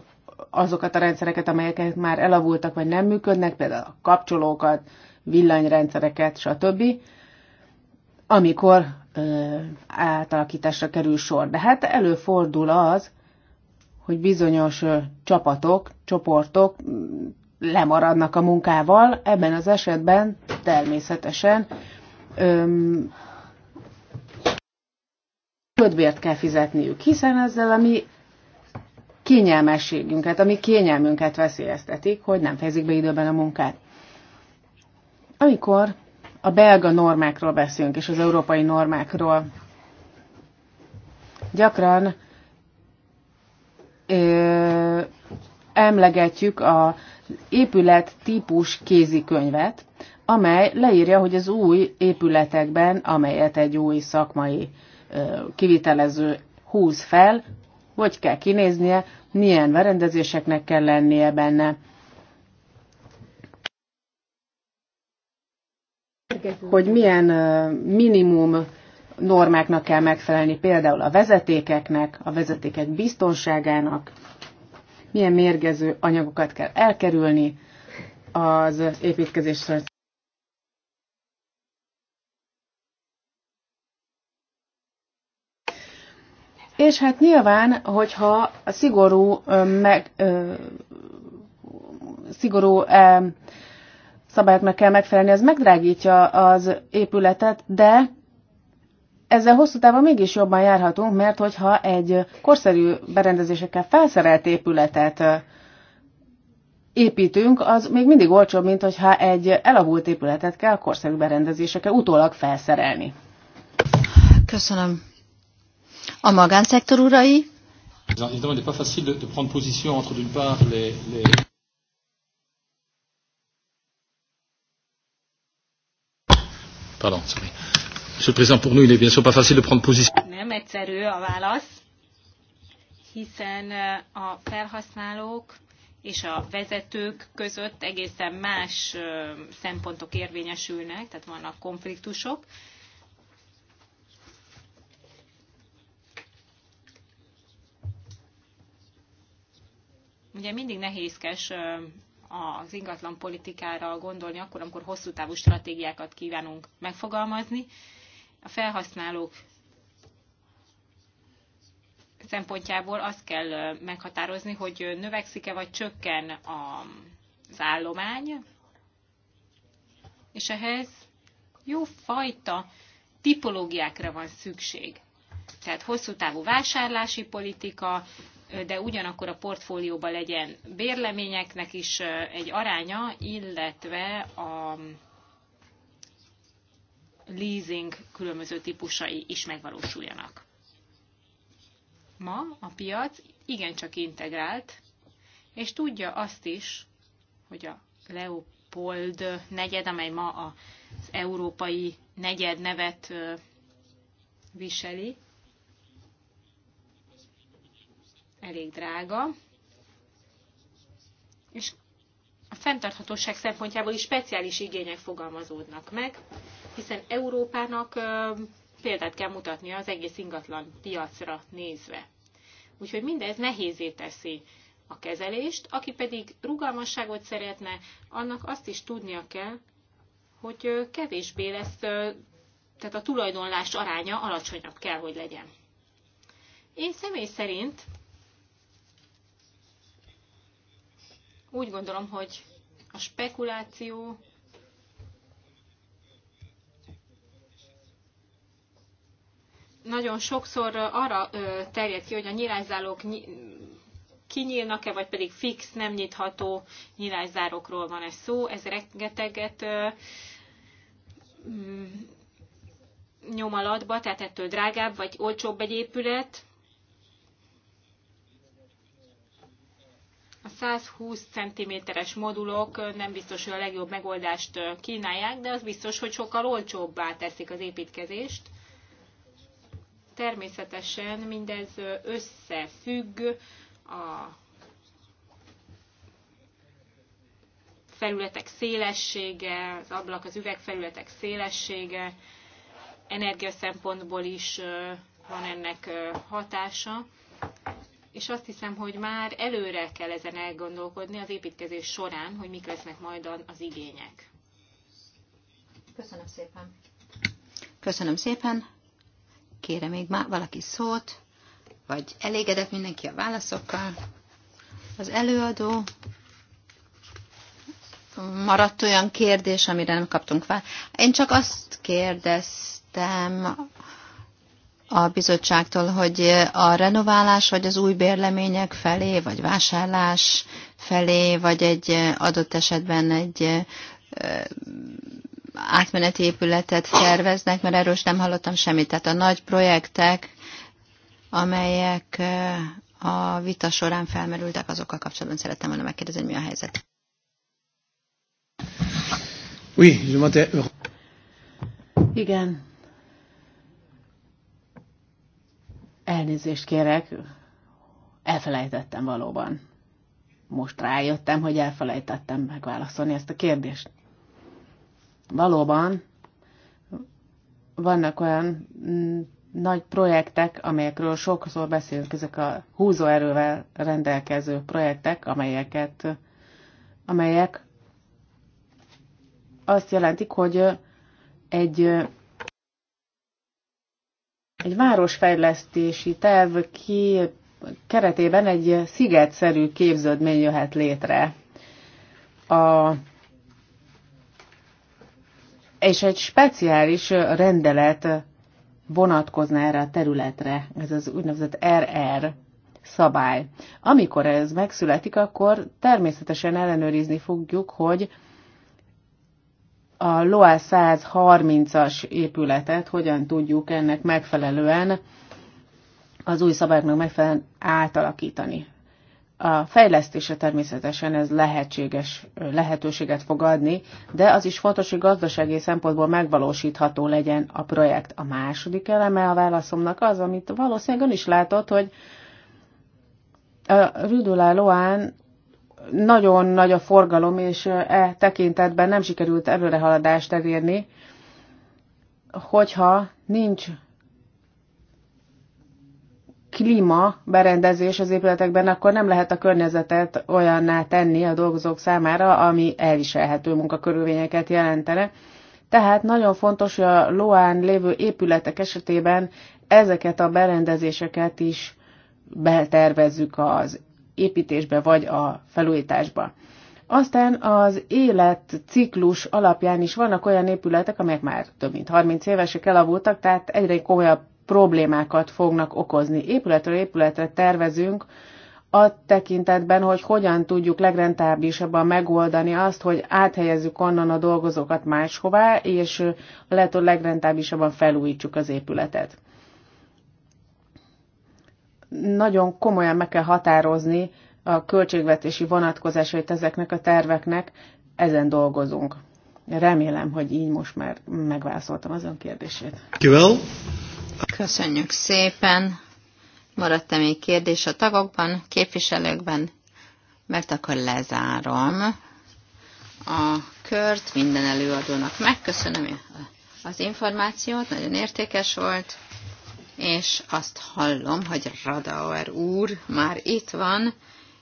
azokat a rendszereket, amelyeket már elavultak vagy nem működnek, például a kapcsolókat, villanyrendszereket, stb., amikor ö, átalakításra kerül sor. De hát előfordul az, hogy bizonyos ö, csapatok, csoportok lemaradnak a munkával, ebben az esetben természetesen ködbért kell fizetniük, hiszen ezzel a mi kényelmességünket, ami kényelmünket veszélyeztetik, hogy nem fejezik be időben a munkát. Amikor a belga normákról beszélünk, és az európai normákról, gyakran ö, emlegetjük a épület típus kézikönyvet, amely leírja, hogy az új épületekben, amelyet egy új szakmai ö, kivitelező húz fel, hogy kell kinéznie, milyen berendezéseknek kell lennie benne, hogy milyen minimum normáknak kell megfelelni, például a vezetékeknek, a vezetékek biztonságának, milyen mérgező anyagokat kell elkerülni az építkezésre. És hát nyilván, hogyha a szigorú, meg, ö, szigorú ö, szabályoknak kell megfelelni, az megdrágítja az épületet, de ezzel hosszú távon mégis jobban járhatunk, mert hogyha egy korszerű berendezésekkel felszerelt épületet építünk, az még mindig olcsóbb, mint hogyha egy elavult épületet kell korszerű berendezésekkel utólag felszerelni. Köszönöm. A magánszektor urai? Il n'est pas facile de, de prendre position entre d'une part les, les... Sorry. Monsieur le Président, pour nous, il n'est bien sûr pas facile de prendre position. Nem egyszerű a válasz, hiszen eh, a felhasználók és a vezetők között egészen más eh, szempontok érvényesülnek, tehát vannak konfliktusok. Ugye mindig nehézkes eh, az ingatlan politikára gondolni akkor, amikor hosszú távú stratégiákat kívánunk megfogalmazni. A felhasználók szempontjából azt kell meghatározni, hogy növekszik-e vagy csökken az állomány, és ehhez jó fajta tipológiákra van szükség. Tehát hosszú távú vásárlási politika, de ugyanakkor a portfólióban legyen bérleményeknek is egy aránya, illetve a leasing különböző típusai is megvalósuljanak. Ma a piac igencsak integrált, és tudja azt is, hogy a Leopold negyed, amely ma az európai negyed nevet viseli, elég drága, és a fenntarthatóság szempontjából is speciális igények fogalmazódnak meg, hiszen Európának példát kell mutatnia az egész ingatlan piacra nézve. Úgyhogy mindez nehézé teszi a kezelést, aki pedig rugalmasságot szeretne, annak azt is tudnia kell, hogy kevésbé lesz, tehát a tulajdonlás aránya alacsonyabb kell, hogy legyen. Én személy szerint Úgy gondolom, hogy a spekuláció nagyon sokszor arra terjed ki, hogy a nyilászálók kinyílnak-e, vagy pedig fix, nem nyitható nyilányzárokról van ez szó. Ez rengeteget mm, nyom alatba, tehát ettől drágább vagy olcsóbb egy épület. a 120 cm-es modulok nem biztos, hogy a legjobb megoldást kínálják, de az biztos, hogy sokkal olcsóbbá teszik az építkezést. Természetesen mindez összefügg a felületek szélessége, az ablak, az üvegfelületek szélessége, energia szempontból is van ennek hatása és azt hiszem, hogy már előre kell ezen elgondolkodni az építkezés során, hogy mik lesznek majd az igények. Köszönöm szépen. Köszönöm szépen. Kérem még már valaki szót, vagy elégedett mindenki a válaszokkal. Az előadó maradt olyan kérdés, amire nem kaptunk fel. Én csak azt kérdeztem, a bizottságtól, hogy a renoválás vagy az új bérlemények felé, vagy vásárlás felé, vagy egy adott esetben egy átmeneti épületet terveznek, mert erről nem hallottam semmit. Tehát a nagy projektek, amelyek a vita során felmerültek, azokkal kapcsolatban szerettem volna megkérdezni, hogy mi a helyzet. Oui, je Igen, Elnézést kérek, elfelejtettem valóban. Most rájöttem, hogy elfelejtettem megválaszolni ezt a kérdést. Valóban vannak olyan nagy projektek, amelyekről sokszor beszélünk, ezek a húzóerővel rendelkező projektek, amelyeket, amelyek azt jelentik, hogy egy egy városfejlesztési terv ki keretében egy szigetszerű képződmény jöhet létre. A és egy speciális rendelet vonatkozna erre a területre, ez az úgynevezett RR szabály. Amikor ez megszületik, akkor természetesen ellenőrizni fogjuk, hogy a LOA 130-as épületet hogyan tudjuk ennek megfelelően az új szabályoknak megfelelően átalakítani. A fejlesztése természetesen ez lehetséges lehetőséget fog adni, de az is fontos, hogy gazdasági szempontból megvalósítható legyen a projekt. A második eleme a válaszomnak az, amit valószínűleg ön is látott, hogy a Rüdulá Loán nagyon nagy a forgalom, és e tekintetben nem sikerült előrehaladást elérni, hogyha nincs klíma berendezés az épületekben, akkor nem lehet a környezetet olyanná tenni a dolgozók számára, ami elviselhető munkakörülményeket jelentene. Tehát nagyon fontos, hogy a Loán lévő épületek esetében ezeket a berendezéseket is betervezzük az építésbe vagy a felújításba. Aztán az életciklus alapján is vannak olyan épületek, amelyek már több mint 30 évesek elavultak, tehát egyre komolyabb problémákat fognak okozni. Épületről épületre tervezünk, a tekintetben, hogy hogyan tudjuk legrentábilisabban megoldani azt, hogy áthelyezzük onnan a dolgozókat máshová, és a lehető legrentábilisabban felújítsuk az épületet nagyon komolyan meg kell határozni a költségvetési vonatkozásait ezeknek a terveknek, ezen dolgozunk. Remélem, hogy így most már megválaszoltam az ön kérdését. Köszönjük szépen. Maradt-e még kérdés a tagokban, képviselőkben? Mert akkor lezárom a kört, minden előadónak megköszönöm az információt, nagyon értékes volt és azt hallom, hogy Radauer úr már itt van,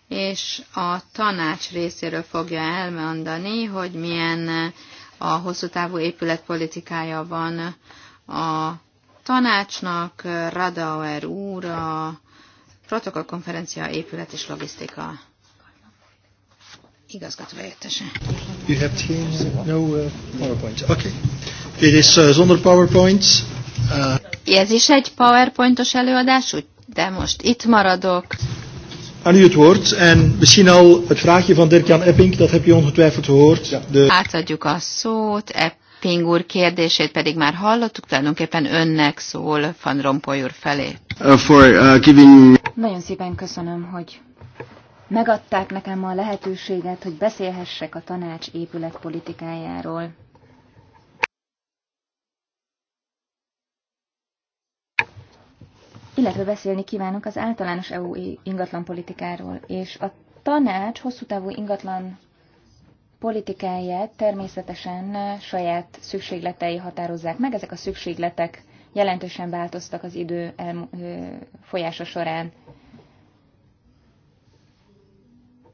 és a tanács részéről fogja elmondani, hogy milyen a hosszú távú épületpolitikája van a tanácsnak, Radauer úr, a protokollkonferencia épület és logisztika igazgató helyettese. You have teams, no uh, PowerPoint. Okay. It is uh, zonder PowerPoint. Uh... Ez is egy powerpointos előadás, úgy? de most itt maradok. Aan u het woord. En misschien al het vraagje van Dirk-Jan Epping, dat heb je ongetwijfeld gehoord. Ja. De... Átadjuk a szót, Epping úr kérdését pedig már hallottuk, tulajdonképpen önnek szól Van Rompuy úr felé. Uh, for, uh, giving... Nagyon szépen köszönöm, hogy megadták nekem a lehetőséget, hogy beszélhessek a tanács épület politikájáról. illetve beszélni kívánunk az általános EU ingatlanpolitikáról, és a tanács hosszú távú ingatlan politikáját természetesen eh, saját szükségletei határozzák meg. Ezek a szükségletek jelentősen változtak az idő eh, folyása során.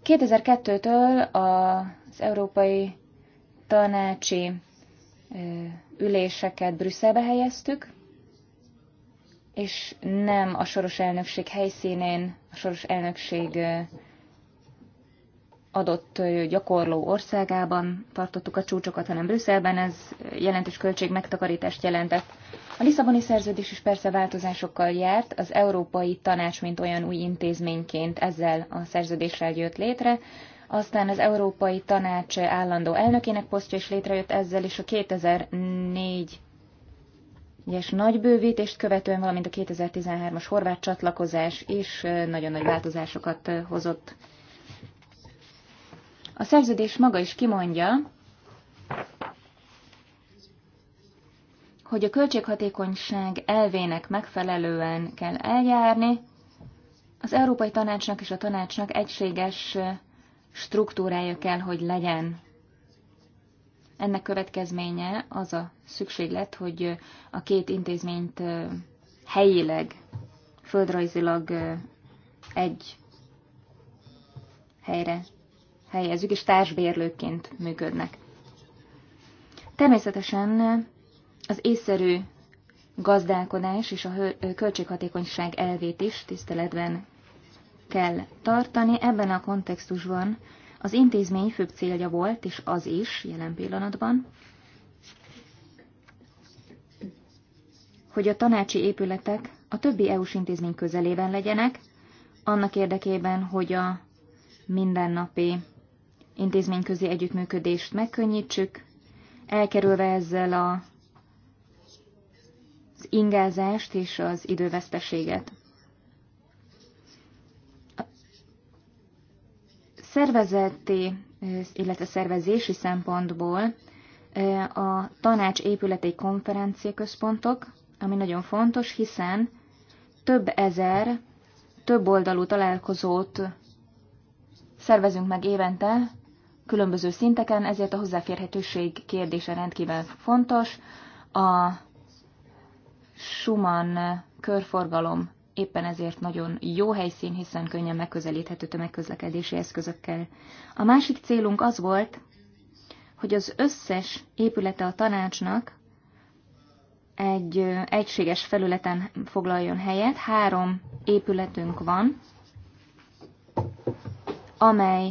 2002-től az Európai Tanácsi eh, üléseket Brüsszelbe helyeztük, és nem a soros elnökség helyszínén, a soros elnökség adott gyakorló országában tartottuk a csúcsokat, hanem Brüsszelben ez jelentős költség megtakarítást jelentett. A Lisszaboni szerződés is persze változásokkal járt, az Európai Tanács, mint olyan új intézményként ezzel a szerződéssel jött létre, aztán az Európai Tanács állandó elnökének posztja is létrejött ezzel, és a 2004 egyes nagy bővítést követően, valamint a 2013-as horvát csatlakozás is nagyon nagy változásokat hozott. A szerződés maga is kimondja, hogy a költséghatékonyság elvének megfelelően kell eljárni, az Európai Tanácsnak és a Tanácsnak egységes struktúrája kell, hogy legyen. Ennek következménye az a szükséglet, hogy a két intézményt helyileg, földrajzilag egy helyre helyezzük, és társbérlőként működnek. Természetesen az észszerű gazdálkodás és a költséghatékonyság elvét is tiszteletben kell tartani. Ebben a kontextusban az intézmény főbb célja volt, és az is jelen pillanatban, hogy a tanácsi épületek a többi EU-s intézmény közelében legyenek, annak érdekében, hogy a mindennapi intézményközi együttműködést megkönnyítsük, elkerülve ezzel a, az ingázást és az időveszteséget. Szervezeti, illetve szervezési szempontból a tanács épületi konferenciaközpontok, ami nagyon fontos, hiszen több ezer, több oldalú találkozót szervezünk meg évente különböző szinteken, ezért a hozzáférhetőség kérdése rendkívül fontos. A Schumann körforgalom éppen ezért nagyon jó helyszín, hiszen könnyen megközelíthető tömegközlekedési eszközökkel. A másik célunk az volt, hogy az összes épülete a tanácsnak egy egységes felületen foglaljon helyet. Három épületünk van, amely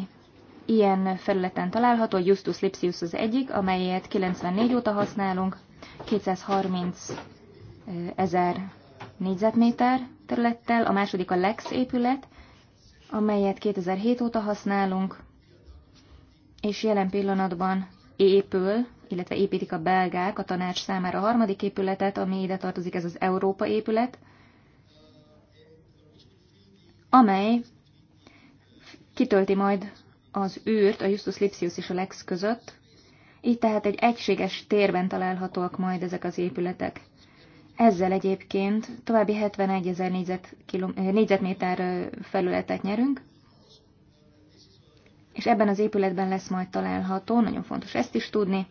ilyen felületen található, a Justus Lipsius az egyik, amelyet 94 óta használunk, 230 ezer négyzetméter területtel, a második a Lex épület, amelyet 2007 óta használunk, és jelen pillanatban épül, illetve építik a belgák a tanács számára a harmadik épületet, ami ide tartozik, ez az Európa épület, amely kitölti majd az űrt a Justus Lipsius és a Lex között, így tehát egy egységes térben találhatóak majd ezek az épületek. Ezzel egyébként további 71 ezer eh, négyzetméter felületet nyerünk, és ebben az épületben lesz majd található, nagyon fontos ezt is tudni,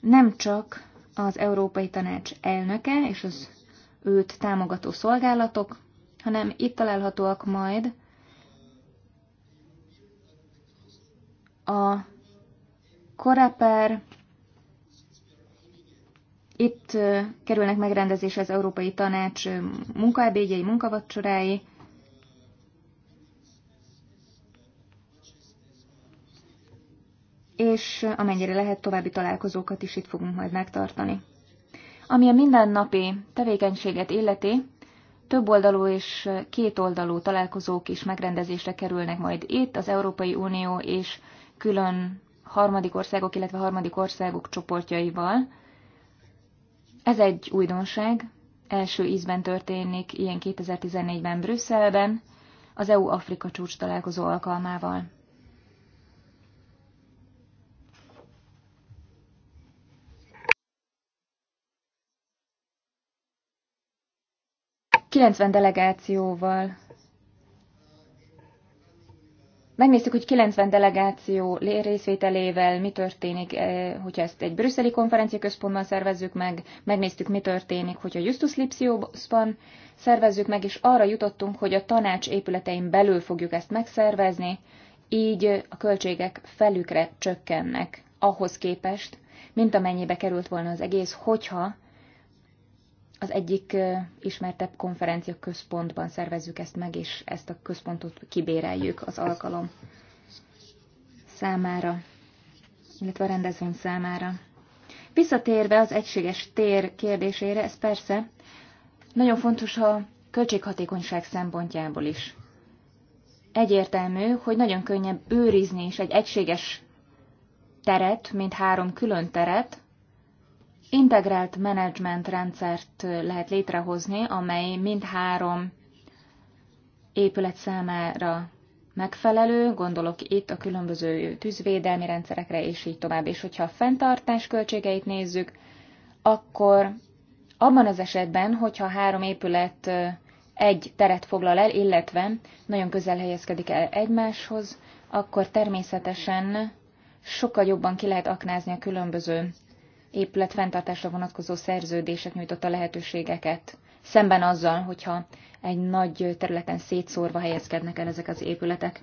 nem csak az Európai Tanács elnöke és az őt támogató szolgálatok, hanem itt találhatóak majd a Koreper, itt kerülnek megrendezésre az Európai Tanács munkaebédjei, munkavacsorái. És amennyire lehet, további találkozókat is itt fogunk majd megtartani. Ami a mindennapi tevékenységet illeti, több oldalú és két oldalú találkozók is megrendezésre kerülnek majd itt, az Európai Unió és külön harmadik országok, illetve harmadik országok csoportjaival. Ez egy újdonság, első ízben történik ilyen 2014-ben Brüsszelben, az EU-Afrika csúcs találkozó alkalmával. Kilencven delegációval Megnéztük, hogy 90 delegáció részvételével mi történik, eh, hogyha ezt egy brüsszeli konferencia központban szervezzük meg, megnéztük, mi történik, hogyha Justus Lipsiusban szervezzük meg, és arra jutottunk, hogy a tanács épületein belül fogjuk ezt megszervezni, így a költségek felükre csökkennek ahhoz képest, mint amennyibe került volna az egész, hogyha az egyik ismertebb konferencia központban szervezzük ezt meg, és ezt a központot kibéreljük az alkalom számára, illetve a rendezvény számára. Visszatérve az egységes tér kérdésére, ez persze nagyon fontos a költséghatékonyság szempontjából is. Egyértelmű, hogy nagyon könnyebb őrizni is egy egységes teret, mint három külön teret, integrált menedzsment rendszert lehet létrehozni, amely mindhárom épület számára megfelelő, gondolok itt a különböző tűzvédelmi rendszerekre, és így tovább. És hogyha a fenntartás költségeit nézzük, akkor abban az esetben, hogyha három épület egy teret foglal el, illetve nagyon közel helyezkedik el egymáshoz, akkor természetesen sokkal jobban ki lehet aknázni a különböző épület fenntartásra vonatkozó szerződések nyújtotta lehetőségeket, szemben azzal, hogyha egy nagy területen szétszórva helyezkednek el ezek az épületek.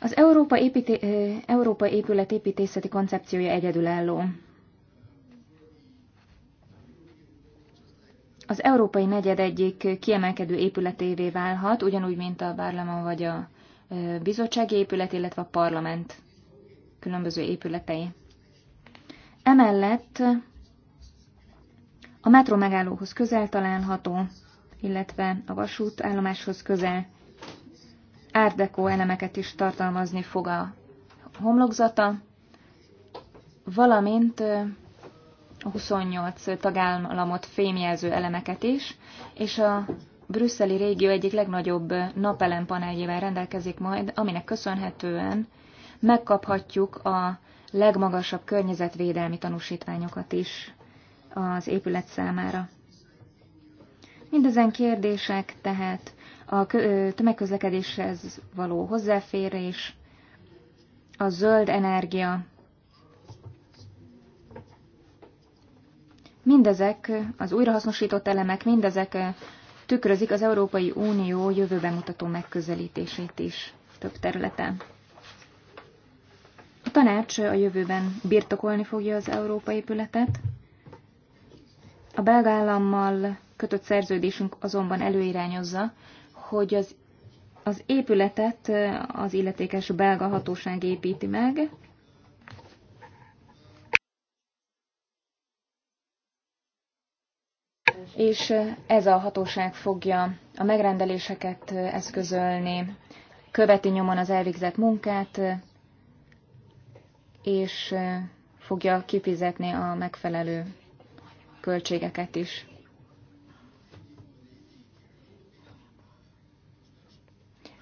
Az Európa, építé, Európa épület építészeti koncepciója egyedülálló. Az Európai Negyed egyik kiemelkedő épületévé válhat, ugyanúgy, mint a Bárlamon vagy a bizottsági épület, illetve a parlament különböző épületei. Emellett a metró megállóhoz közel található, illetve a vasútállomáshoz közel árdekó elemeket is tartalmazni fog a homlokzata, valamint a 28 tagállamot fémjelző elemeket is, és a brüsszeli régió egyik legnagyobb paneljével rendelkezik majd, aminek köszönhetően megkaphatjuk a legmagasabb környezetvédelmi tanúsítványokat is az épület számára. Mindezen kérdések tehát a tömegközlekedéshez való hozzáférés, a zöld energia, mindezek az újrahasznosított elemek, mindezek tükrözik az Európai Unió jövőbemutató megközelítését is több területen. A tanács a jövőben birtokolni fogja az Európa épületet. A belga állammal kötött szerződésünk azonban előirányozza, hogy az, az épületet az illetékes belga hatóság építi meg, és ez a hatóság fogja a megrendeléseket eszközölni, követi nyomon az elvégzett munkát, és fogja kifizetni a megfelelő költségeket is.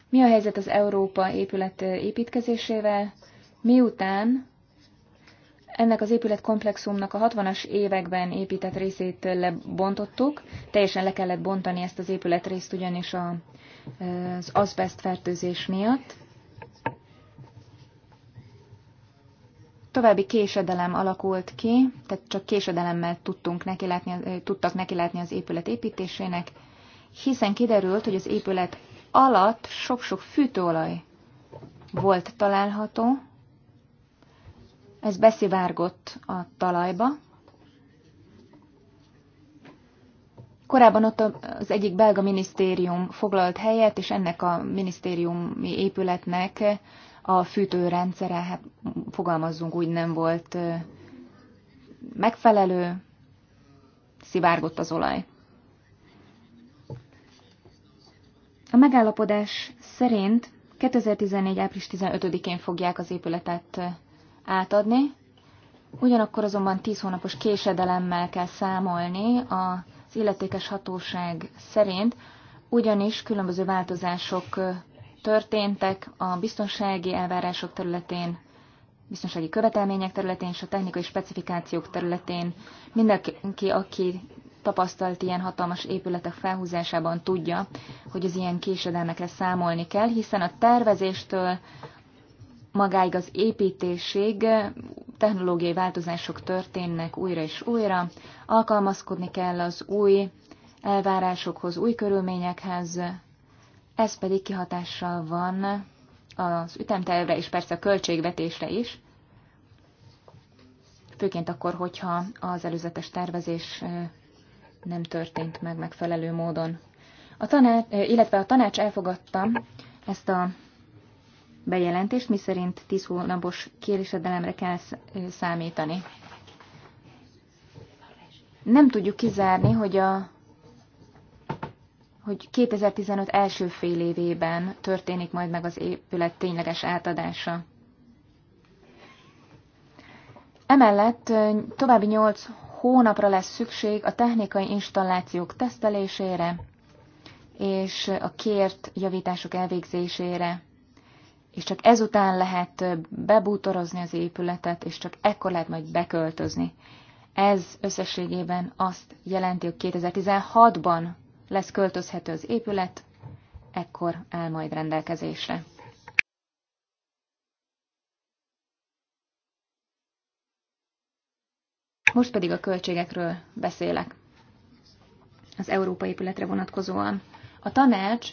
Mi a helyzet az Európa épület építkezésével? Miután ennek az épületkomplexumnak a 60-as években épített részét lebontottuk, teljesen le kellett bontani ezt az épületrészt ugyanis az azbest fertőzés miatt, További késedelem alakult ki, tehát csak késedelemmel tudtunk neki látni, tudtak neki látni az épület építésének, hiszen kiderült, hogy az épület alatt sok-sok fűtőolaj volt található, ez beszivárgott a talajba. Korábban ott az egyik belga minisztérium foglalt helyet, és ennek a minisztériumi épületnek a fűtőrendszere, hát fogalmazzunk úgy, nem volt megfelelő, szivárgott az olaj. A megállapodás szerint 2014. április 15-én fogják az épületet átadni, ugyanakkor azonban 10 hónapos késedelemmel kell számolni az illetékes hatóság szerint, ugyanis különböző változások történtek a biztonsági elvárások területén, biztonsági követelmények területén és a technikai specifikációk területén. Mindenki, aki tapasztalt ilyen hatalmas épületek felhúzásában tudja, hogy az ilyen késedelmekre számolni kell, hiszen a tervezéstől magáig az építésig technológiai változások történnek újra és újra, alkalmazkodni kell az új elvárásokhoz, új körülményekhez, ez pedig kihatással van az ütemtervre és persze a költségvetésre is, főként akkor, hogyha az előzetes tervezés nem történt meg megfelelő módon. A tanács, illetve a tanács elfogadta ezt a bejelentést, miszerint 10 hónapos kérésedelemre kell számítani. Nem tudjuk kizárni, hogy a hogy 2015 első fél évében történik majd meg az épület tényleges átadása. Emellett további 8 hónapra lesz szükség a technikai installációk tesztelésére és a kért javítások elvégzésére, és csak ezután lehet bebútorozni az épületet, és csak ekkor lehet majd beköltözni. Ez összességében azt jelenti, hogy 2016-ban lesz költözhető az épület, ekkor áll majd rendelkezésre. Most pedig a költségekről beszélek. Az európai épületre vonatkozóan. A tanács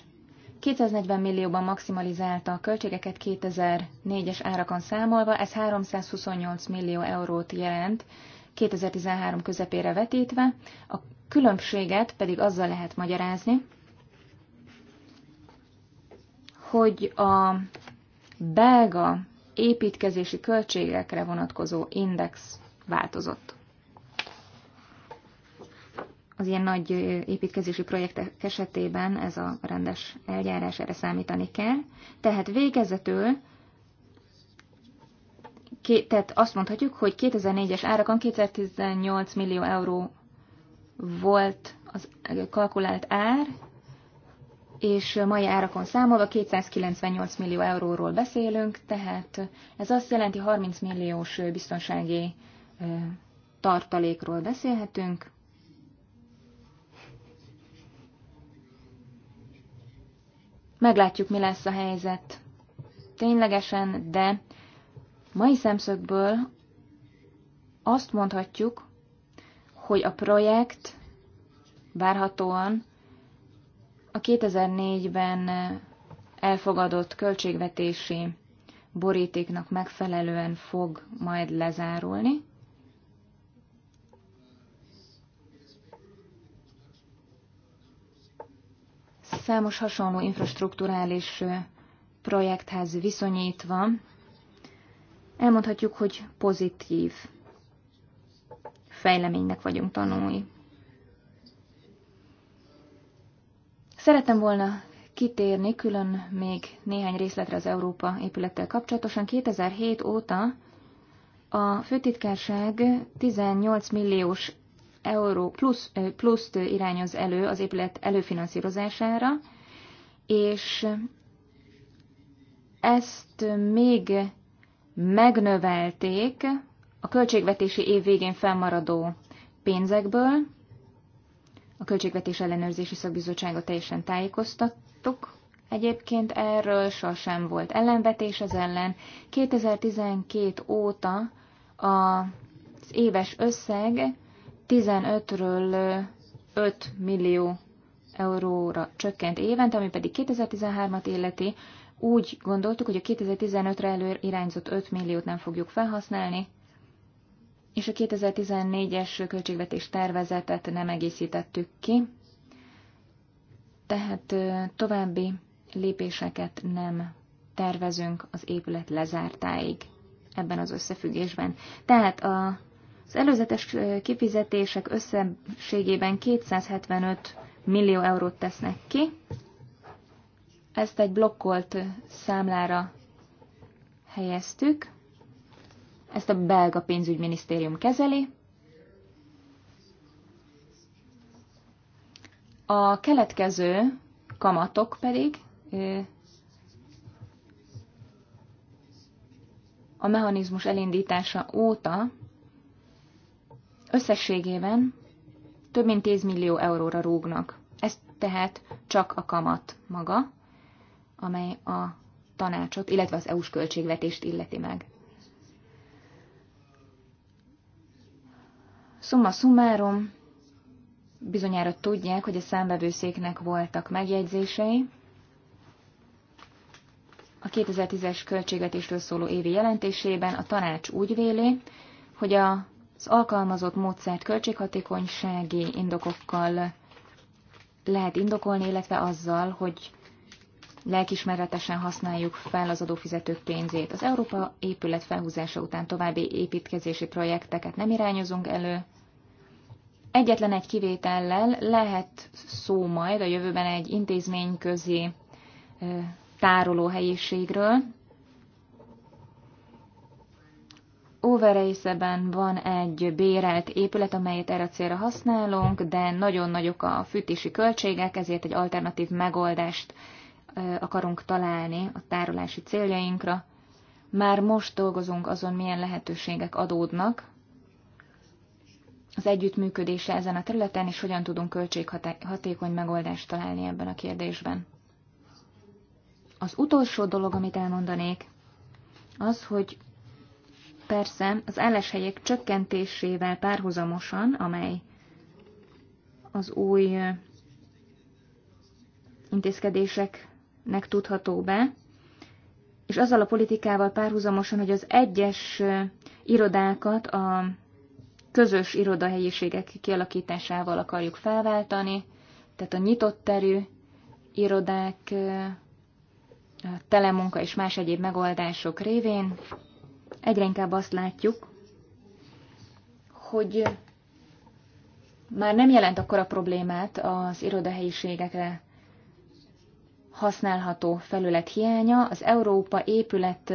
240 millióban maximalizálta a költségeket 2004-es árakon számolva, ez 328 millió eurót jelent 2013 közepére vetítve. A különbséget pedig azzal lehet magyarázni, hogy a belga építkezési költségekre vonatkozó index változott. Az ilyen nagy építkezési projektek esetében ez a rendes eljárás erre számítani kell. Tehát végezetül tehát azt mondhatjuk, hogy 2004-es árakon 218 millió euró volt az kalkulált ár, és mai árakon számolva 298 millió euróról beszélünk, tehát ez azt jelenti 30 milliós biztonsági tartalékról beszélhetünk. Meglátjuk, mi lesz a helyzet ténylegesen, de mai szemszögből azt mondhatjuk, hogy a projekt várhatóan a 2004-ben elfogadott költségvetési borítéknak megfelelően fog majd lezárulni. Számos hasonló infrastruktúrális projekthez viszonyítva elmondhatjuk, hogy pozitív fejleménynek vagyunk tanulni. Szeretem volna kitérni külön még néhány részletre az Európa épülettel kapcsolatosan. 2007 óta a főtitkárság 18 milliós euró plusz, pluszt irányoz elő az épület előfinanszírozására, és ezt még megnövelték a költségvetési év végén felmaradó pénzekből, a Költségvetés Ellenőrzési Szakbizottságot teljesen tájékoztattuk, Egyébként erről sosem volt ellenvetés az ellen. 2012 óta az éves összeg 15-ről 5 millió euróra csökkent évente, ami pedig 2013-at illeti. Úgy gondoltuk, hogy a 2015-re előirányzott 5 milliót nem fogjuk felhasználni, és a 2014-es költségvetés tervezetet nem egészítettük ki, tehát további lépéseket nem tervezünk az épület lezártáig ebben az összefüggésben. Tehát a, az előzetes kifizetések összességében 275 millió eurót tesznek ki, ezt egy blokkolt számlára helyeztük, ezt a belga pénzügyminisztérium kezeli. A keletkező kamatok pedig a mechanizmus elindítása óta összességében több mint 10 millió euróra rúgnak. Ez tehát csak a kamat maga, amely a tanácsot, illetve az EU-s költségvetést illeti meg. Summa summarum, bizonyára tudják, hogy a számbevőszéknek voltak megjegyzései. A 2010-es költségvetésről szóló évi jelentésében a tanács úgy véli, hogy az alkalmazott módszert költséghatékonysági indokokkal lehet indokolni, illetve azzal, hogy lelkismeretesen használjuk fel az adófizetők pénzét. Az Európa épület felhúzása után további építkezési projekteket nem irányozunk elő. Egyetlen egy kivétellel lehet szó majd a jövőben egy intézményközi tárolóhelyiségről. Overészeben van egy bérelt épület, amelyet erre a célra használunk, de nagyon nagyok a fűtési költségek, ezért egy alternatív megoldást akarunk találni a tárolási céljainkra. Már most dolgozunk azon, milyen lehetőségek adódnak az együttműködése ezen a területen, és hogyan tudunk költséghatékony megoldást találni ebben a kérdésben. Az utolsó dolog, amit elmondanék, az, hogy persze az álláshelyek csökkentésével párhuzamosan, amely az új intézkedések nek tudható be, és azzal a politikával párhuzamosan, hogy az egyes irodákat a közös irodahelyiségek kialakításával akarjuk felváltani, tehát a nyitott terű irodák, a telemunka és más egyéb megoldások révén egyre inkább azt látjuk, hogy már nem jelent akkora problémát az irodahelyiségekre használható felület hiánya az Európa épület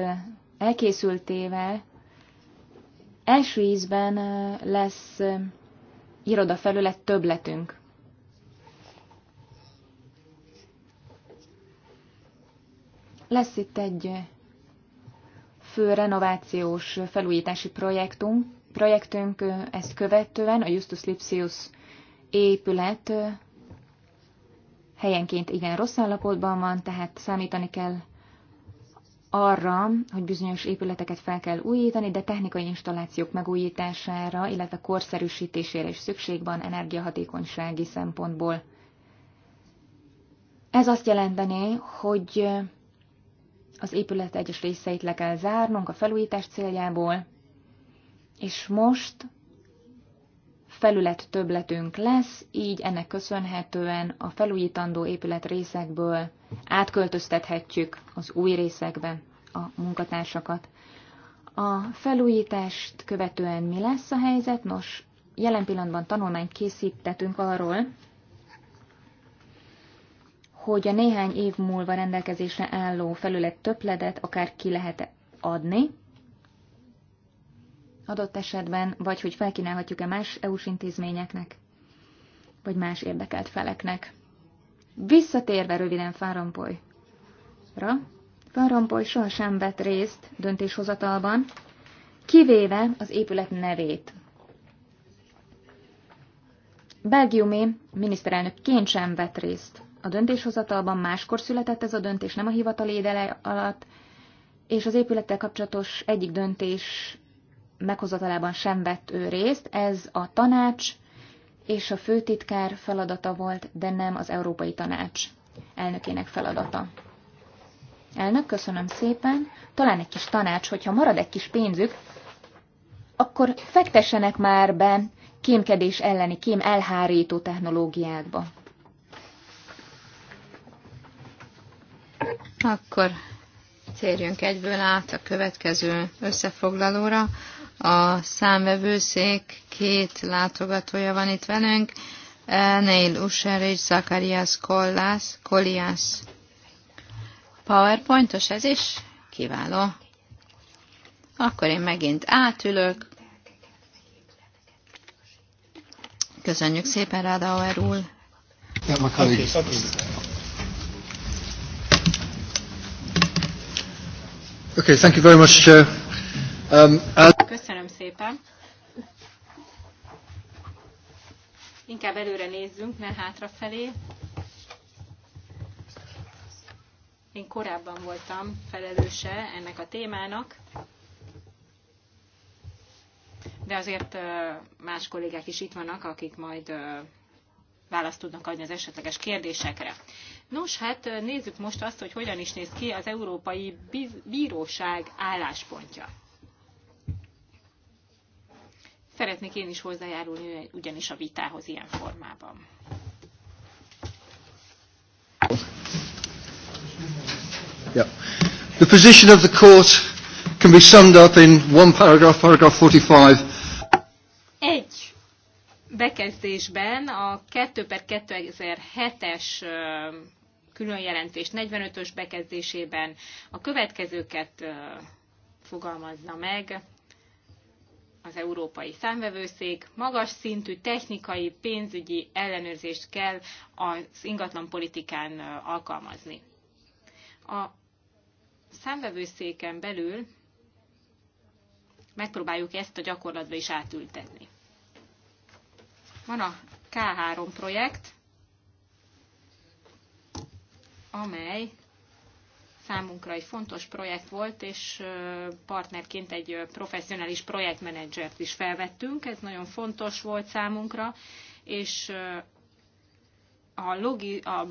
elkészültével első ízben lesz irodafelület többletünk. Lesz itt egy fő renovációs felújítási projektünk, projektünk ezt követően a Justus Lipsius épület helyenként igen rossz állapotban van, tehát számítani kell arra, hogy bizonyos épületeket fel kell újítani, de technikai installációk megújítására, illetve korszerűsítésére is szükség van energiahatékonysági szempontból. Ez azt jelentené, hogy az épület egyes részeit le kell zárnunk a felújítás céljából, és most felület többletünk lesz, így ennek köszönhetően a felújítandó épület részekből átköltöztethetjük az új részekbe a munkatársakat. A felújítást követően mi lesz a helyzet? Nos, jelen pillanatban tanulmányt készítettünk arról, hogy a néhány év múlva rendelkezésre álló felület töpledet akár ki lehet adni, adott esetben, vagy hogy felkínálhatjuk-e más EU-s intézményeknek, vagy más érdekelt feleknek. Visszatérve röviden Fárompolyra, Fárompoly sohasem vett részt döntéshozatalban, kivéve az épület nevét. Belgiumi miniszterelnökként sem vett részt a döntéshozatalban, máskor született ez a döntés, nem a hivatali ideje alatt, és az épülettel kapcsolatos egyik döntés meghozatalában sem vett ő részt, ez a tanács és a főtitkár feladata volt, de nem az Európai Tanács elnökének feladata. Elnök, köszönöm szépen. Talán egy kis tanács, hogyha marad egy kis pénzük, akkor fektessenek már be kémkedés elleni, kém elhárító technológiákba. Akkor térjünk egyből át a következő összefoglalóra, a számvevőszék két látogatója van itt velünk, Neil Usher és Zakarias Kollász, Koliász. PowerPointos ez is? Kiváló. Akkor én megint átülök. Köszönjük szépen, Radauer úr. Okay. thank you very much, Chair. Um, Köszönöm szépen. Inkább előre nézzünk, ne hátrafelé. Én korábban voltam felelőse ennek a témának, de azért más kollégák is itt vannak, akik majd választ tudnak adni az esetleges kérdésekre. Nos, hát nézzük most azt, hogy hogyan is néz ki az Európai Bíróság álláspontja. Szeretnék én is hozzájárulni ugyanis a vitához ilyen formában. Yeah. The position of the court can be summed up in one paragraph, paragraph 45. Egy bekezdésben a 2 per 2007-es különjelentés 45-ös bekezdésében a következőket fogalmazza meg az Európai Számvevőszék magas szintű technikai, pénzügyi ellenőrzést kell az ingatlan politikán alkalmazni. A számvevőszéken belül megpróbáljuk ezt a gyakorlatba is átültetni. Van a K3 projekt, amely számunkra egy fontos projekt volt, és partnerként egy professzionális projektmenedzsert is felvettünk. Ez nagyon fontos volt számunkra, és a, logi, a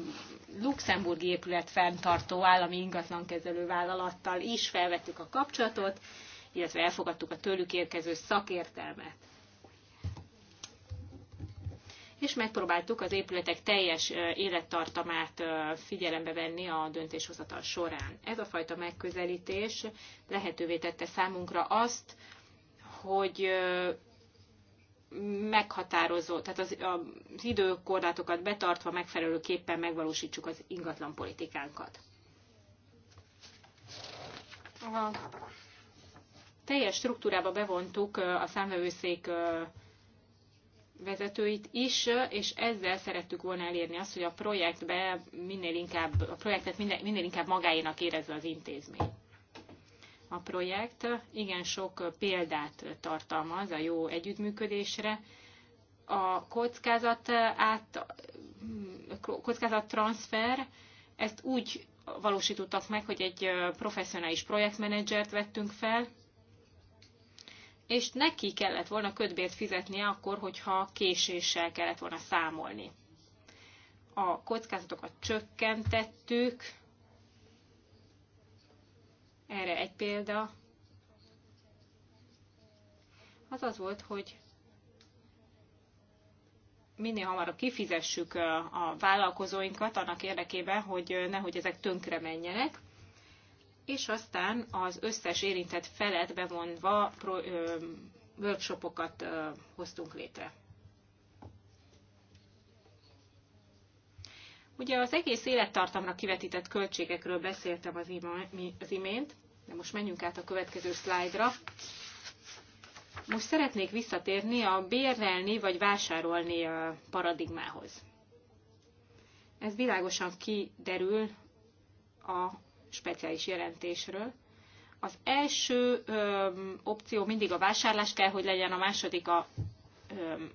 luxemburgi épület fenntartó állami ingatlankezelő vállalattal is felvettük a kapcsolatot, illetve elfogadtuk a tőlük érkező szakértelmet és megpróbáltuk az épületek teljes élettartamát figyelembe venni a döntéshozatal során. Ez a fajta megközelítés lehetővé tette számunkra azt, hogy meghatározó, tehát az, az időkorlátokat betartva megfelelőképpen megvalósítsuk az ingatlan politikánkat. A teljes struktúrába bevontuk a számvevőszék vezetőit is, és ezzel szerettük volna elérni azt, hogy a projektbe minél inkább, a projektet minél, minél inkább magáénak érezze az intézmény. A projekt igen sok példát tartalmaz a jó együttműködésre. A kockázat át, kockázat transfer, ezt úgy valósítottak meg, hogy egy professzionális projektmenedzsert vettünk fel, és neki kellett volna kötbért fizetnie akkor, hogyha késéssel kellett volna számolni. A kockázatokat csökkentettük, erre egy példa, az az volt, hogy minél hamarabb kifizessük a vállalkozóinkat annak érdekében, hogy nehogy ezek tönkre menjenek és aztán az összes érintett felet bevonva pro, ö, workshopokat ö, hoztunk létre. Ugye az egész élettartamra kivetített költségekről beszéltem az, ima, az imént, de most menjünk át a következő szlájdra. Most szeretnék visszatérni a bérelni vagy vásárolni a paradigmához. Ez világosan kiderül a speciális jelentésről. Az első öm, opció mindig a vásárlás kell, hogy legyen, a második a öm,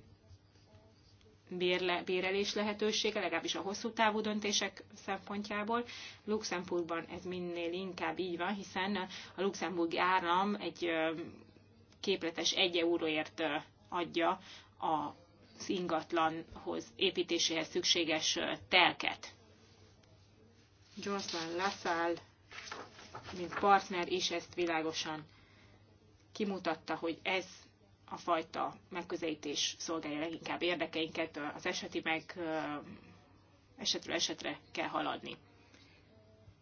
bérle, bérelés lehetősége, legalábbis a hosszú távú döntések szempontjából. Luxemburgban ez minél inkább így van, hiszen a luxemburgi állam egy képletes 1 euróért adja az ingatlanhoz, építéséhez szükséges telket. Johnson LaSalle, mint partner is ezt világosan kimutatta, hogy ez a fajta megközelítés szolgálja leginkább érdekeinket, az eseti meg esetről esetre kell haladni.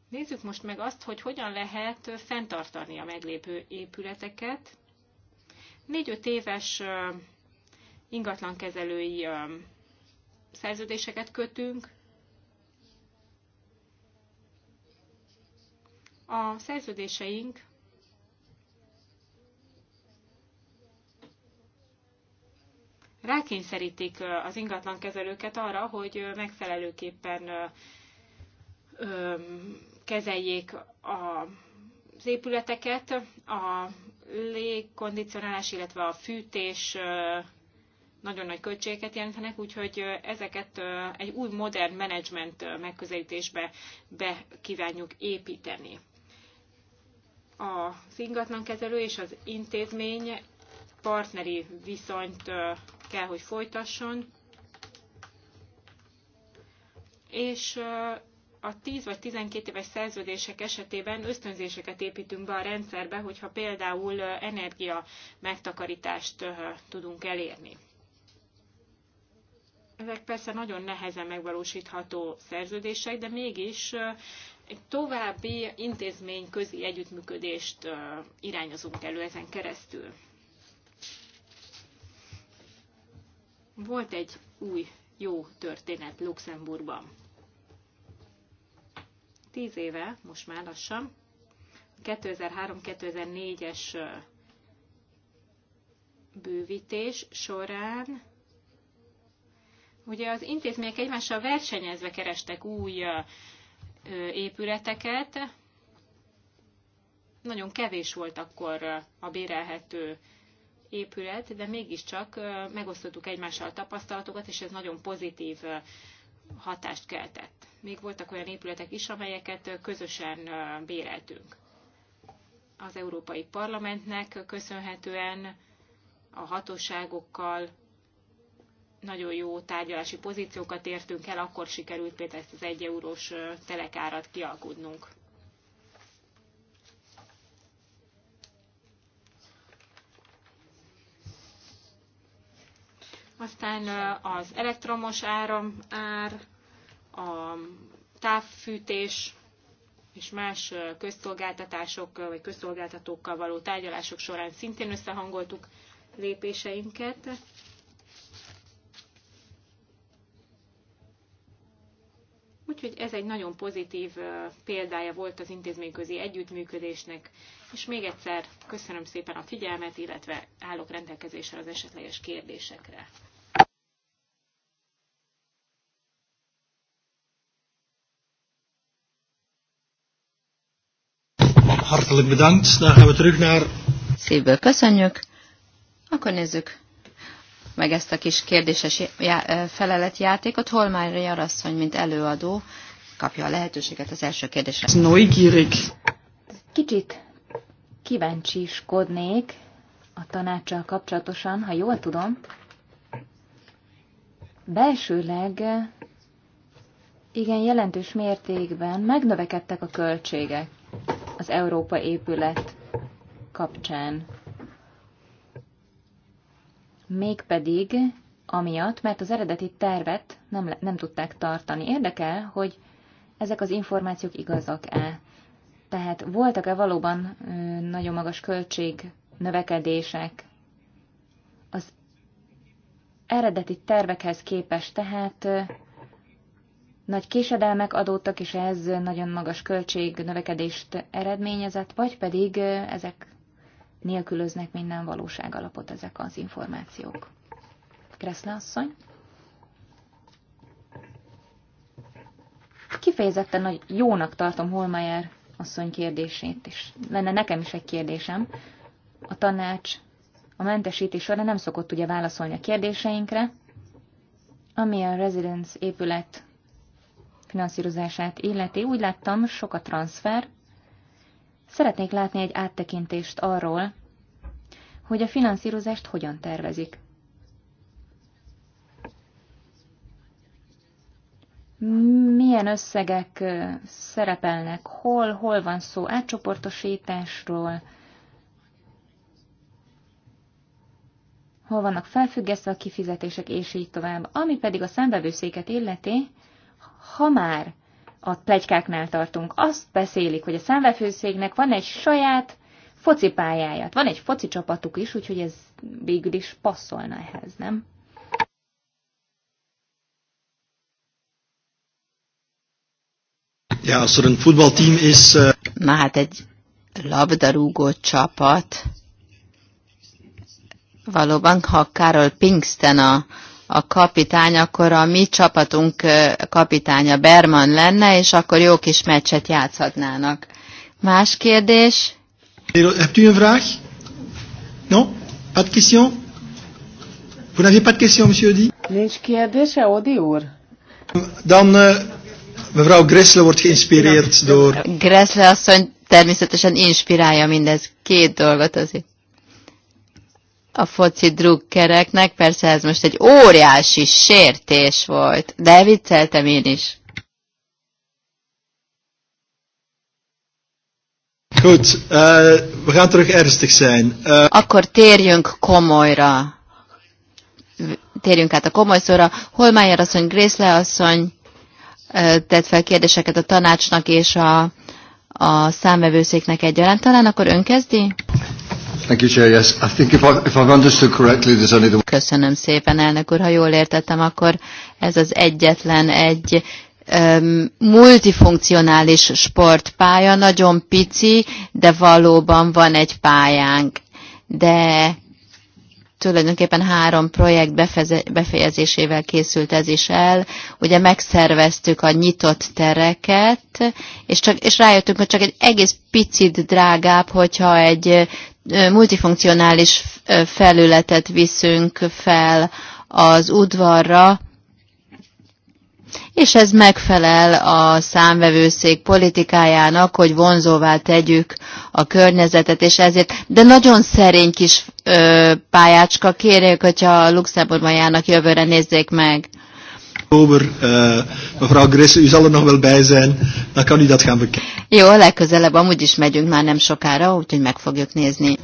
Nézzük most meg azt, hogy hogyan lehet fenntartani a meglépő épületeket. Négy-öt éves ingatlankezelői szerződéseket kötünk, A szerződéseink rákényszerítik az ingatlankezelőket arra, hogy megfelelőképpen kezeljék az épületeket, a légkondicionálás, illetve a fűtés nagyon nagy költségeket jelentenek, úgyhogy ezeket egy új modern menedzsment megközelítésbe be kívánjuk építeni az ingatlankezelő és az intézmény partneri viszonyt kell, hogy folytasson, és a 10 vagy 12 éves szerződések esetében ösztönzéseket építünk be a rendszerbe, hogyha például energia megtakarítást tudunk elérni. Ezek persze nagyon nehezen megvalósítható szerződések, de mégis egy további intézményközi együttműködést irányozunk elő ezen keresztül. Volt egy új jó történet Luxemburgban. Tíz éve, most már lassan, 2003-2004-es bővítés során ugye az intézmények egymással versenyezve kerestek új épületeket. Nagyon kevés volt akkor a bérelhető épület, de mégiscsak megosztottuk egymással a tapasztalatokat, és ez nagyon pozitív hatást keltett. Még voltak olyan épületek is, amelyeket közösen béreltünk. Az Európai Parlamentnek köszönhetően a hatóságokkal, nagyon jó tárgyalási pozíciókat értünk el, akkor sikerült például ezt az egy eurós telekárat kialkudnunk. Aztán az elektromos áram ár, a távfűtés és más közszolgáltatások vagy közszolgáltatókkal való tárgyalások során szintén összehangoltuk lépéseinket. Úgyhogy ez egy nagyon pozitív példája volt az intézményközi együttműködésnek, és még egyszer köszönöm szépen a figyelmet, illetve állok rendelkezésre az esetleges kérdésekre. Hartelijk bedankt. Dan gaan we terug naar... Szívből köszönjük. Akkor nézzük meg ezt a kis kérdéses feleletjátékot. Holmár Jarasszony, mint előadó, kapja a lehetőséget az első kérdésre. Neugierig. Kicsit kíváncsiskodnék a tanácssal kapcsolatosan, ha jól tudom. Belsőleg igen jelentős mértékben megnövekedtek a költségek az Európa épület kapcsán mégpedig amiatt, mert az eredeti tervet nem, nem tudták tartani. Érdekel, hogy ezek az információk igazak-e. Tehát voltak-e valóban nagyon magas költség növekedések az eredeti tervekhez képest, tehát nagy késedelmek adódtak, és ez nagyon magas költség növekedést eredményezett, vagy pedig ezek nélkülöznek minden alapot ezek az információk. Kreszle asszony? Kifejezetten nagy jónak tartom Holmeyer asszony kérdését, és lenne nekem is egy kérdésem. A tanács a mentesítés során nem szokott ugye válaszolni a kérdéseinkre, ami a Residence épület finanszírozását illeti. Úgy láttam, sok a transfer, Szeretnék látni egy áttekintést arról, hogy a finanszírozást hogyan tervezik. milyen összegek szerepelnek, hol, hol van szó átcsoportosításról, hol vannak felfüggesztve a kifizetések, és így tovább. Ami pedig a számbevőszéket illeti, ha már a plegykáknál tartunk. Azt beszélik, hogy a szemvefőszégnek van egy saját focipályája. Van egy foci csapatuk is, úgyhogy ez végül is passzolna ehhez, nem? Ja, als er een is... Uh... Na hát egy labdarúgó csapat. Valóban, ha Karol Pinkston a a kapitány, akkor a mi csapatunk kapitánya Berman lenne, és akkor jó kis meccset játszhatnának. Más kérdés? Hebt eh, u een vraag? Non? Pas de question? Vous n'avez pas de question, monsieur Odi? Nincs kérdése, Odi úr? Dan uh, mevrouw Gressle wordt geïnspireerd door... Gressle asszony természetesen inspirálja mindez. Két dolgot azért a foci drukkereknek, persze ez most egy óriási sértés volt, de vicceltem én is. Good, uh, eh, we gaan terug ernstig zijn. Uh... Akkor térjünk komolyra. Térjünk át a komoly szóra. Holmeyer asszony, Grészle asszony eh, tett fel kérdéseket a tanácsnak és a, a számvevőszéknek egyaránt. Talán akkor ön kezdi? Thank you, Chair. Yes, I think if, if I've understood correctly, there's only the... Köszönöm szépen, elnök úr. Ha jól értettem, akkor ez az egyetlen egy multifunkcionális sportpálya, nagyon pici, de valóban van egy pályánk. De tulajdonképpen három projekt befejezésével készült ez is el. Ugye megszerveztük a nyitott tereket, és, csak, és rájöttünk, hogy csak egy egész picit drágább, hogyha egy multifunkcionális felületet viszünk fel az udvarra, és ez megfelel a számvevőszék politikájának, hogy vonzóvá tegyük a környezetet, és ezért, de nagyon szerény kis ö, pályácska, kérjük, hogyha Luxemburgban járnak jövőre, nézzék meg. Oktober, uh, mevrouw Gris, u zal er nog wel bij zijn, dan kan u dat gaan bekijken. Jó, legközelebb amúgy is megyünk már nem sokára, úgyhogy meg fogjuk nézni.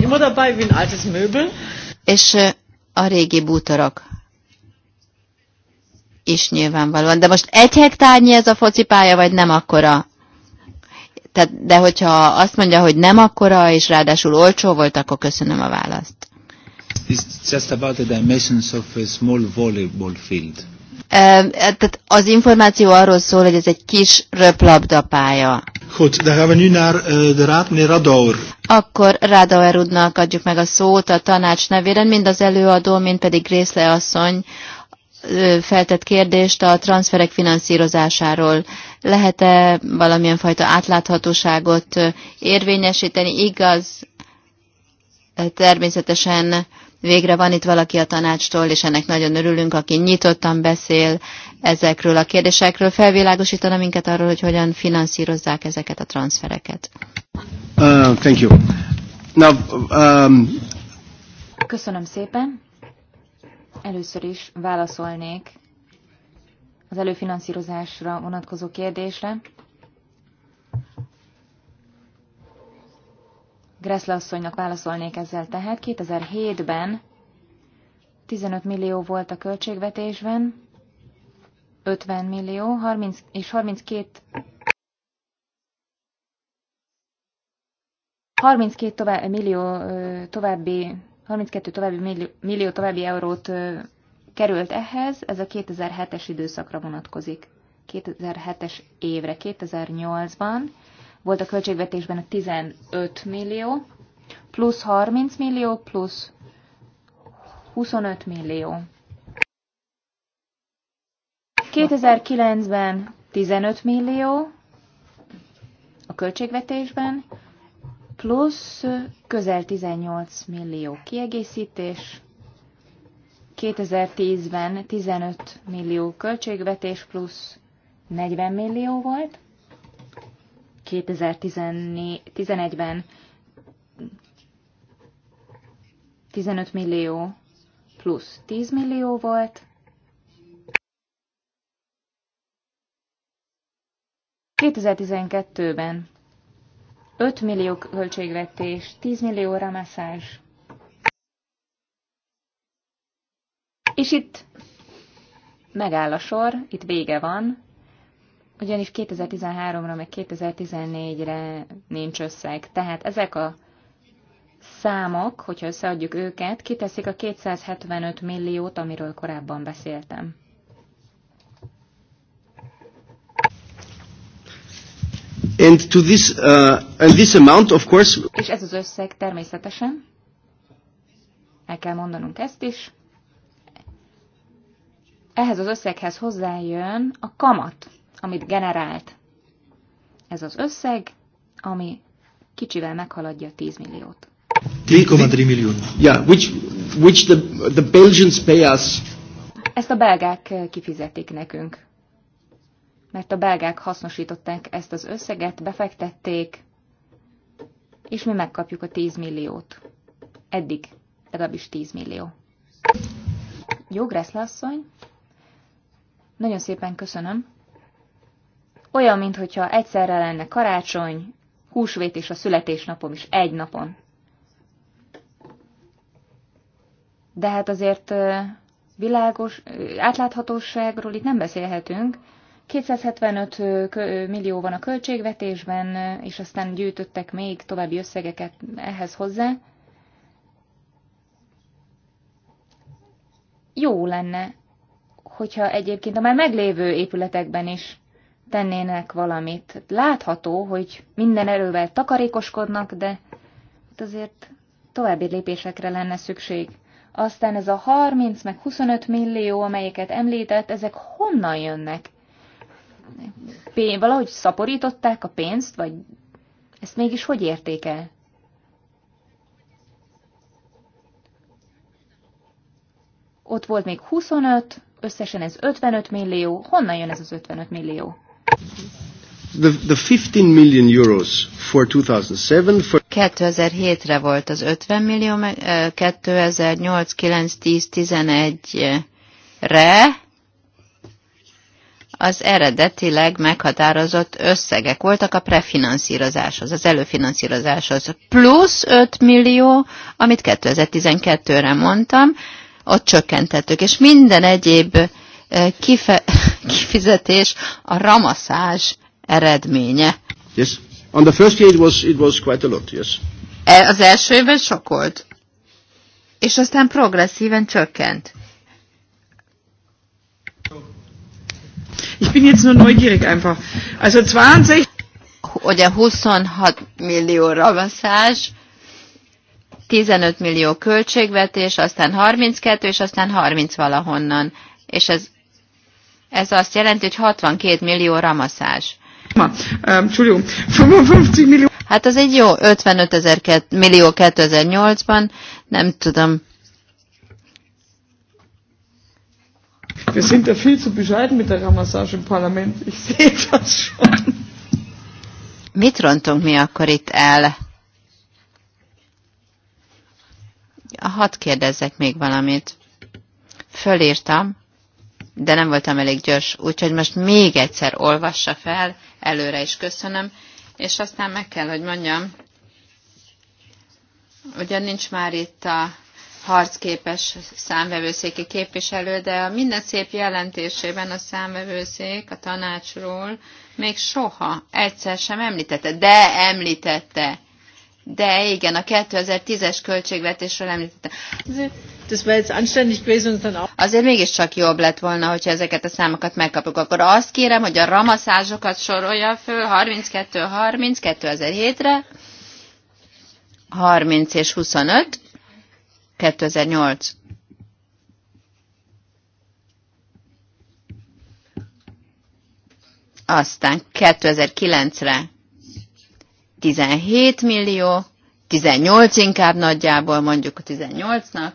Immer dabei wie ein altes Möbel. És a régi bútorok is nyilvánvalóan. De most egy hektárnyi ez a focipálya, vagy nem akkora? Tehát, de hogyha azt mondja, hogy nem akkora, és ráadásul olcsó volt, akkor köszönöm a választ. It's just about the dimensions of a small volleyball field. Tehát az információ arról szól, hogy ez egy kis röplabdapálya. Goed, dan gaan we nu naar uh, de raad, meneer Radauer. Akkor Radauer adjuk meg a szót a tanács nevében, mind az előadó, mind pedig Grészle asszony feltett kérdést a transferek finanszírozásáról. Lehet-e valamilyen fajta átláthatóságot érvényesíteni? Igaz, természetesen végre van itt valaki a tanácstól, és ennek nagyon örülünk, aki nyitottan beszél ezekről a kérdésekről. Felvilágosítana minket arról, hogy hogyan finanszírozzák ezeket a transfereket. Uh, thank you. Now, um... Köszönöm szépen. Először is válaszolnék az előfinanszírozásra vonatkozó kérdésre. Gressle asszonynak válaszolnék ezzel tehát. 2007-ben 15 millió volt a költségvetésben, 50 millió 30 és 32 32 tovább, millió további 32 további millió további eurót került ehhez, ez a 2007-es időszakra vonatkozik. 2007-es évre, 2008-ban volt a költségvetésben a 15 millió, plusz 30 millió, plusz 25 millió. 2009-ben 15 millió a költségvetésben, plusz közel 18 millió kiegészítés, 2010-ben 15 millió költségvetés plusz 40 millió volt, 2011-ben 15 millió plusz 10 millió volt, 2012-ben 5 millió költségvetés, 10 millióra masszázs. És itt megáll a sor, itt vége van, ugyanis 2013-ra, meg 2014-re nincs összeg. Tehát ezek a számok, hogyha összeadjuk őket, kiteszik a 275 milliót, amiről korábban beszéltem. And to this, uh, and this amount, of course... És ez az összeg természetesen, el kell mondanunk ezt is, ehhez az összeghez hozzájön a kamat, amit generált. Ez az összeg, ami kicsivel meghaladja 10 milliót. 3,3 millió. Yeah, which, which the, the Belgians pay us. Ezt a belgák kifizetik nekünk mert a belgák hasznosították ezt az összeget, befektették, és mi megkapjuk a 10 milliót. Eddig legalábbis 10 millió. Jó, lasszony, Nagyon szépen köszönöm. Olyan, mintha egyszerre lenne karácsony, húsvét és a születésnapom is egy napon. De hát azért világos, átláthatóságról itt nem beszélhetünk, 275 millió van a költségvetésben, és aztán gyűjtöttek még további összegeket ehhez hozzá. Jó lenne, hogyha egyébként a már meglévő épületekben is tennének valamit. Látható, hogy minden erővel takarékoskodnak, de azért további lépésekre lenne szükség. Aztán ez a 30 meg 25 millió, amelyeket említett, ezek honnan jönnek? pénz, valahogy szaporították a pénzt, vagy ezt mégis hogy értékel? Ott volt még 25, összesen ez 55 millió. Honnan jön ez az 55 millió? The, the 15 million euros for 2007 for 2007-re volt az 50 millió, 2008, 9, 10, 11 re az eredetileg meghatározott összegek voltak a prefinanszírozáshoz, az előfinanszírozáshoz. Plusz 5 millió, amit 2012-re mondtam, ott csökkentettük, és minden egyéb eh, kife- kifizetés a ramaszás eredménye. Yes. On the first year it was, it was quite a lot, yes. E, az első évben sok volt. És aztán progresszíven csökkent. Ich bin jetzt nur neugierig einfach. Also 62... Oder 26 millióra baszás, 15 millió költségvetés, aztán 32, és aztán 30 valahonnan. És ez, ez azt jelenti, hogy 62 millió ramaszás. Ma, um, Entschuldigung, 55 millió. Hát az egy jó 55 ezer millió 2008-ban, nem tudom, Wir sind da viel zu bescheiden mit der Ramassage im Parlament. Ich sehe das schon. Mit rontunk mi akkor itt el? Hadd kérdezzek még valamit. Fölírtam, de nem voltam elég gyors, úgyhogy most még egyszer olvassa fel, előre is köszönöm, és aztán meg kell, hogy mondjam, ugyan nincs már itt a harcképes számvevőszéki képviselő, de a minden szép jelentésében a számvevőszék a tanácsról még soha egyszer sem említette, de említette. De igen, a 2010-es költségvetésről említette. Azért mégiscsak jobb lett volna, hogyha ezeket a számokat megkapjuk. Akkor azt kérem, hogy a ramaszázsokat sorolja föl 32-30 2007-re, 30 és 25, 2008. Aztán 2009-re 17 millió, 18 inkább nagyjából, mondjuk a 18-nak.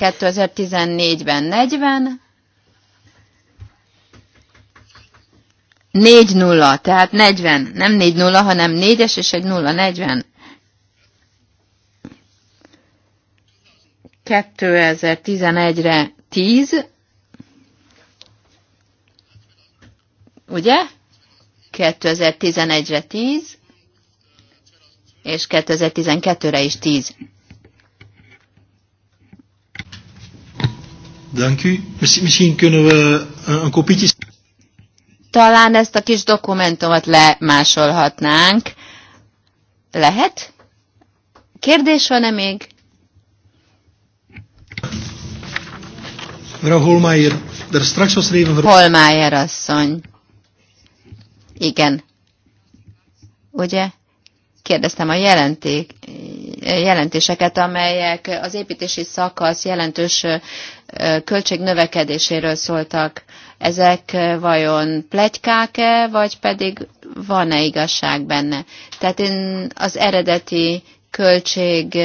2014-ben 40, 4-0, tehát 40, nem 4-0, hanem 4-es és egy 0, 40. 2011-re 10, ugye? 2011-re 10, és 2012-re is 10. Dank Misschien kunnen we een kopietje... Talán ezt a kis dokumentumot lemásolhatnánk. Lehet? Kérdés van-e még? Mevrouw er asszony. Igen. Ugye? Kérdeztem a jelenték, jelentéseket, amelyek az építési szakasz jelentős költségnövekedéséről szóltak. Ezek vajon plegykák-e, vagy pedig van-e igazság benne? Tehát én az eredeti költség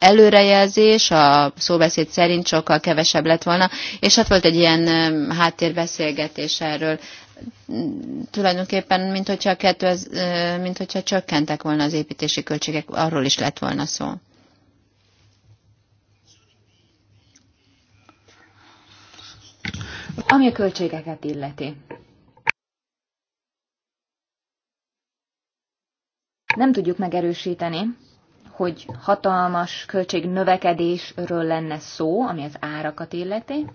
előrejelzés, a szóbeszéd szerint sokkal kevesebb lett volna, és hát volt egy ilyen háttérbeszélgetés erről. Tulajdonképpen, mint hogyha, kettőz, mint hogyha csökkentek volna az építési költségek, arról is lett volna szó. Ami a költségeket illeti. Nem tudjuk megerősíteni, hogy hatalmas költségnövekedésről lenne szó, ami az árakat illeti.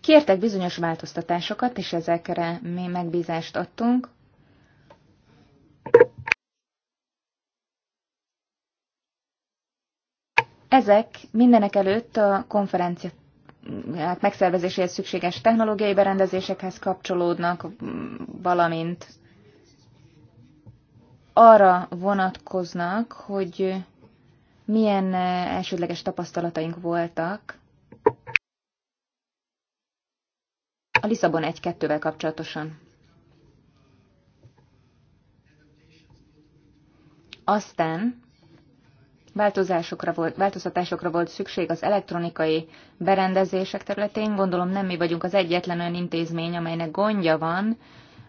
Kértek bizonyos változtatásokat, és ezekre mi megbízást adtunk. Ezek mindenek előtt a konferencia hát megszervezéséhez szükséges technológiai berendezésekhez kapcsolódnak, valamint arra vonatkoznak, hogy milyen elsődleges tapasztalataink voltak a Lisszabon 1-2-vel kapcsolatosan. Aztán Változásokra volt, változtatásokra volt szükség az elektronikai berendezések területén. Gondolom nem mi vagyunk az egyetlen olyan intézmény, amelynek gondja van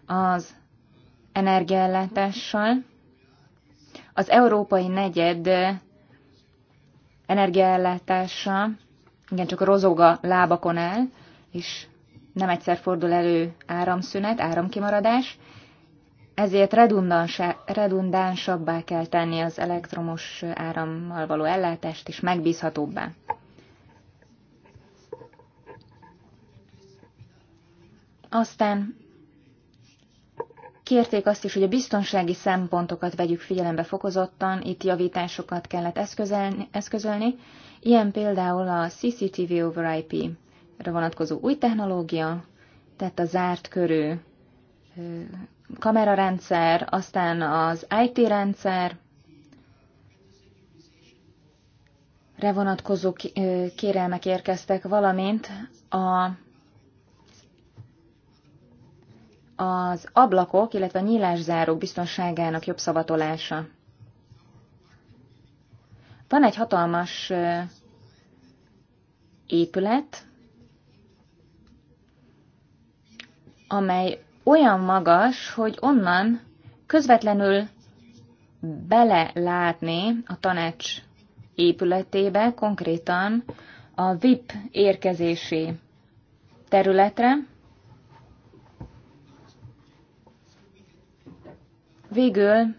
az energiaellátással. Az európai negyed energiaellátása igencsak rozog a lábakon el és nem egyszer fordul elő áramszünet, áramkimaradás, ezért redundánsabbá kell tenni az elektromos árammal való ellátást, és megbízhatóbbá. Aztán kérték azt is, hogy a biztonsági szempontokat vegyük figyelembe fokozottan, itt javításokat kellett eszközölni, eszközölni ilyen például a CCTV over IP-re vonatkozó új technológia, tehát a zárt körű kamerarendszer, aztán az IT rendszer, revonatkozó kérelmek érkeztek, valamint a, az ablakok, illetve a nyílászárók biztonságának jobb szavatolása. Van egy hatalmas épület, amely olyan magas, hogy onnan közvetlenül belelátni a tanács épületébe, konkrétan a VIP érkezési területre. Végül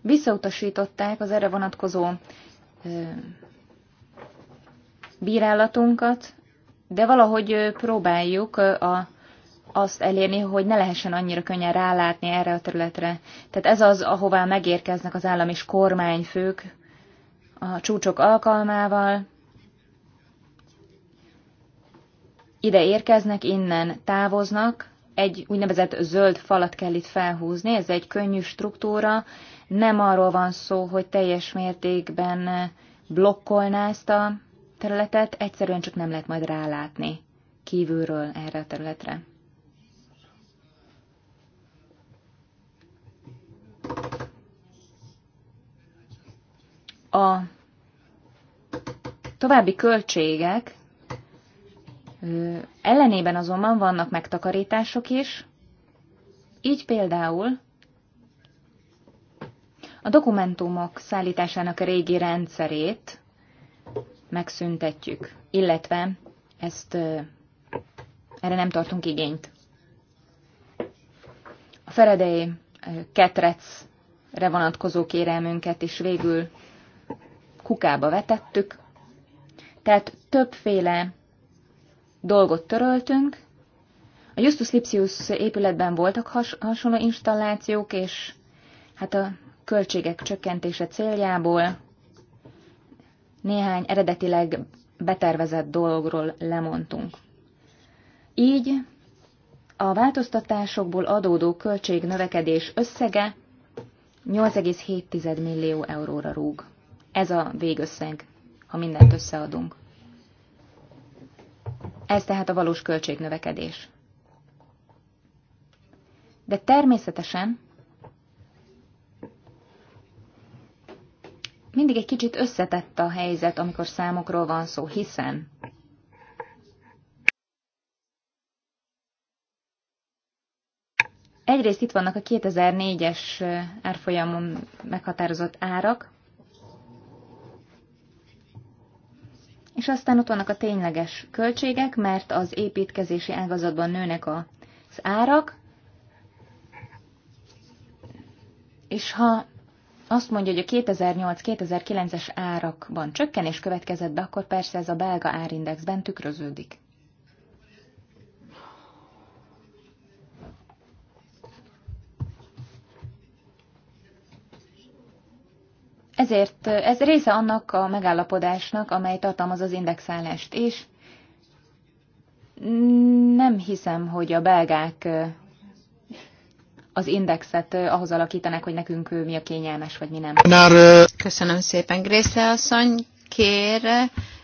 visszautasították az erre vonatkozó bírálatunkat, de valahogy próbáljuk a azt elérni, hogy ne lehessen annyira könnyen rálátni erre a területre. Tehát ez az, ahová megérkeznek az állam és kormányfők a csúcsok alkalmával. Ide érkeznek, innen távoznak, egy úgynevezett zöld falat kell itt felhúzni, ez egy könnyű struktúra, nem arról van szó, hogy teljes mértékben blokkolná ezt a területet, egyszerűen csak nem lehet majd rálátni kívülről erre a területre. A további költségek ellenében azonban vannak megtakarítások is, így például a dokumentumok szállításának a régi rendszerét megszüntetjük, illetve ezt erre nem tartunk igényt. A Faraday ketrecre vonatkozó kérelmünket is végül kukába vetettük, tehát többféle dolgot töröltünk. A Justus Lipsius épületben voltak has, hasonló installációk, és hát a költségek csökkentése céljából néhány eredetileg betervezett dologról lemondtunk. Így a változtatásokból adódó költségnövekedés összege 8,7 millió euróra rúg. Ez a végösszeg, ha mindent összeadunk. Ez tehát a valós költségnövekedés. De természetesen mindig egy kicsit összetett a helyzet, amikor számokról van szó, hiszen egyrészt itt vannak a 2004-es árfolyamon meghatározott árak, És aztán ott vannak a tényleges költségek, mert az építkezési ágazatban nőnek az árak, és ha azt mondja, hogy a 2008-2009-es árakban csökkenés következett be, akkor persze ez a belga árindexben tükröződik. Ezért ez része annak a megállapodásnak, amely tartalmaz az indexálást is. Nem hiszem, hogy a belgák az indexet ahhoz alakítanák, hogy nekünk mi a kényelmes, vagy mi nem. Köszönöm szépen, Grésze asszony. Kér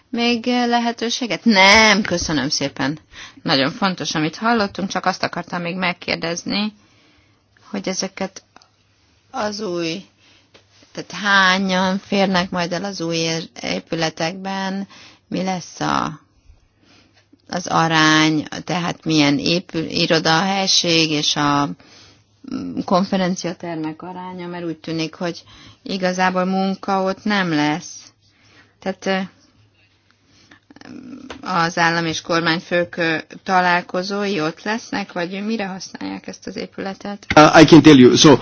még lehetőséget? Nem, köszönöm szépen. Nagyon fontos, amit hallottunk, csak azt akartam még megkérdezni, hogy ezeket az új tehát hányan férnek majd el az új épületekben, mi lesz a, az arány, tehát milyen épül, irodahelység és a mm, konferenciatermek aránya, mert úgy tűnik, hogy igazából munka ott nem lesz. Tehát az állam és kormányfők találkozói ott lesznek, vagy mire használják ezt az épületet? Uh, I can tell you. So,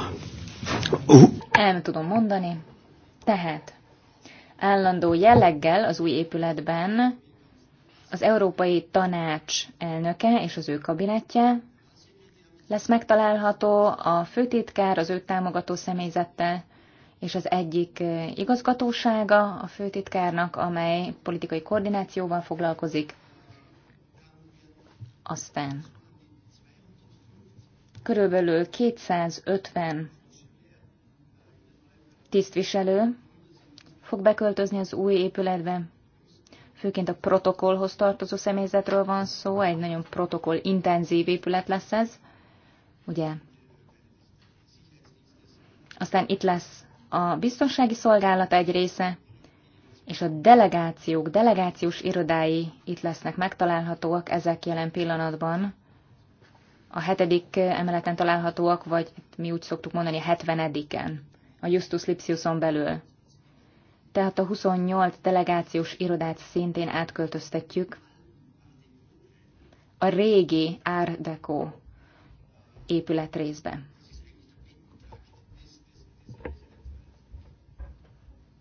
el tudom mondani. Tehát állandó jelleggel az új épületben az Európai Tanács elnöke és az ő kabinetje lesz megtalálható, a főtitkár az ő támogató személyzettel, és az egyik igazgatósága a főtitkárnak, amely politikai koordinációval foglalkozik. Aztán körülbelül 250 tisztviselő fog beköltözni az új épületbe. Főként a protokollhoz tartozó személyzetről van szó, egy nagyon protokoll intenzív épület lesz ez, ugye? Aztán itt lesz a biztonsági szolgálat egy része, és a delegációk, delegációs irodái itt lesznek megtalálhatóak ezek jelen pillanatban. A hetedik emeleten találhatóak, vagy mi úgy szoktuk mondani, a hetvenediken a Justus Lipsiuson belül. Tehát a 28 delegációs irodát szintén átköltöztetjük a régi Art Deco épület részbe.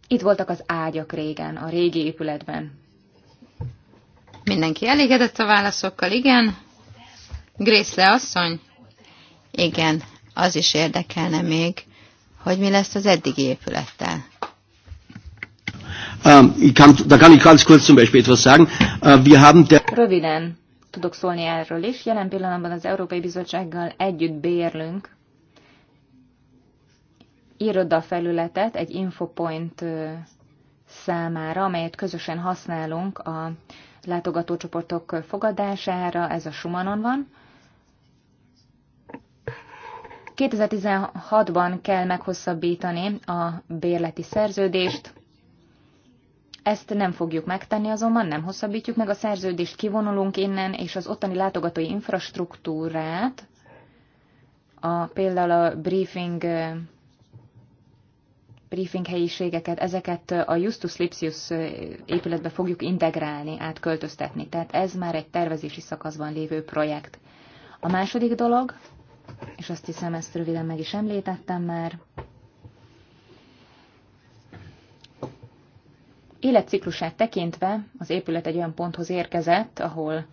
Itt voltak az ágyak régen, a régi épületben. Mindenki elégedett a válaszokkal, igen. Grészle asszony? Igen, az is érdekelne még, hogy mi lesz az eddigi épülettel. Um, kann, da kann ich ganz kurz zum Beispiel etwas sagen. Uh, wir haben der Röviden tudok szólni erről is. Jelen pillanatban az Európai Bizottsággal együtt bérlünk irodafelületet egy infopoint számára, amelyet közösen használunk a látogatócsoportok fogadására, ez a Sumanon van. 2016-ban kell meghosszabbítani a bérleti szerződést. Ezt nem fogjuk megtenni, azonban nem hosszabbítjuk meg a szerződést, kivonulunk innen, és az ottani látogatói infrastruktúrát, a, például a briefing, briefing helyiségeket, ezeket a Justus Lipsius épületbe fogjuk integrálni, átköltöztetni. Tehát ez már egy tervezési szakaszban lévő projekt. A második dolog, és azt hiszem, ezt röviden meg is említettem már. Életciklusát tekintve az épület egy olyan ponthoz érkezett, ahol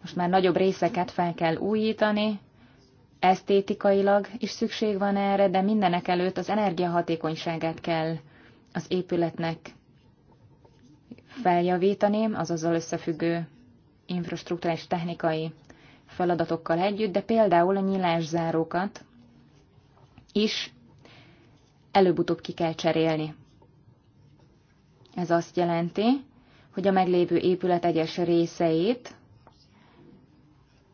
most már nagyobb részeket fel kell újítani, esztétikailag is szükség van erre, de mindenek előtt az energiahatékonyságát kell az épületnek feljavítani, az azzal összefüggő infrastruktúrális technikai feladatokkal együtt, de például a nyilászárókat is előbb-utóbb ki kell cserélni. Ez azt jelenti, hogy a meglévő épület egyes részeit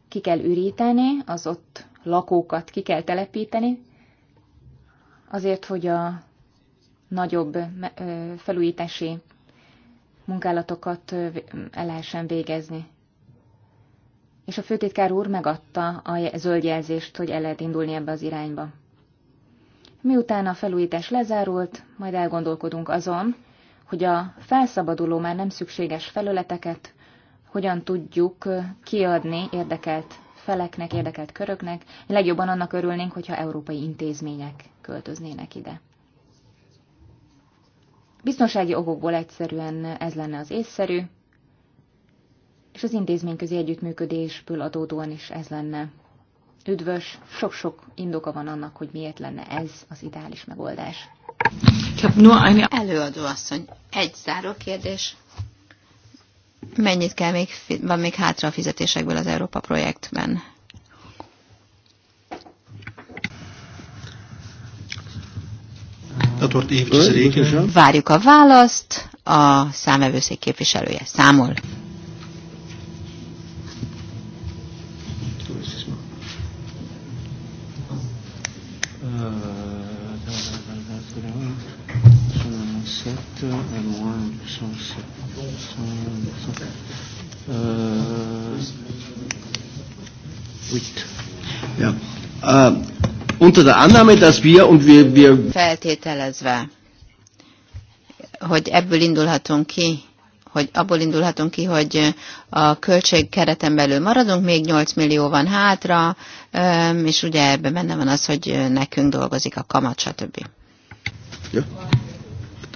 ki kell üríteni, az ott lakókat ki kell telepíteni, azért, hogy a nagyobb felújítási munkálatokat el lehessen végezni és a főtitkár úr megadta a zöld jelzést, hogy el lehet indulni ebbe az irányba. Miután a felújítás lezárult, majd elgondolkodunk azon, hogy a felszabaduló már nem szükséges felületeket hogyan tudjuk kiadni érdekelt feleknek, érdekelt köröknek. Legjobban annak örülnénk, hogyha európai intézmények költöznének ide. Biztonsági okokból egyszerűen ez lenne az észszerű, és az intézményközi együttműködésből adódóan is ez lenne üdvös, sok-sok indoka van annak, hogy miért lenne ez az ideális megoldás. előadó asszony, egy záró kérdés. Mennyit kell még, van még hátra a fizetésekből az Európa projektben? Várjuk a választ, a számvevőszék képviselője számol. Ja. Uh, unter der Annahme, dass wir und wir, wir Feltételezve, hogy ebből indulhatunk ki, hogy abból indulhatunk ki, hogy a költség kereten belül maradunk, még 8 millió van hátra, és ugye ebben benne van az, hogy nekünk dolgozik a kamat, stb. Ja.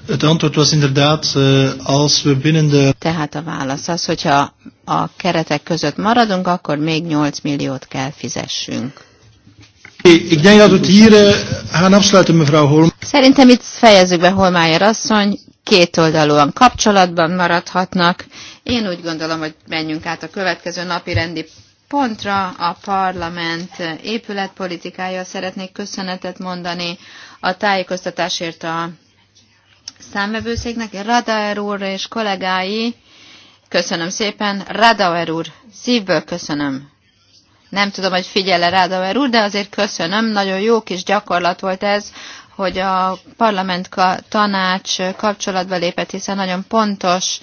Het antwoord was inderdaad, eh, als we binnen de... Tehát a válasz az, hogyha a keretek között maradunk, akkor még 8 milliót kell fizessünk. Ik denk dat we het hier eh, gaan afsluiten, mevrouw Holm. Szerintem itt fejezzük be Holmájer asszony, kétoldalúan kapcsolatban maradhatnak. Én úgy gondolom, hogy menjünk át a következő napi rendi pontra. A parlament épületpolitikája szeretnék köszönetet mondani a tájékoztatásért a számvevőszéknek, Radaer úr és kollégái, köszönöm szépen, Radaer úr, szívből köszönöm. Nem tudom, hogy figyele Radaer úr, de azért köszönöm, nagyon jó kis gyakorlat volt ez, hogy a parlament tanács kapcsolatba lépett, hiszen nagyon pontos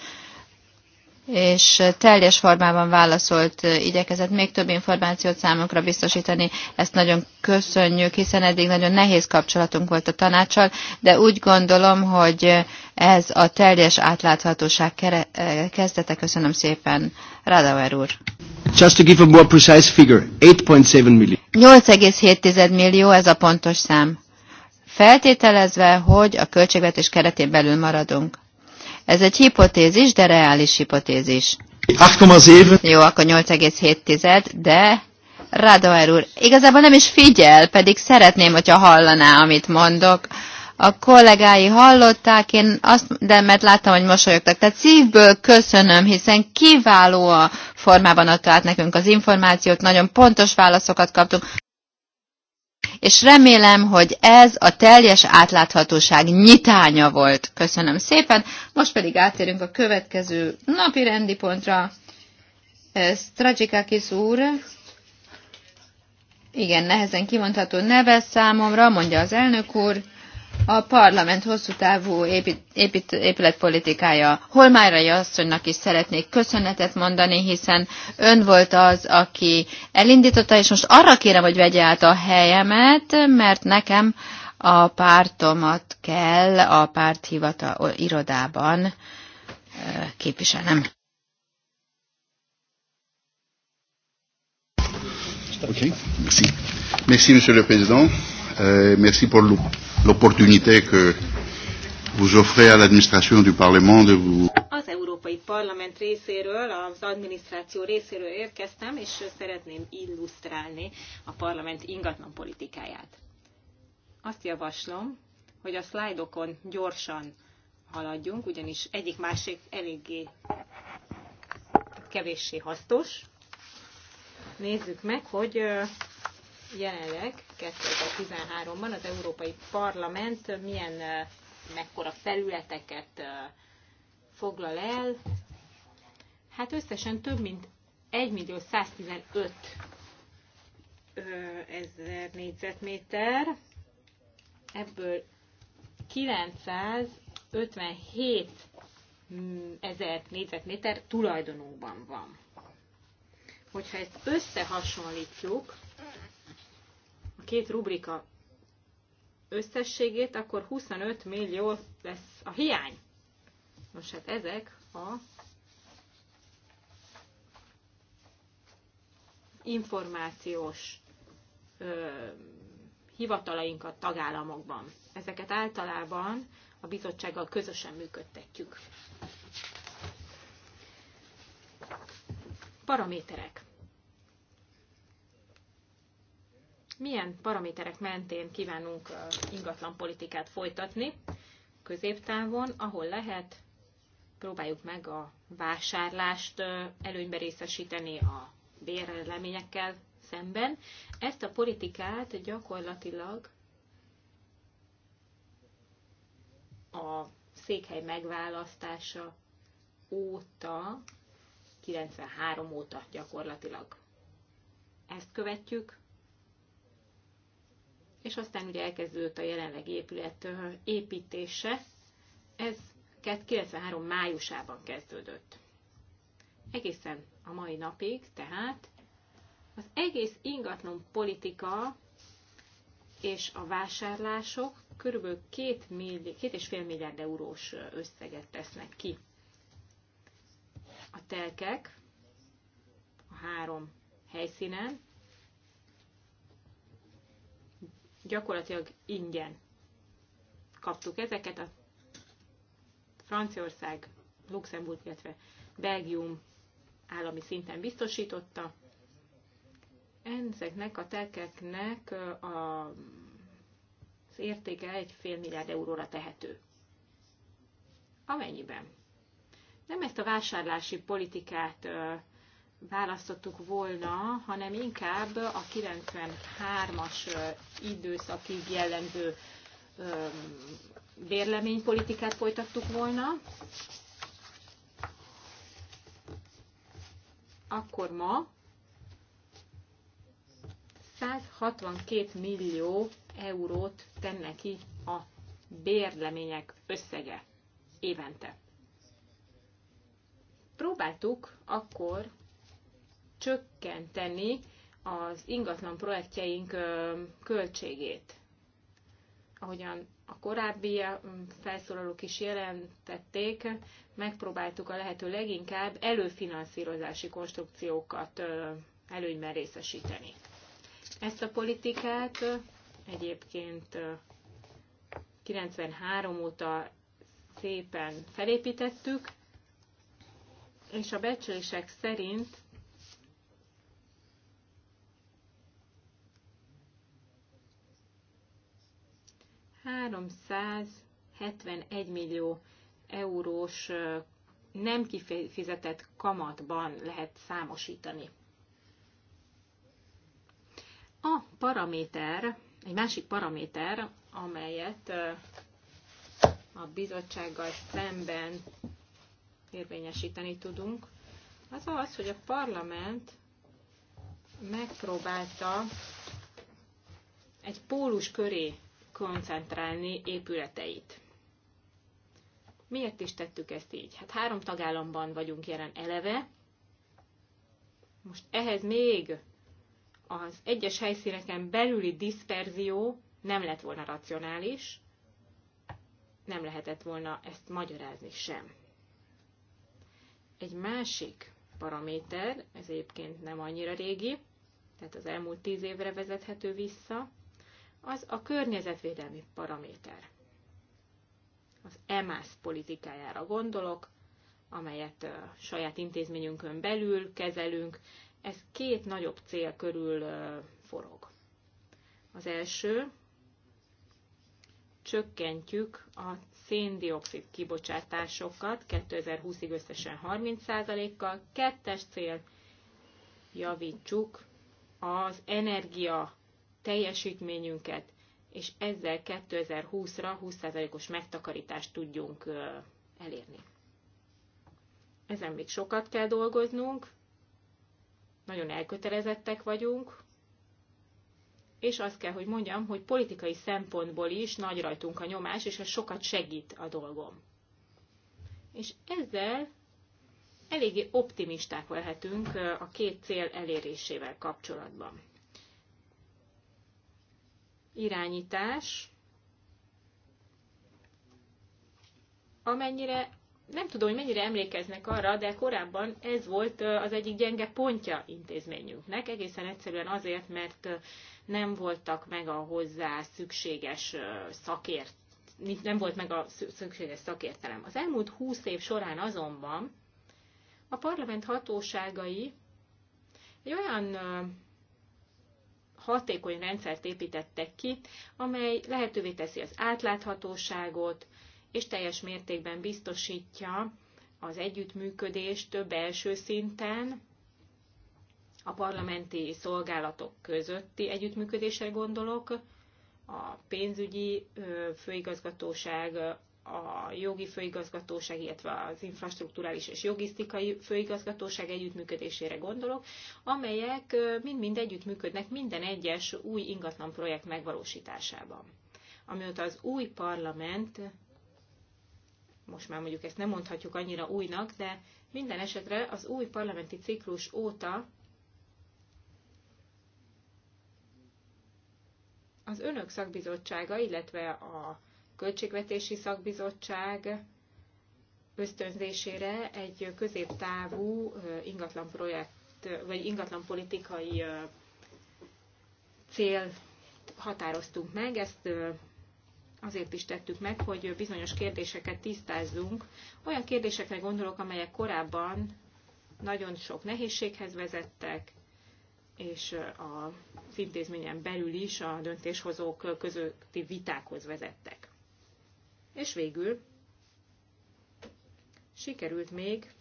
és teljes formában válaszolt, igyekezett még több információt számunkra biztosítani. Ezt nagyon köszönjük, hiszen eddig nagyon nehéz kapcsolatunk volt a tanácssal, de úgy gondolom, hogy ez a teljes átláthatóság kezdete. Köszönöm szépen, Radauer úr. Just to give a more precise figure, 8.7 8,7 millió ez a pontos szám. Feltételezve, hogy a költségvetés keretén belül maradunk. Ez egy hipotézis, de reális hipotézis. 8,7. Jó, akkor 8,7, de Radoer úr, igazából nem is figyel, pedig szeretném, hogyha hallaná, amit mondok. A kollégái hallották, én azt, de mert láttam, hogy mosolyogtak. Tehát szívből köszönöm, hiszen kiváló a formában adta át nekünk az információt, nagyon pontos válaszokat kaptunk és remélem, hogy ez a teljes átláthatóság nyitánya volt. Köszönöm szépen, most pedig átérünk a következő napi rendi pontra. Stradzsikakis úr, igen, nehezen kimondható neve számomra, mondja az elnök úr, a parlament hosszú távú épít, épít, épületpolitikája. Holmájrai asszonynak is szeretnék köszönetet mondani, hiszen ön volt az, aki elindította, és most arra kérem, hogy vegye át a helyemet, mert nekem a pártomat kell a párthivatal irodában képviselnem. Okay, merci. Merci, Monsieur le Président euh, merci pour l'opportunité que vous offrez à l'administration du Parlement de vous. Az Európai Parlament részéről, az adminisztráció részéről érkeztem, és szeretném illusztrálni a parlament ingatlan politikáját. Azt javaslom, hogy a szlájdokon gyorsan haladjunk, ugyanis egyik másik eléggé kevéssé hasznos. Nézzük meg, hogy jelenleg 2013-ban az Európai Parlament milyen mekkora felületeket foglal el. Hát összesen több mint 1 millió 115 ezer négyzetméter, ebből 957 mm, ezer négyzetméter tulajdonunkban van. Hogyha ezt összehasonlítjuk két rubrika összességét, akkor 25 millió lesz a hiány. Most hát ezek a információs ö, hivatalainkat tagállamokban. Ezeket általában a bizottsággal közösen működtetjük. Paraméterek. milyen paraméterek mentén kívánunk ingatlan politikát folytatni középtávon, ahol lehet, próbáljuk meg a vásárlást előnybe részesíteni a bérleményekkel szemben. Ezt a politikát gyakorlatilag a székhely megválasztása óta, 93 óta gyakorlatilag ezt követjük és aztán ugye elkezdődött a jelenlegi épület építése. Ez 93 májusában kezdődött. Egészen a mai napig, tehát az egész ingatlan politika és a vásárlások kb. 2,5 milliárd, milliárd eurós összeget tesznek ki. A telkek a három helyszínen gyakorlatilag ingyen kaptuk ezeket a Franciaország, Luxemburg, illetve Belgium állami szinten biztosította. Ezeknek a telkeknek a, az értéke egy fél milliárd euróra tehető. Amennyiben nem ezt a vásárlási politikát választottuk volna, hanem inkább a 93-as időszakig jellemző bérleménypolitikát folytattuk volna. Akkor ma 162 millió eurót tenne ki a bérlemények összege évente. Próbáltuk akkor csökkenteni az ingatlan projektjeink költségét. Ahogyan a korábbi felszólalók is jelentették, megpróbáltuk a lehető leginkább előfinanszírozási konstrukciókat előnyben részesíteni. Ezt a politikát egyébként 93 óta szépen felépítettük, és a becslések szerint 371 millió eurós nem kifizetett kamatban lehet számosítani. A paraméter, egy másik paraméter, amelyet a bizottsággal szemben érvényesíteni tudunk, az az, hogy a parlament megpróbálta egy pólus köré koncentrálni épületeit. Miért is tettük ezt így? Hát három tagállamban vagyunk jelen eleve. Most ehhez még az egyes helyszíneken belüli diszperzió nem lett volna racionális, nem lehetett volna ezt magyarázni sem. Egy másik paraméter, ez egyébként nem annyira régi, tehát az elmúlt tíz évre vezethető vissza, az a környezetvédelmi paraméter. Az EMASZ politikájára gondolok, amelyet saját intézményünkön belül kezelünk. Ez két nagyobb cél körül forog. Az első, csökkentjük a széndiokszid kibocsátásokat 2020-ig összesen 30%-kal. Kettes cél, javítsuk az energia teljesítményünket, és ezzel 2020-ra 20%-os megtakarítást tudjunk elérni. Ezen még sokat kell dolgoznunk, nagyon elkötelezettek vagyunk, és azt kell, hogy mondjam, hogy politikai szempontból is nagy rajtunk a nyomás, és ez sokat segít a dolgom. És ezzel eléggé optimisták lehetünk a két cél elérésével kapcsolatban irányítás, amennyire, nem tudom, hogy mennyire emlékeznek arra, de korábban ez volt az egyik gyenge pontja intézményünknek, egészen egyszerűen azért, mert nem voltak meg a hozzá szükséges szakért, nem volt meg a szükséges szakértelem. Az elmúlt húsz év során azonban a parlament hatóságai egy olyan hatékony rendszert építettek ki, amely lehetővé teszi az átláthatóságot, és teljes mértékben biztosítja az együttműködést belső szinten, a parlamenti szolgálatok közötti együttműködésre gondolok, a pénzügyi főigazgatóság, a jogi főigazgatóság, illetve az infrastruktúrális és jogisztikai főigazgatóság együttműködésére gondolok, amelyek mind-mind együttműködnek minden egyes új ingatlan projekt megvalósításában. Amióta az új parlament, most már mondjuk ezt nem mondhatjuk annyira újnak, de minden esetre az új parlamenti ciklus óta az önök szakbizottsága, illetve a Költségvetési Szakbizottság ösztönzésére egy középtávú ingatlan projekt, vagy ingatlan politikai cél határoztunk meg, ezt azért is tettük meg, hogy bizonyos kérdéseket tisztázzunk. Olyan kérdésekre gondolok, amelyek korábban nagyon sok nehézséghez vezettek, és az intézményen belül is a döntéshozók közötti vitákhoz vezettek. És végül sikerült még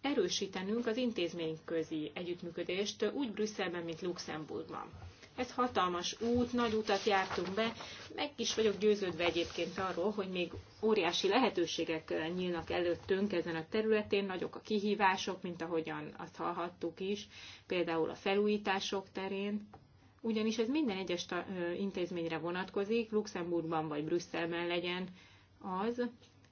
erősítenünk az intézményközi együttműködést úgy Brüsszelben, mint Luxemburgban. Ez hatalmas út, nagy utat jártunk be, meg is vagyok győződve egyébként arról, hogy még óriási lehetőségek nyílnak előttünk ezen a területén, nagyok a kihívások, mint ahogyan azt hallhattuk is, például a felújítások terén, ugyanis ez minden egyes intézményre vonatkozik, Luxemburgban vagy Brüsszelben legyen az,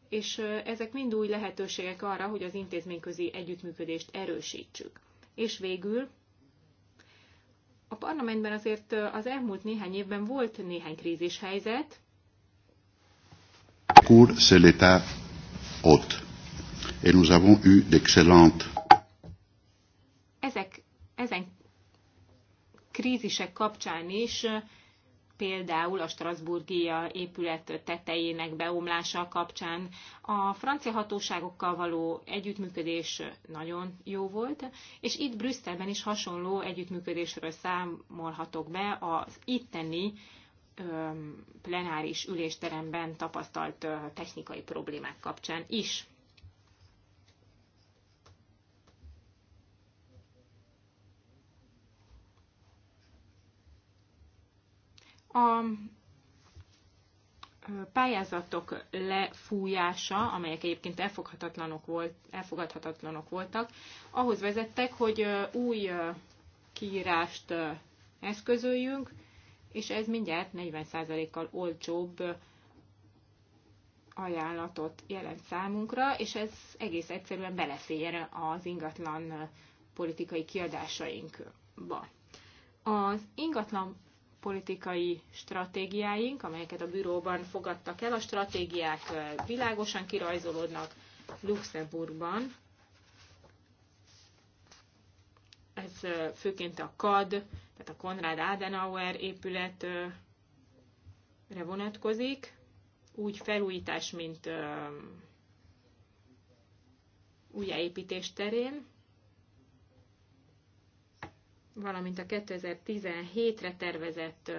és ezek mind új lehetőségek arra, hogy az intézményközi együttműködést erősítsük. És végül a parlamentben azért az elmúlt néhány évben volt néhány krízishelyzet. Cour, c'est l'état ott. Et nous avons eu d'excellentes. Ezek, ezen krízisek kapcsán is, például a Strasburgi épület tetejének beomlása kapcsán. A francia hatóságokkal való együttműködés nagyon jó volt, és itt Brüsszelben is hasonló együttműködésről számolhatok be az itteni plenáris ülésteremben tapasztalt technikai problémák kapcsán is. a pályázatok lefújása, amelyek egyébként elfoghatatlanok volt, elfogadhatatlanok voltak, ahhoz vezettek, hogy új kiírást eszközöljünk, és ez mindjárt 40%-kal olcsóbb ajánlatot jelent számunkra, és ez egész egyszerűen belefér az ingatlan politikai kiadásainkba. Az ingatlan politikai stratégiáink, amelyeket a büróban fogadtak el. A stratégiák világosan kirajzolódnak Luxemburgban. Ez főként a Cad, tehát a Konrad Adenauer épületre vonatkozik. Úgy felújítás, mint újjáépítés terén valamint a 2017-re tervezett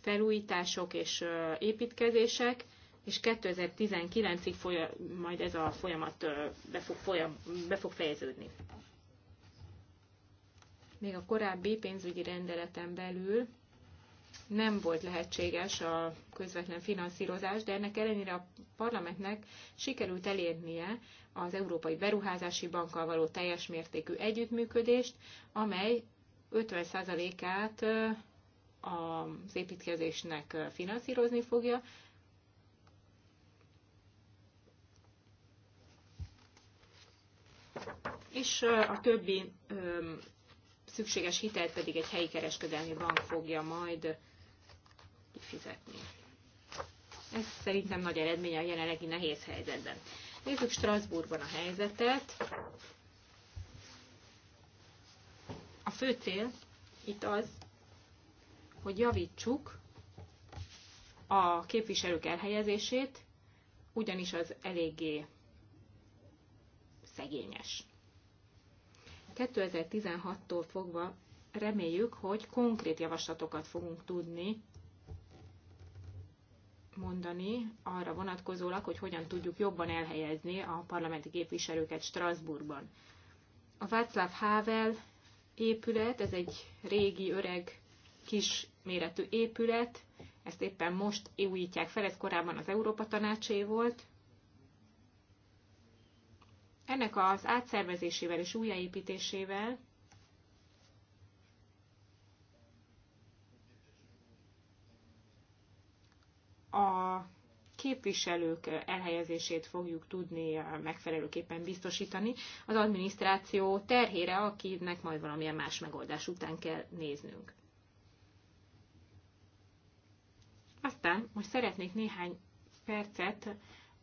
felújítások és építkezések, és 2019-ig majd ez a folyamat be fog, folyam, be fog fejeződni. Még a korábbi pénzügyi rendeleten belül nem volt lehetséges a közvetlen finanszírozás, de ennek ellenére a parlamentnek sikerült elérnie az Európai Beruházási Bankkal való teljes mértékű együttműködést, amely 50%-át az építkezésnek finanszírozni fogja, és a többi szükséges hitelt pedig egy helyi kereskedelmi bank fogja majd kifizetni. Ez szerintem nagy eredmény a jelenlegi nehéz helyzetben. Nézzük Strasbourgban a helyzetet. A fő cél itt az, hogy javítsuk a képviselők elhelyezését, ugyanis az eléggé szegényes. 2016-tól fogva reméljük, hogy konkrét javaslatokat fogunk tudni mondani arra vonatkozólag, hogy hogyan tudjuk jobban elhelyezni a parlamenti képviselőket Strasbourgban. A Václav Havel épület, ez egy régi, öreg, kis méretű épület, ezt éppen most újítják fel, ez korábban az Európa Tanácsé volt. Ennek az átszervezésével és újjáépítésével a képviselők elhelyezését fogjuk tudni megfelelőképpen biztosítani az adminisztráció terhére, akinek majd valamilyen más megoldás után kell néznünk. Aztán most szeretnék néhány percet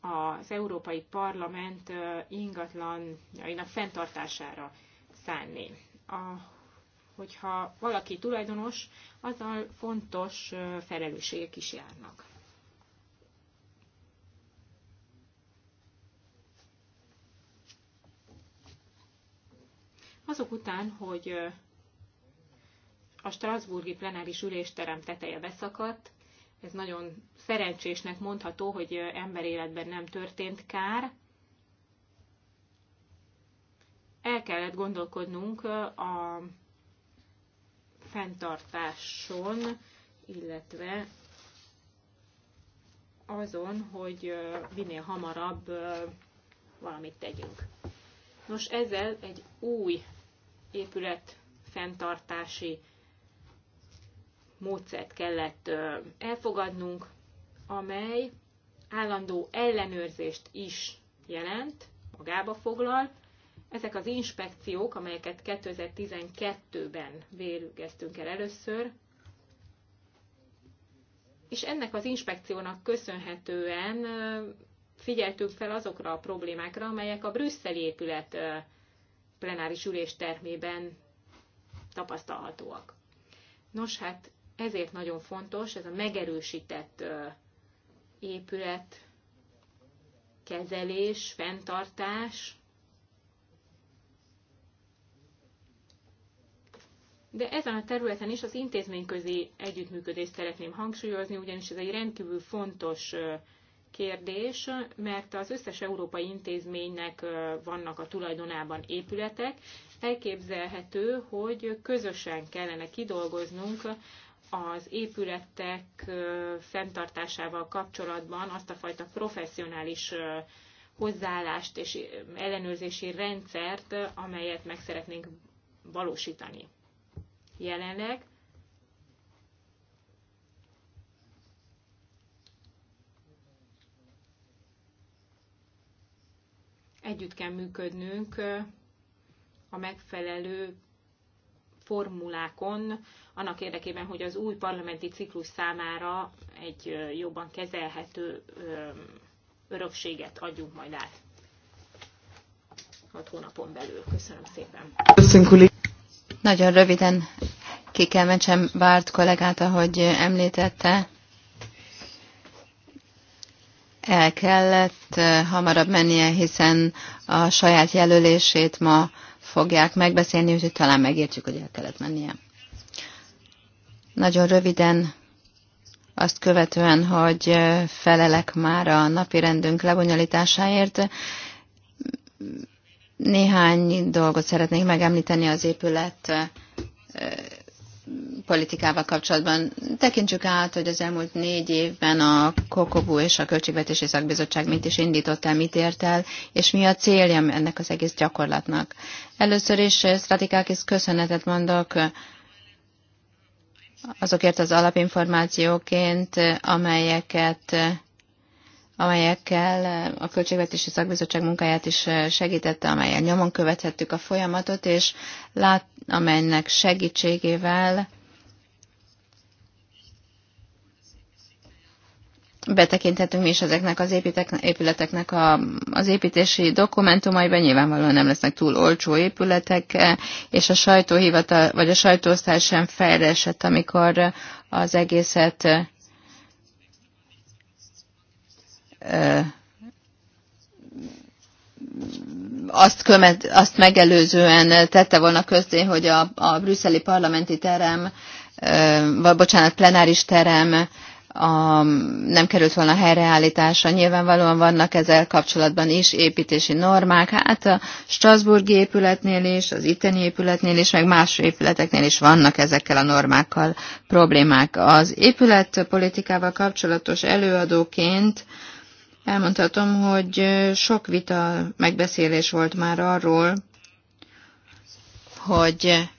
az Európai Parlament ingatlanjainak fenntartására szánni. A, hogyha valaki tulajdonos, azzal fontos felelősségek is járnak. azok után, hogy a Strasburgi plenáris ülésterem teteje beszakadt, ez nagyon szerencsésnek mondható, hogy emberéletben nem történt kár. El kellett gondolkodnunk a fenntartáson, illetve azon, hogy minél hamarabb valamit tegyünk. Nos, ezzel egy új épület fenntartási módszert kellett elfogadnunk, amely állandó ellenőrzést is jelent, magába foglal. Ezek az inspekciók, amelyeket 2012-ben végeztünk el először, és ennek az inspekciónak köszönhetően figyeltünk fel azokra a problémákra, amelyek a brüsszeli épület plenáris termében tapasztalhatóak. Nos, hát ezért nagyon fontos ez a megerősített épület kezelés, fenntartás, De ezen a területen is az intézményközi együttműködést szeretném hangsúlyozni, ugyanis ez egy rendkívül fontos kérdés, mert az összes európai intézménynek vannak a tulajdonában épületek. Elképzelhető, hogy közösen kellene kidolgoznunk az épületek fenntartásával kapcsolatban azt a fajta professzionális hozzáállást és ellenőrzési rendszert, amelyet meg szeretnénk valósítani. Jelenleg Együtt kell működnünk a megfelelő formulákon, annak érdekében, hogy az új parlamenti ciklus számára egy jobban kezelhető örökséget adjunk majd át. Hat hónapon belül. Köszönöm szépen. Nagyon röviden ki kell mentsem Bárt kollégát, ahogy említette el kellett hamarabb mennie, hiszen a saját jelölését ma fogják megbeszélni, úgyhogy talán megértjük, hogy el kellett mennie. Nagyon röviden azt követően, hogy felelek már a napi rendünk lebonyolításáért, néhány dolgot szeretnék megemlíteni az épület politikával kapcsolatban. Tekintsük át, hogy az elmúlt négy évben a Kokobu és a Költségvetési Szakbizottság mit is indított el, mit ért el, és mi a célja ennek az egész gyakorlatnak. Először is eh, Stratikákis köszönetet mondok eh, azokért az alapinformációként, eh, amelyeket amelyekkel eh, a Költségvetési Szakbizottság munkáját is eh, segítette, amelyen nyomon követhettük a folyamatot, és lát, amelynek segítségével betekinthetünk mi is ezeknek az építek, épületeknek a, az építési dokumentumaiban, nyilvánvalóan nem lesznek túl olcsó épületek, eh, és a sajtóhivatal, vagy a sajtóosztály sem fejlesett, amikor az egészet azt, követ, azt megelőzően tette volna közzé, hogy a, a brüsszeli parlamenti terem, vagy bocsánat, plenáris terem a, nem került volna helyreállítása. Nyilvánvalóan vannak ezzel kapcsolatban is építési normák, hát a Strasburgi épületnél is, az itteni épületnél is, meg más épületeknél is vannak ezekkel a normákkal problémák. Az épületpolitikával kapcsolatos előadóként Elmondhatom, hogy sok vita, megbeszélés volt már arról, hogy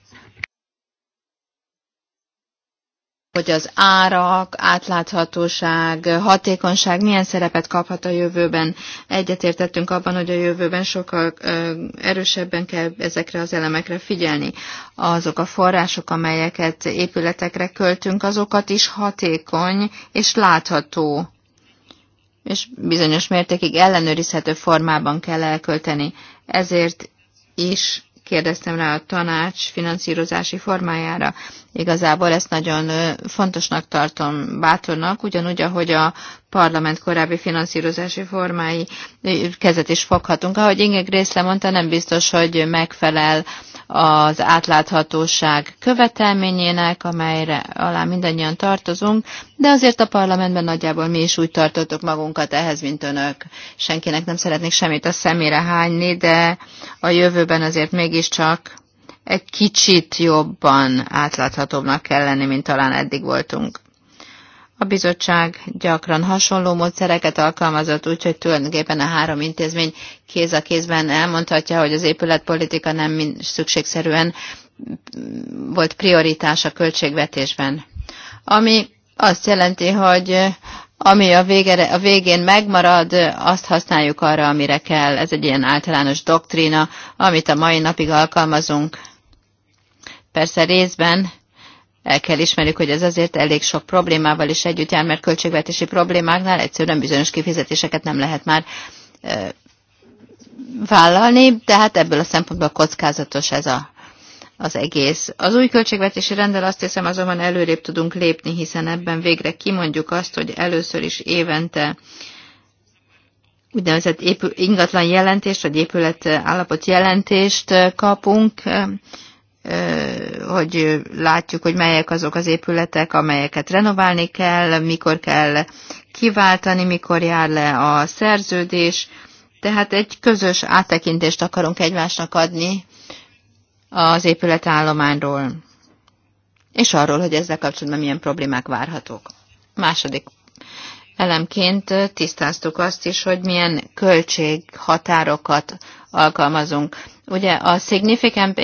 hogy az árak, átláthatóság, hatékonyság milyen szerepet kaphat a jövőben. Egyetértettünk abban, hogy a jövőben sokkal erősebben kell ezekre az elemekre figyelni. Azok a források, amelyeket épületekre költünk, azokat is hatékony és látható és bizonyos mértékig ellenőrizhető formában kell elkölteni. Ezért is kérdeztem rá a tanács finanszírozási formájára. Igazából ezt nagyon fontosnak tartom bátornak, ugyanúgy, ahogy a parlament korábbi finanszírozási formái kezet is foghatunk. Ahogy Inge Grészle mondta, nem biztos, hogy megfelel az átláthatóság követelményének, amelyre alá mindannyian tartozunk, de azért a parlamentben nagyjából mi is úgy tartottuk magunkat ehhez, mint önök. Senkinek nem szeretnék semmit a szemére hányni, de a jövőben azért mégiscsak egy kicsit jobban átláthatóbbnak kell lenni, mint talán eddig voltunk. A bizottság gyakran hasonló módszereket alkalmazott, úgyhogy tulajdonképpen a három intézmény kéz a kézben elmondhatja, hogy az épületpolitika nem szükségszerűen volt prioritás a költségvetésben. Ami azt jelenti, hogy ami a, végere, a végén megmarad, azt használjuk arra, amire kell. Ez egy ilyen általános doktrína, amit a mai napig alkalmazunk. Persze részben el kell ismerjük, hogy ez azért elég sok problémával is együtt jár, mert költségvetési problémáknál egyszerűen bizonyos kifizetéseket nem lehet már vállalni, tehát ebből a szempontból kockázatos ez a, az egész. Az új költségvetési rendel azt hiszem azonban előrébb tudunk lépni, hiszen ebben végre kimondjuk azt, hogy először is évente úgynevezett épül, ingatlan jelentést, vagy épület állapot jelentést kapunk, hogy látjuk, hogy melyek azok az épületek, amelyeket renoválni kell, mikor kell kiváltani, mikor jár le a szerződés. Tehát egy közös áttekintést akarunk egymásnak adni az épületállományról, és arról, hogy ezzel kapcsolatban milyen problémák várhatók. Második elemként tisztáztuk azt is, hogy milyen költséghatárokat alkalmazunk. Ugye a significant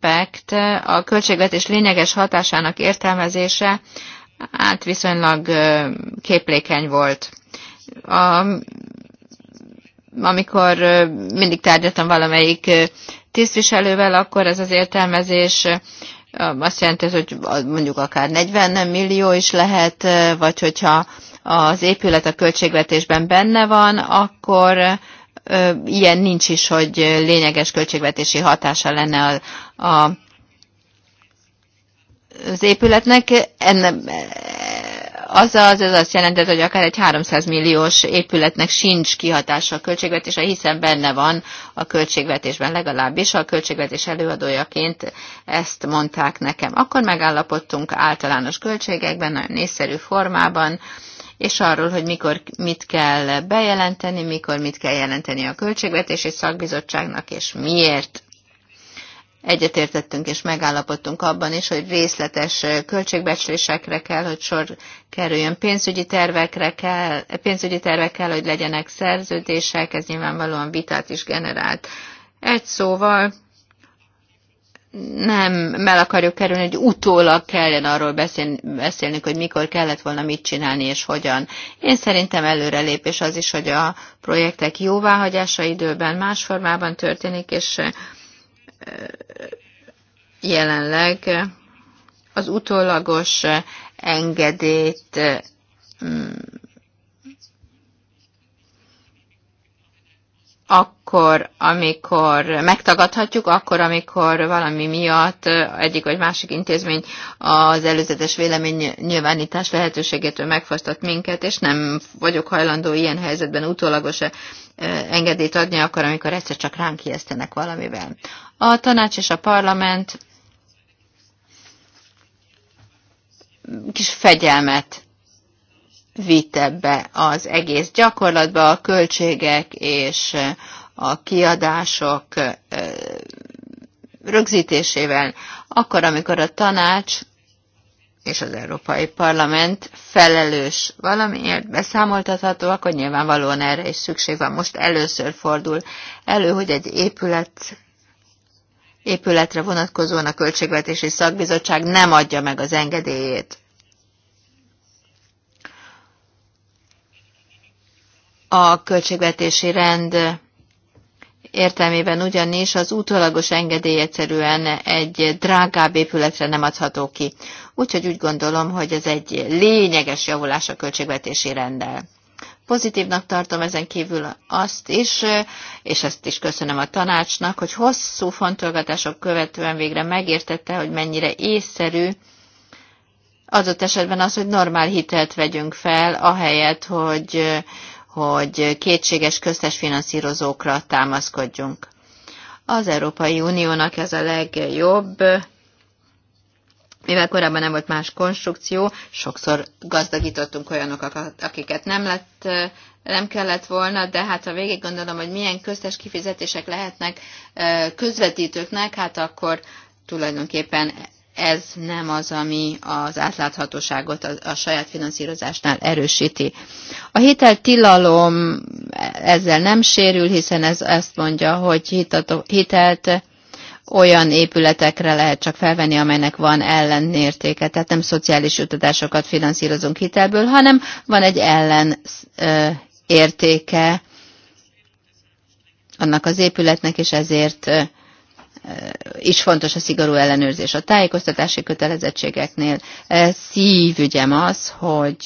impact, a költségvetés lényeges hatásának értelmezése hát viszonylag képlékeny volt. A, amikor mindig tárgyaltam valamelyik tisztviselővel, akkor ez az értelmezés azt jelenti, hogy mondjuk akár 40 millió is lehet, vagy hogyha az épület a költségvetésben benne van, akkor ilyen nincs is, hogy lényeges költségvetési hatása lenne a az épületnek, enne, az, az, az azt jelenti, hogy akár egy 300 milliós épületnek sincs kihatása a költségvetésre, hiszen benne van a költségvetésben legalábbis, a költségvetés előadójaként ezt mondták nekem. Akkor megállapodtunk általános költségekben, nagyon észszerű formában, és arról, hogy mikor mit kell bejelenteni, mikor mit kell jelenteni a költségvetési szakbizottságnak, és miért egyetértettünk és megállapodtunk abban is, hogy részletes költségbecslésekre kell, hogy sor kerüljön, pénzügyi tervekre kell, pénzügyi tervek kell, hogy legyenek szerződések, ez nyilvánvalóan vitát is generált. Egy szóval nem mel akarjuk kerülni, hogy utólag kelljen arról beszélni, beszélnünk, hogy mikor kellett volna mit csinálni és hogyan. Én szerintem előrelépés az is, hogy a projektek jóváhagyása időben más formában történik, és jelenleg az utólagos engedélyt mm, akkor, amikor megtagadhatjuk, akkor, amikor valami miatt egyik vagy másik intézmény az előzetes vélemény nyilvánítás lehetőségétől megfosztott minket, és nem vagyok hajlandó ilyen helyzetben utólagos eh, engedélyt adni akkor, amikor egyszer csak ránk ijesztenek valamivel. A tanács és a parlament kis fegyelmet vitte be az egész gyakorlatba a költségek és a kiadások rögzítésével, akkor, amikor a tanács és az Európai Parlament felelős valamiért beszámoltatható, akkor nyilvánvalóan erre is szükség van. Most először fordul elő, hogy egy épület épületre vonatkozóan a Költségvetési Szakbizottság nem adja meg az engedélyét. a költségvetési rend értelmében ugyanis az útólagos engedély egyszerűen egy drágább épületre nem adható ki. Úgyhogy úgy gondolom, hogy ez egy lényeges javulás a költségvetési rendel. Pozitívnak tartom ezen kívül azt is, és ezt is köszönöm a tanácsnak, hogy hosszú fontolgatások követően végre megértette, hogy mennyire észszerű adott esetben az, hogy normál hitelt vegyünk fel, ahelyett, hogy hogy kétséges köztes finanszírozókra támaszkodjunk. Az Európai Uniónak ez a legjobb, mivel korábban nem volt más konstrukció, sokszor gazdagítottunk olyanokat, akiket nem lett nem kellett volna, de hát ha végig gondolom, hogy milyen köztes kifizetések lehetnek eh, közvetítőknek, hát akkor tulajdonképpen ez nem az, ami az átláthatóságot a, a saját finanszírozásnál erősíti. A hiteltilalom tilalom ezzel nem sérül, hiszen ez azt mondja, hogy hitató, hitelt olyan épületekre lehet csak felvenni, amelynek van ellenértéke, tehát nem szociális jutatásokat finanszírozunk hitelből, hanem van egy ellenértéke annak az épületnek, és ezért is fontos a szigorú ellenőrzés. A tájékoztatási kötelezettségeknél e, szívügyem az, hogy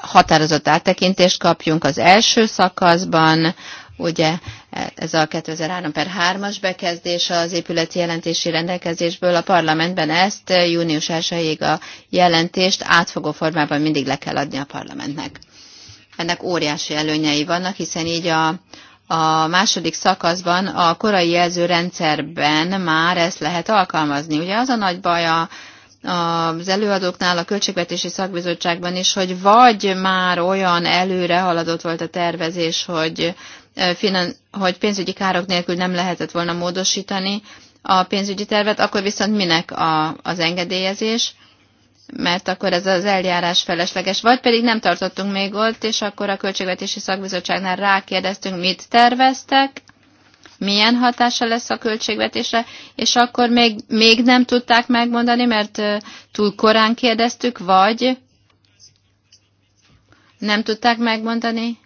határozott áttekintést kapjunk az első szakaszban, ugye e, ez a 2003 per 3-as bekezdés az épületi jelentési rendelkezésből a parlamentben ezt e, június 1-ig a jelentést átfogó formában mindig le kell adni a parlamentnek. Ennek óriási előnyei vannak, hiszen így a, a második szakaszban a korai jelző rendszerben már ezt lehet alkalmazni. Ugye az a nagy baj a, az előadóknál, a Költségvetési Szakbizottságban is, hogy vagy már olyan előre haladott volt a tervezés, hogy, finan, hogy pénzügyi károk nélkül nem lehetett volna módosítani a pénzügyi tervet, akkor viszont minek a, az engedélyezés, mert akkor ez az eljárás felesleges, vagy pedig nem tartottunk még ott, és akkor a Költségvetési Szakbizottságnál rákérdeztünk, mit terveztek, milyen hatása lesz a költségvetésre, és akkor még, még nem tudták megmondani, mert túl korán kérdeztük, vagy nem tudták megmondani,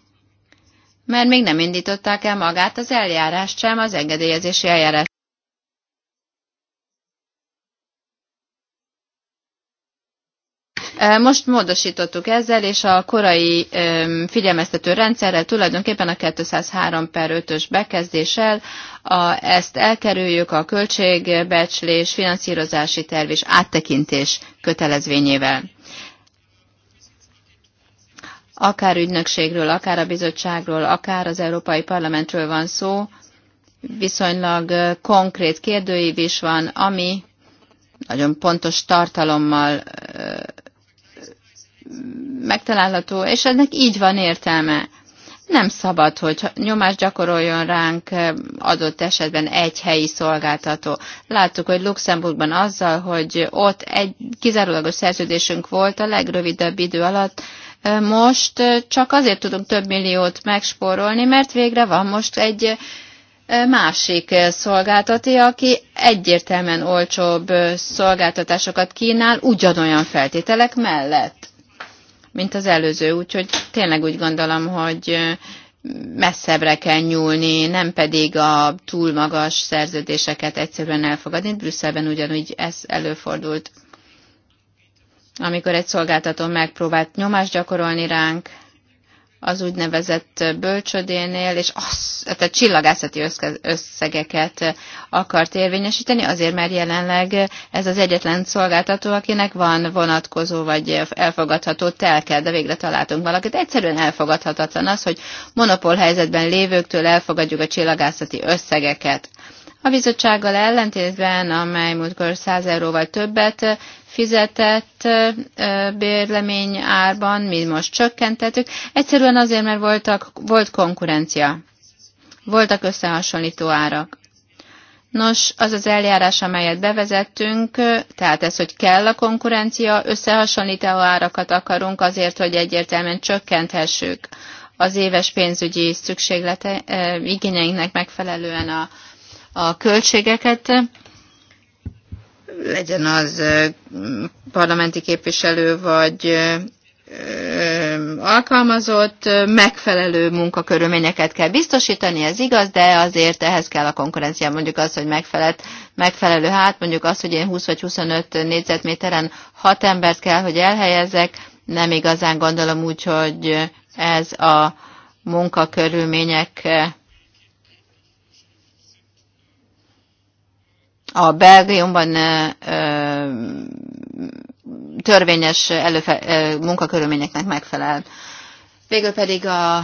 mert még nem indították el magát az eljárást sem, az engedélyezési eljárást. Most módosítottuk ezzel, és a korai figyelmeztető rendszerrel tulajdonképpen a 203 per 5-ös bekezdéssel a, ezt elkerüljük a költségbecslés, finanszírozási terv és áttekintés kötelezvényével akár ügynökségről, akár a bizottságról, akár az Európai Parlamentről van szó, viszonylag konkrét kérdőív is van, ami nagyon pontos tartalommal megtalálható, és ennek így van értelme. Nem szabad, hogy nyomást gyakoroljon ránk eh, adott esetben egy helyi szolgáltató. Láttuk, hogy Luxemburgban azzal, hogy ott egy kizárólagos szerződésünk volt a legrövidebb idő alatt, eh, most eh, csak azért tudunk több milliót megspórolni, mert végre van most egy másik szolgáltató, aki egyértelműen olcsóbb szolgáltatásokat kínál ugyanolyan feltételek mellett mint az előző. Úgyhogy tényleg úgy gondolom, hogy messzebbre kell nyúlni, nem pedig a túl magas szerződéseket egyszerűen elfogadni. Brüsszelben ugyanúgy ez előfordult. Amikor egy szolgáltató megpróbált nyomást gyakorolni ránk, az úgynevezett bölcsödénél, és az, tehát csillagászati összegeket akart érvényesíteni, azért mert jelenleg ez az egyetlen szolgáltató, akinek van vonatkozó vagy elfogadható telke, de végre találtunk valakit. Egyszerűen elfogadhatatlan az, hogy monopól helyzetben lévőktől elfogadjuk a csillagászati összegeket. A bizottsággal ellentétben, amely múltkor 100 euróval többet fizetett bérlemény árban, mi most csökkentettük. Egyszerűen azért, mert voltak, volt konkurencia. Voltak összehasonlító árak. Nos, az az eljárás, amelyet bevezettünk, tehát ez, hogy kell a konkurencia, összehasonlító árakat akarunk azért, hogy egyértelműen csökkenthessük az éves pénzügyi szükséglete, igényeinknek megfelelően a, a költségeket legyen az parlamenti képviselő vagy alkalmazott, megfelelő munkakörülményeket kell biztosítani, ez igaz, de azért ehhez kell a konkurencia, mondjuk az, hogy megfelelt, megfelelő hát, mondjuk az, hogy én 20 vagy 25 négyzetméteren 6 embert kell, hogy elhelyezzek, nem igazán gondolom úgy, hogy ez a munkakörülmények a Belgiumban törvényes előfe- munkakörülményeknek megfelel. Végül pedig a,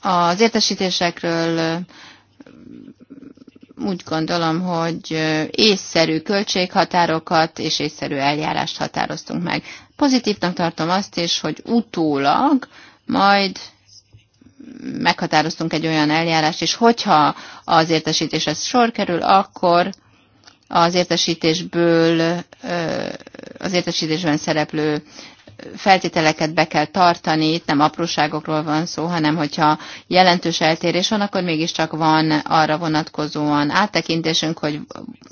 az értesítésekről úgy gondolom, hogy észszerű költséghatárokat és észszerű eljárást határoztunk meg. Pozitívnak tartom azt is, hogy utólag majd meghatároztunk egy olyan eljárást, és hogyha az értesítéshez sor kerül, akkor az értesítésből, az értesítésben szereplő feltételeket be kell tartani, itt nem apróságokról van szó, hanem hogyha jelentős eltérés van, akkor mégiscsak van arra vonatkozóan áttekintésünk, hogy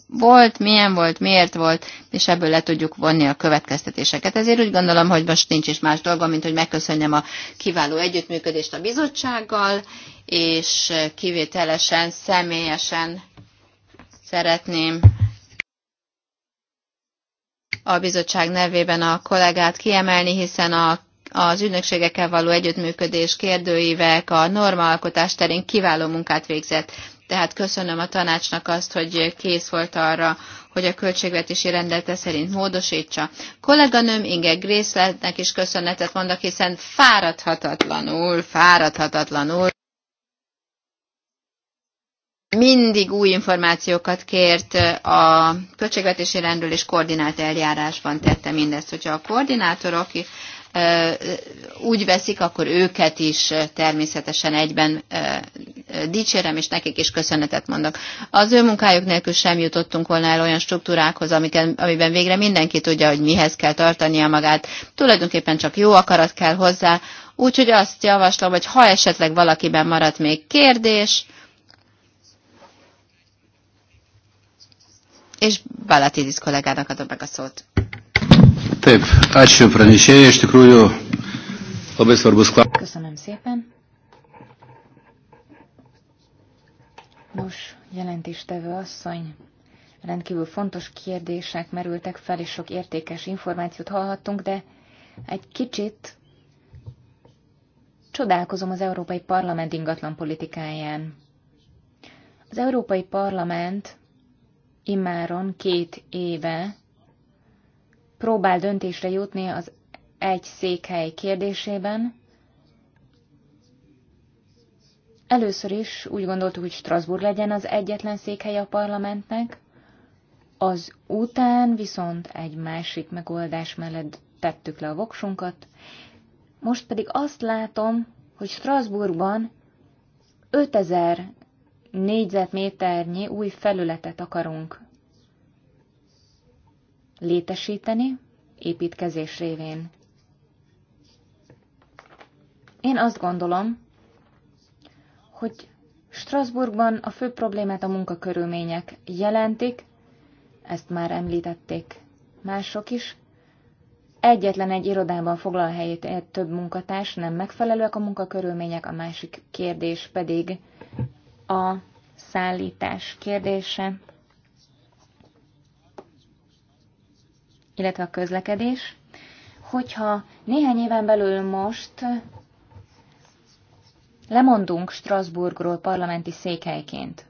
volt, milyen volt, miért volt, és ebből le tudjuk vonni a következtetéseket. Ezért úgy gondolom, hogy most nincs is más dolga, mint hogy megköszönjem a kiváló együttműködést a bizottsággal, és kivételesen, személyesen szeretném a bizottság nevében a kollégát kiemelni, hiszen a az ügynökségekkel való együttműködés kérdőívek, a normaalkotás terén kiváló munkát végzett. Tehát köszönöm a tanácsnak azt, hogy kész volt arra, hogy a költségvetési rendelete szerint módosítsa. Kolléganőm Inge Grészletnek is köszönetet mondok, hiszen fáradhatatlanul, fáradhatatlanul mindig új információkat kért a költségvetési rendről, és koordinált eljárásban tette mindezt. Hogyha a koordinátorok úgy veszik, akkor őket is természetesen egyben dicsérem, és nekik is köszönetet mondok. Az ő munkájuk nélkül sem jutottunk volna el olyan struktúrákhoz, amiken, amiben végre mindenki tudja, hogy mihez kell tartania magát. Tulajdonképpen csak jó akarat kell hozzá, úgyhogy azt javaslom, hogy ha esetleg valakiben maradt még kérdés, és Balatidis kollégának adom meg a szót. Taip, ačiū pranešėjai, iš tikrųjų labai svarbus Köszönöm szépen. Nos, jelentéstevő asszony, rendkívül fontos kérdések merültek fel, és sok értékes információt hallhattunk, de egy kicsit csodálkozom az Európai Parlament ingatlan politikáján. Az Európai Parlament immáron két éve próbál döntésre jutni az egy székhely kérdésében. Először is úgy gondoltuk, hogy Strasbourg legyen az egyetlen székhely a parlamentnek, az után viszont egy másik megoldás mellett tettük le a voksunkat, most pedig azt látom, hogy Strasbourgban 5000 négyzetméternyi új felületet akarunk létesíteni építkezés révén. Én azt gondolom, hogy Strasbourgban a fő problémát a munkakörülmények jelentik, ezt már említették mások is. Egyetlen egy irodában foglal helyét e- több munkatárs, nem megfelelőek a munkakörülmények, a másik kérdés pedig a szállítás kérdése, illetve a közlekedés. Hogyha néhány éven belül most lemondunk Strasbourgról parlamenti székhelyként,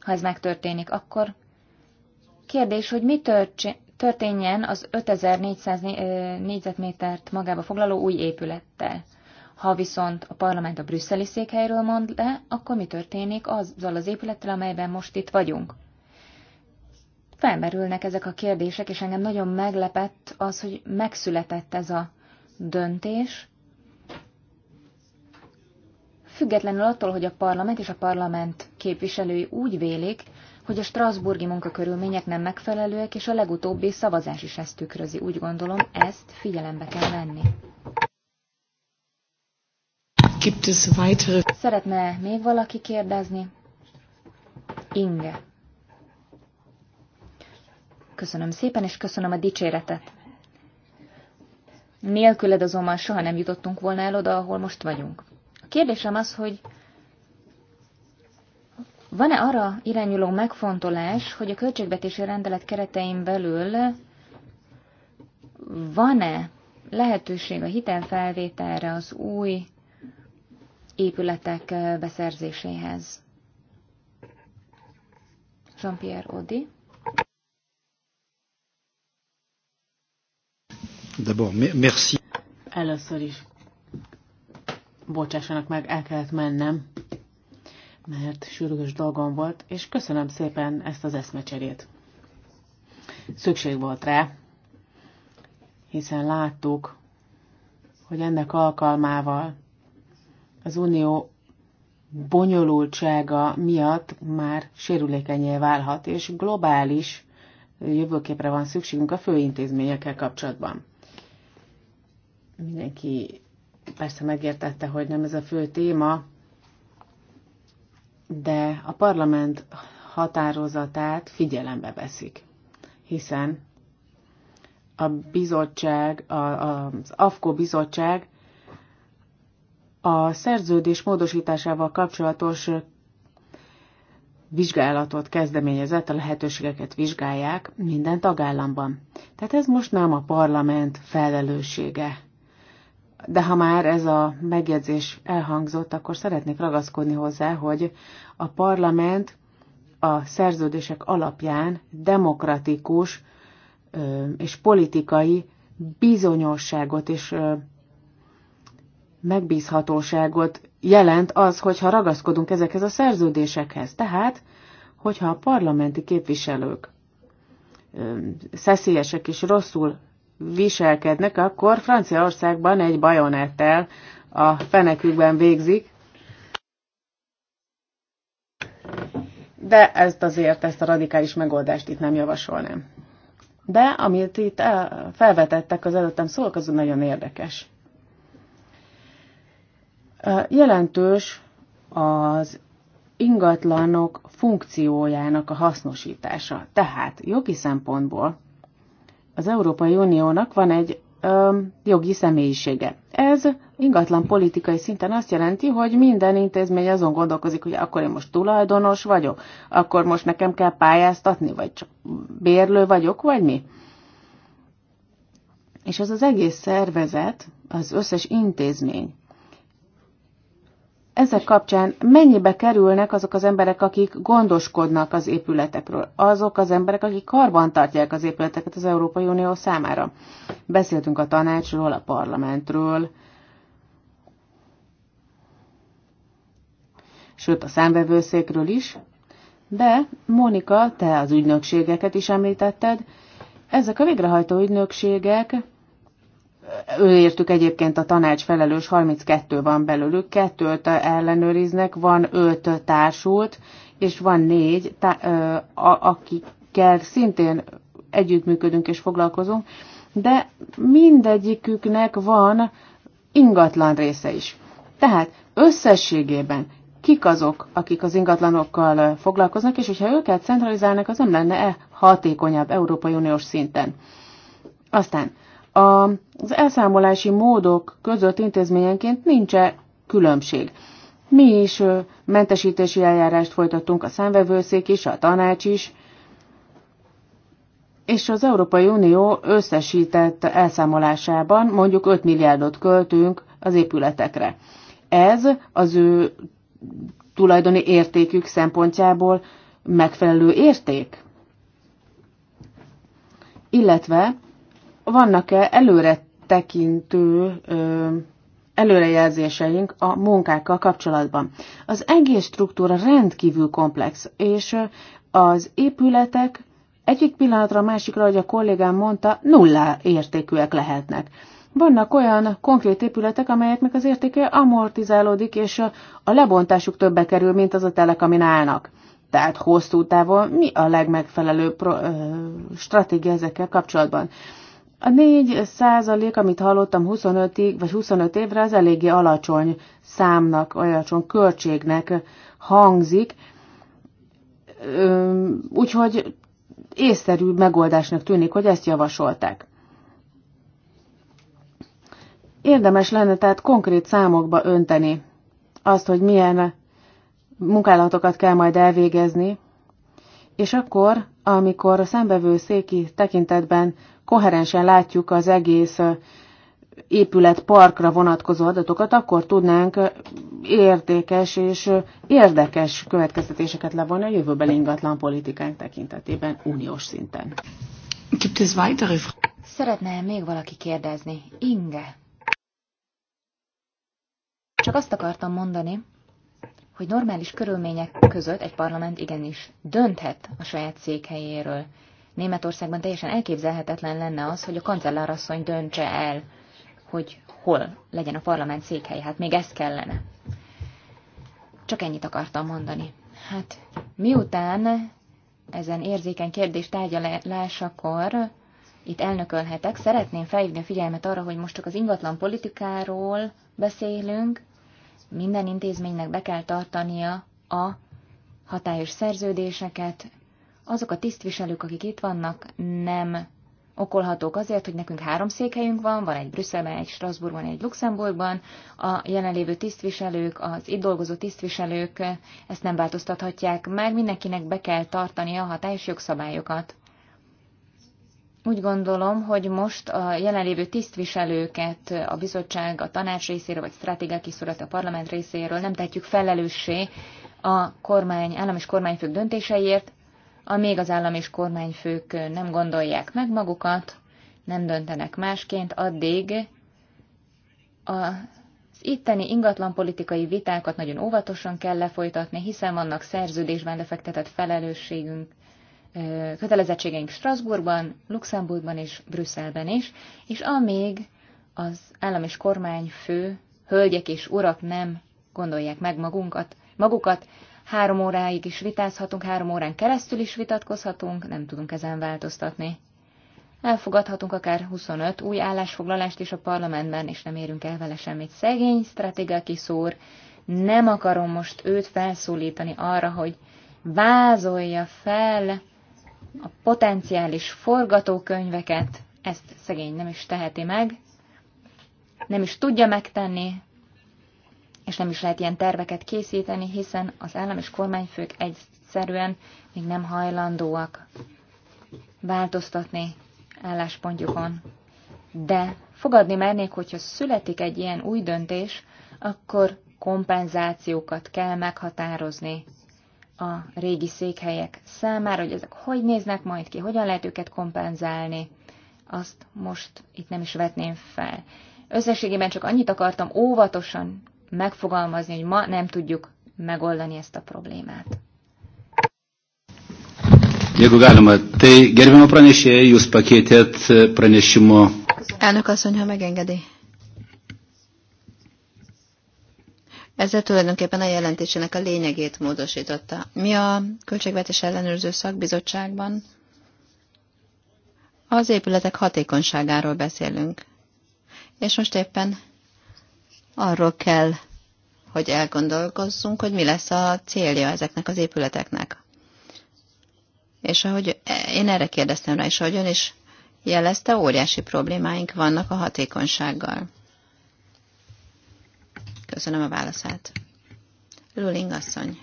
ha ez megtörténik, akkor kérdés, hogy mi történjen az 5400 négyzetmétert magába foglaló új épülettel. Ha viszont a parlament a brüsszeli székhelyről mond le, akkor mi történik azzal az épülettel, amelyben most itt vagyunk? Felmerülnek ezek a kérdések, és engem nagyon meglepett az, hogy megszületett ez a döntés, függetlenül attól, hogy a parlament és a parlament képviselői úgy vélik, hogy a Strasburgi munkakörülmények nem megfelelőek, és a legutóbbi szavazás is ezt tükrözi. Úgy gondolom, ezt figyelembe kell venni. Gibt es weitere? Szeretne még valaki kérdezni? Inge. Köszönöm szépen, és köszönöm a dicséretet. Nélküled azonban soha nem jutottunk volna el oda, ahol most vagyunk. A kérdésem az, hogy van-e arra irányuló megfontolás, hogy a költségvetési rendelet keretein belül van-e lehetőség a hitelfelvételre az új épületek beszerzéséhez. Jean-Pierre Audi. D'abord, merci. Először is bocsássanak meg, el kellett mennem, mert sürgős dolgom volt, és köszönöm szépen ezt az eszmecserét. Szükség volt rá, hiszen láttuk, hogy ennek alkalmával az unió bonyolultsága miatt már sérülékenyé válhat, és globális jövőképre van szükségünk a főintézményekkel kapcsolatban. Mindenki persze megértette, hogy nem ez a fő téma, de a parlament határozatát figyelembe veszik, hiszen a bizottság, az AFKO bizottság a szerződés módosításával kapcsolatos vizsgálatot kezdeményezett, a lehetőségeket vizsgálják minden tagállamban. Tehát ez most nem a parlament felelőssége. De ha már ez a megjegyzés elhangzott, akkor szeretnék ragaszkodni hozzá, hogy a parlament a szerződések alapján demokratikus és politikai bizonyosságot és megbízhatóságot jelent az, hogyha ragaszkodunk ezekhez a szerződésekhez. Tehát, hogyha a parlamenti képviselők szeszélyesek és rosszul viselkednek, akkor Franciaországban egy bajonettel a fenekükben végzik. De ezt azért, ezt a radikális megoldást itt nem javasolnám. De amit itt felvetettek az előttem szólók, az nagyon érdekes. Jelentős az ingatlanok funkciójának a hasznosítása. Tehát jogi szempontból az Európai Uniónak van egy ö, jogi személyisége. Ez ingatlan politikai szinten azt jelenti, hogy minden intézmény azon gondolkozik, hogy akkor én most tulajdonos vagyok, akkor most nekem kell pályáztatni, vagy csak bérlő vagyok, vagy mi. És az az egész szervezet, az összes intézmény, ezek kapcsán mennyibe kerülnek azok az emberek, akik gondoskodnak az épületekről, azok az emberek, akik karban tartják az épületeket az Európai Unió számára. Beszéltünk a tanácsról, a parlamentről, sőt a számvevőszékről is, de Mónika, te az ügynökségeket is említetted, ezek a végrehajtó ügynökségek Őértük egyébként a tanács felelős 32 van belőlük, kettőt ellenőriznek, van öt társult, és van négy, tá- a- akikkel szintén együttműködünk és foglalkozunk, de mindegyiküknek van ingatlan része is. Tehát összességében kik azok, akik az ingatlanokkal foglalkoznak, és hogyha őket centralizálnak, az nem lenne -e hatékonyabb Európai Uniós szinten. Aztán az elszámolási módok között intézményenként nincs -e különbség. Mi is mentesítési eljárást folytattunk, a számvevőszék is, a tanács is, és az Európai Unió összesített elszámolásában mondjuk 5 milliárdot költünk az épületekre. Ez az ő tulajdoni értékük szempontjából megfelelő érték? Illetve vannak-e előre tekintő ö, előrejelzéseink a munkákkal kapcsolatban. Az egész struktúra rendkívül komplex, és az épületek egyik pillanatra a másikra, ahogy a kollégám mondta, nullá értékűek lehetnek. Vannak olyan konkrét épületek, amelyeknek az értéke amortizálódik, és a lebontásuk többe kerül, mint az a telek, amin állnak. Tehát hosszú távon mi a legmegfelelőbb stratégia ezekkel kapcsolatban? A 4 százalék, amit hallottam 25-ig, vagy 25 évre, az eléggé alacsony számnak, alacsony költségnek hangzik, úgyhogy észszerű megoldásnak tűnik, hogy ezt javasolták. Érdemes lenne tehát konkrét számokba önteni azt, hogy milyen munkálatokat kell majd elvégezni, és akkor, amikor a szembevő széki tekintetben koherensen látjuk az egész épület parkra vonatkozó adatokat, akkor tudnánk értékes és érdekes következtetéseket levonni a jövőbeli ingatlan politikánk tekintetében uniós szinten. Gibt es weitere Szeretne -e még valaki kérdezni? Inge. Csak azt akartam mondani, hogy normális körülmények között egy parlament igenis dönthet a saját székhelyéről. Németországban teljesen elképzelhetetlen lenne az, hogy a kancellárasszony döntse el, hogy hol legyen a parlament székhely. Hát még ez kellene. Csak ennyit akartam mondani. Hát miután ezen érzékeny kérdés tárgyalásakor itt elnökölhetek, szeretném felhívni a figyelmet arra, hogy most csak az ingatlan politikáról beszélünk, minden intézménynek be kell tartania a hatályos szerződéseket, azok a tisztviselők, akik itt vannak, nem okolhatók azért, hogy nekünk három székhelyünk van, van egy Brüsszelben, egy Strasbourgban, egy Luxemburgban. A jelenlévő tisztviselők, az itt dolgozó tisztviselők ezt nem változtathatják meg, mindenkinek be kell tartani a hatályos jogszabályokat. Úgy gondolom, hogy most a jelenlévő tisztviselőket a bizottság, a tanács részéről, vagy stratégiák kiszorult a parlament részéről nem tehetjük felelőssé a kormány, állam és kormányfők döntéseiért, amíg az állam és kormányfők nem gondolják meg magukat, nem döntenek másként, addig az itteni ingatlanpolitikai vitákat nagyon óvatosan kell lefolytatni, hiszen vannak szerződésben lefektetett felelősségünk, kötelezettségeink Strasbourgban, Luxemburgban és Brüsszelben is, és amíg az állam és kormányfő, hölgyek és urak nem gondolják meg magunkat, magukat, három óráig is vitázhatunk, három órán keresztül is vitatkozhatunk, nem tudunk ezen változtatni. Elfogadhatunk akár 25 új állásfoglalást is a parlamentben, és nem érünk el vele semmit. Szegény stratégiaki kiszúr, nem akarom most őt felszólítani arra, hogy vázolja fel a potenciális forgatókönyveket, ezt szegény nem is teheti meg, nem is tudja megtenni, és nem is lehet ilyen terveket készíteni, hiszen az állam és kormányfők egyszerűen még nem hajlandóak változtatni álláspontjukon. De fogadni mernék, hogyha születik egy ilyen új döntés, akkor kompenzációkat kell meghatározni a régi székhelyek számára, hogy ezek hogy néznek majd ki, hogyan lehet őket kompenzálni, azt most itt nem is vetném fel. Összességében csak annyit akartam óvatosan megfogalmazni, hogy ma nem tudjuk megoldani ezt a problémát. Jeigu galima, tai e, Elnök asszony, ha megengedi. Ezzel tulajdonképpen a jelentésének a lényegét módosította. Mi a Költségvetés Ellenőrző Szakbizottságban az épületek hatékonyságáról beszélünk. És most éppen arról kell, hogy elgondolkozzunk, hogy mi lesz a célja ezeknek az épületeknek. És ahogy én erre kérdeztem rá is, ahogy ön is jelezte, óriási problémáink vannak a hatékonysággal. Köszönöm a válaszát. Luling asszony.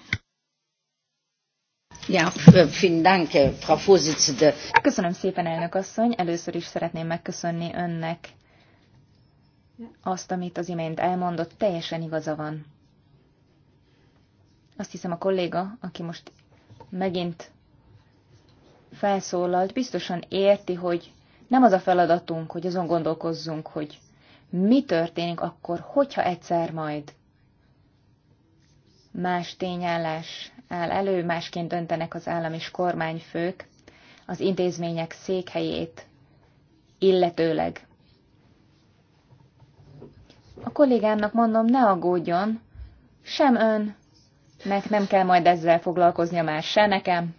Ja, vielen Dank, Frau Vorsitzende. Köszönöm szépen, elnök asszony. Először is szeretném megköszönni önnek azt, amit az imént elmondott, teljesen igaza van. Azt hiszem a kolléga, aki most megint felszólalt, biztosan érti, hogy nem az a feladatunk, hogy azon gondolkozzunk, hogy mi történik akkor, hogyha egyszer majd más tényállás áll elő, másként döntenek az állam és kormányfők az intézmények székhelyét illetőleg. A kollégámnak mondom, ne aggódjon, sem Ön, Meg nem kell majd ezzel foglalkoznia már se nekem.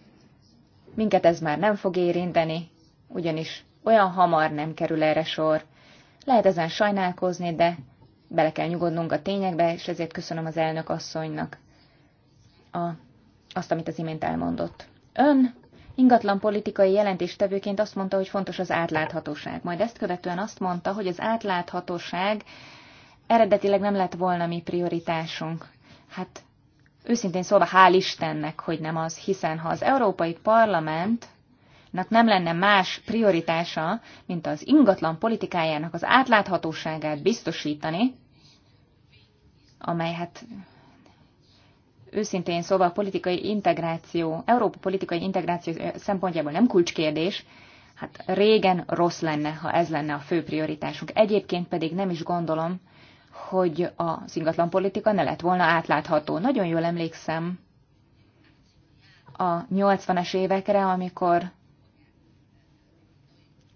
Minket ez már nem fog érinteni, ugyanis olyan hamar nem kerül erre sor. Lehet ezen sajnálkozni, de bele kell nyugodnunk a tényekbe, és ezért köszönöm az elnök asszonynak a, azt, amit az imént elmondott. Ön ingatlan politikai jelentéstevőként azt mondta, hogy fontos az átláthatóság. Majd ezt követően azt mondta, hogy az átláthatóság eredetileg nem lett volna mi prioritásunk. Hát őszintén szólva hál' Istennek, hogy nem az, hiszen ha az Európai Parlament nem lenne más prioritása, mint az ingatlan politikájának az átláthatóságát biztosítani, amely hát őszintén szóval a politikai integráció, Európa politikai integráció szempontjából nem kulcskérdés, hát régen rossz lenne, ha ez lenne a fő prioritásunk. Egyébként pedig nem is gondolom, hogy az politika ne lett volna átlátható. Nagyon jól emlékszem a 80 es évekre, amikor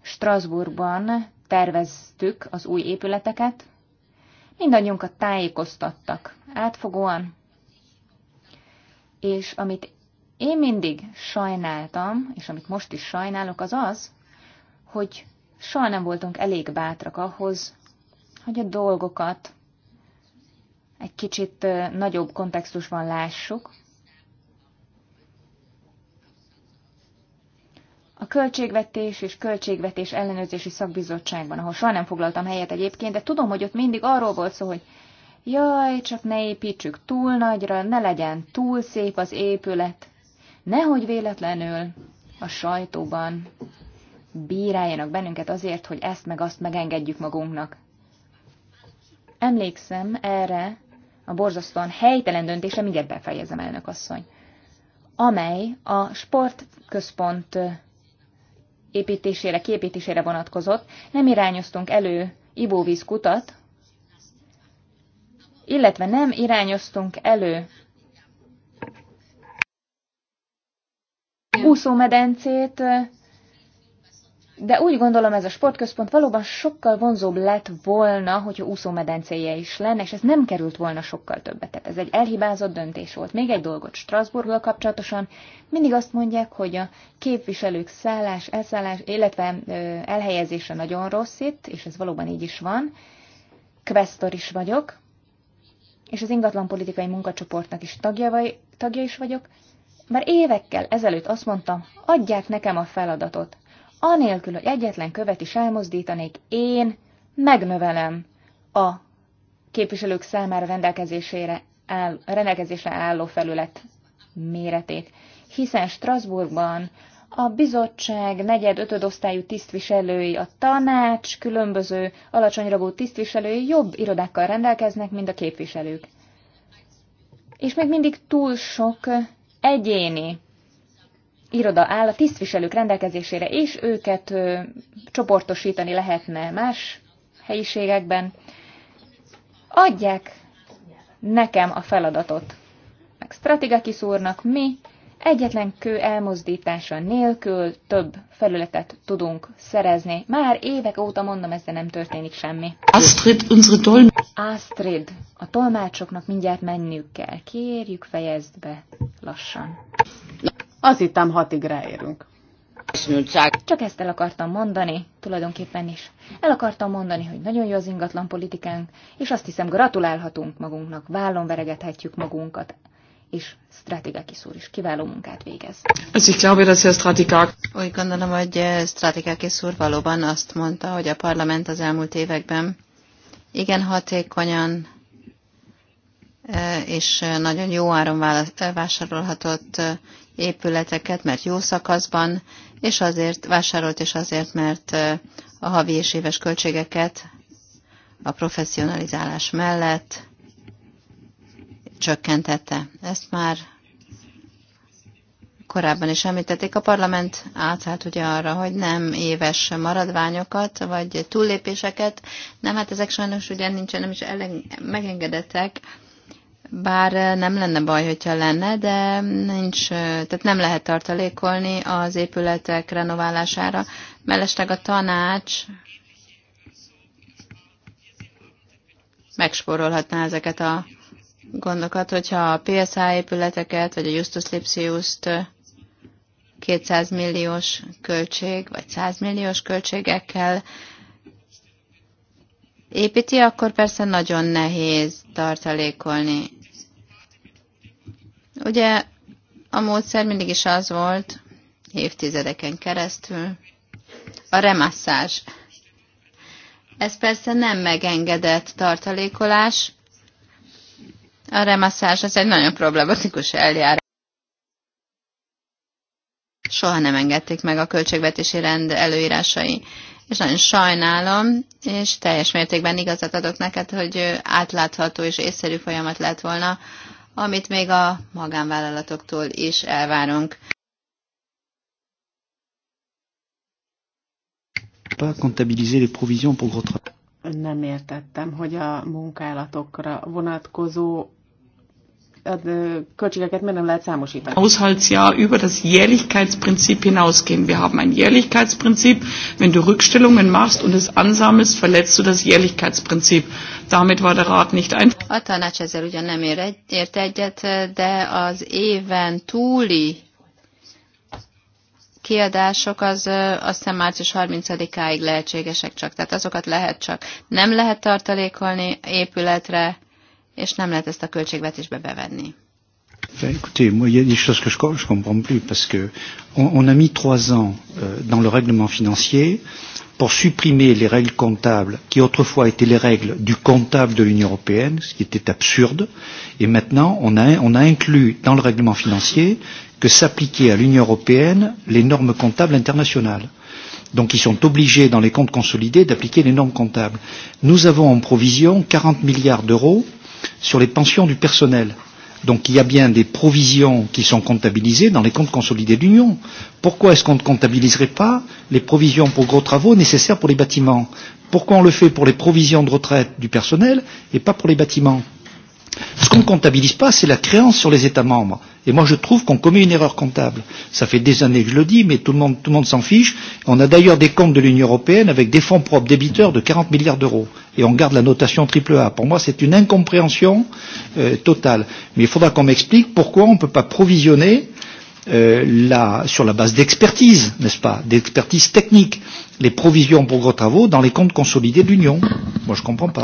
Strasbourgban terveztük az új épületeket, mindannyiunkat tájékoztattak átfogóan, és amit én mindig sajnáltam, és amit most is sajnálok, az az, hogy soha nem voltunk elég bátrak ahhoz, hogy a dolgokat egy kicsit nagyobb kontextusban lássuk. A költségvetés és költségvetés ellenőrzési szakbizottságban, ahol soha nem foglaltam helyet egyébként, de tudom, hogy ott mindig arról volt szó, hogy jaj, csak ne építsük túl nagyra, ne legyen túl szép az épület, nehogy véletlenül a sajtóban bíráljanak bennünket azért, hogy ezt meg azt megengedjük magunknak. Emlékszem erre a borzasztóan helytelen döntésre, mindjárt befejezem, elnök asszony, amely a sportközpont építésére, képítésére vonatkozott. Nem irányoztunk elő ivóvízkutat, kutat, illetve nem irányoztunk elő úszómedencét, de úgy gondolom ez a sportközpont valóban sokkal vonzóbb lett volna, hogyha úszómedencéje is lenne, és ez nem került volna sokkal többet. Tehát ez egy elhibázott döntés volt. Még egy dolgot Strasbourggal kapcsolatosan. Mindig azt mondják, hogy a képviselők szállás, elszállás, illetve elhelyezése nagyon rossz itt, és ez valóban így is van. Questor is vagyok, és az ingatlan politikai munkacsoportnak is tagja, vagy, tagja is vagyok. Már évekkel ezelőtt azt mondtam, adják nekem a feladatot anélkül, hogy egyetlen követ is elmozdítanék, én megnövelem a képviselők számára rendelkezésére áll, rendelkezésre álló felület méretét. Hiszen Strasbourgban a bizottság negyed ötödosztályú tisztviselői, a tanács különböző alacsonyrabú tisztviselői jobb irodákkal rendelkeznek, mint a képviselők. És még mindig túl sok egyéni iroda áll a tisztviselők rendelkezésére, és őket csoportosítani lehetne más helyiségekben. Adják nekem a feladatot. Meg Stratigakis kiszúrnak, mi egyetlen kő elmozdítása nélkül több felületet tudunk szerezni. Már évek óta mondom, ezzel nem történik semmi. Astrid, unsere Dolm Astrid, a tolmácsoknak mindjárt menniük kell. Kérjük, fejezd be lassan. Azt hittem hatig ráérünk. Csak ezt el akartam mondani, tulajdonképpen is. El akartam mondani, hogy nagyon jó az ingatlan politikánk, és azt hiszem gratulálhatunk magunknak, vállon veregethetjük magunkat, és Stratigakis úr is kiváló munkát végez. Ich glaube, dass Herr Stratigak... Úgy gondolom, hogy eh, is úr valóban azt mondta, hogy a parlament az elmúlt években igen hatékonyan eh, és eh, nagyon jó áron vásárolhatott épületeket, mert jó szakaszban, és azért vásárolt, és azért, mert a havi és éves költségeket a professzionalizálás mellett csökkentette. Ezt már korábban is említették, a parlament átállt ugye arra, hogy nem éves maradványokat, vagy túllépéseket. Nem, hát ezek sajnos ugye nincsen, nem is eleng- megengedettek, bár eh, nem lenne baj, hogyha lenne, de nincs, eh, tehát nem lehet tartalékolni az épületek renoválására. Mellesleg a tanács megspórolhatná ezeket a gondokat, hogyha a PSA épületeket, vagy a Justus Lipsius-t 200 eh, milliós költség, vagy 100 milliós költségekkel építi, akkor persze nagyon nehéz tartalékolni. Ugye a módszer mindig is az volt, évtizedeken keresztül, a remasszázs. Ez persze nem megengedett tartalékolás. A remasszázs az egy nagyon problematikus eljárás. Soha nem engedték meg a költségvetési rend előírásai. És nagyon sajnálom, és teljes mértékben igazat adok neked, hogy átlátható és észszerű folyamat lett volna, amit még a magánvállalatoktól is elvárunk. Nem értettem, hogy a munkálatokra vonatkozó a költségeket miért nem lehet számosítani? Haushaltsjahr über das Jährlichkeitsprinzip hinausgehen. Wir haben ein Jährlichkeitsprinzip. Wenn du Rückstellungen machst und es ansammelst, verletzt du das Jährlichkeitsprinzip. Damit war der Rat nicht ein. A tanács ezzel ugyan nem ér egy, ért egyet, de az éven túli kiadások az azt hiszem március 30-áig lehetségesek csak, tehát azokat lehet csak. Nem lehet tartalékolni épületre, és nem lehet ezt a költségvetésbe bevenni. Écoutez, moi, il y a des choses que je ne comprends plus parce que on, on a mis trois ans euh, dans le règlement financier pour supprimer les règles comptables qui autrefois étaient les règles du comptable de l'Union européenne, ce qui était absurde, et maintenant on a, on a inclus dans le règlement financier que s'appliquaient à l'Union européenne les normes comptables internationales. Donc ils sont obligés dans les comptes consolidés d'appliquer les normes comptables. Nous avons en provision 40 milliards d'euros sur les pensions du personnel. Donc il y a bien des provisions qui sont comptabilisées dans les comptes consolidés de l'Union. Pourquoi est-ce qu'on ne comptabiliserait pas les provisions pour gros travaux nécessaires pour les bâtiments Pourquoi on le fait pour les provisions de retraite du personnel et pas pour les bâtiments Ce qu'on ne comptabilise pas, c'est la créance sur les États membres. Et moi, je trouve qu'on commet une erreur comptable. Ça fait des années que je le dis, mais tout le monde, tout le monde s'en fiche. On a d'ailleurs des comptes de l'Union européenne avec des fonds propres débiteurs de 40 milliards d'euros. Et on garde la notation triple A. Pour moi, c'est une incompréhension euh, totale. Mais il faudra qu'on m'explique pourquoi on ne peut pas provisionner euh, la, sur la base d'expertise, n'est-ce pas, d'expertise technique, les provisions pour gros travaux dans les comptes consolidés de l'Union. Moi, je ne comprends pas.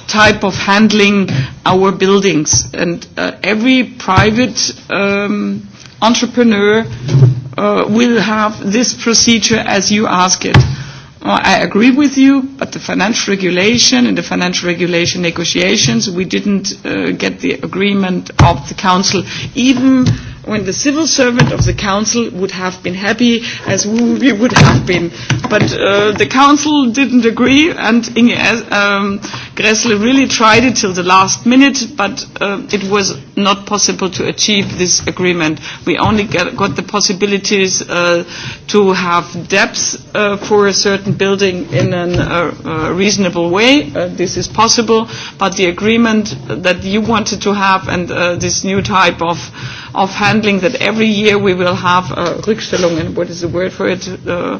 type of handling our buildings. And uh, every private um, entrepreneur uh, will have this procedure as you ask it. Well, I agree with you, but the financial regulation and the financial regulation negotiations, we didn't uh, get the agreement of the Council, even when the civil servant of the Council would have been happy, as we would have been. But uh, the Council didn't agree, and in, um, Gressle really tried it till the last minute, but uh, it was not possible to achieve this agreement. We only get, got the possibilities uh, to have depth uh, for a certain building in a uh, uh, reasonable way. Uh, this is possible, but the agreement that you wanted to have and uh, this new type of, of handling that every year we will have uh, Rückstellungen, what is the word for it? Uh,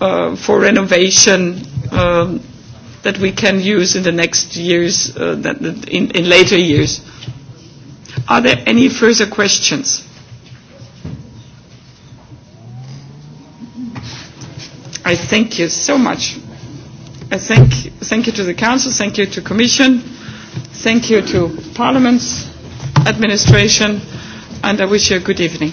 uh, for renovation um, that we can use in the next years, uh, that, that in, in later years. Are there any further questions? I thank you so much. I thank, thank you to the Council, thank you to Commission, thank you to Parliament's administration, and I wish you a good evening.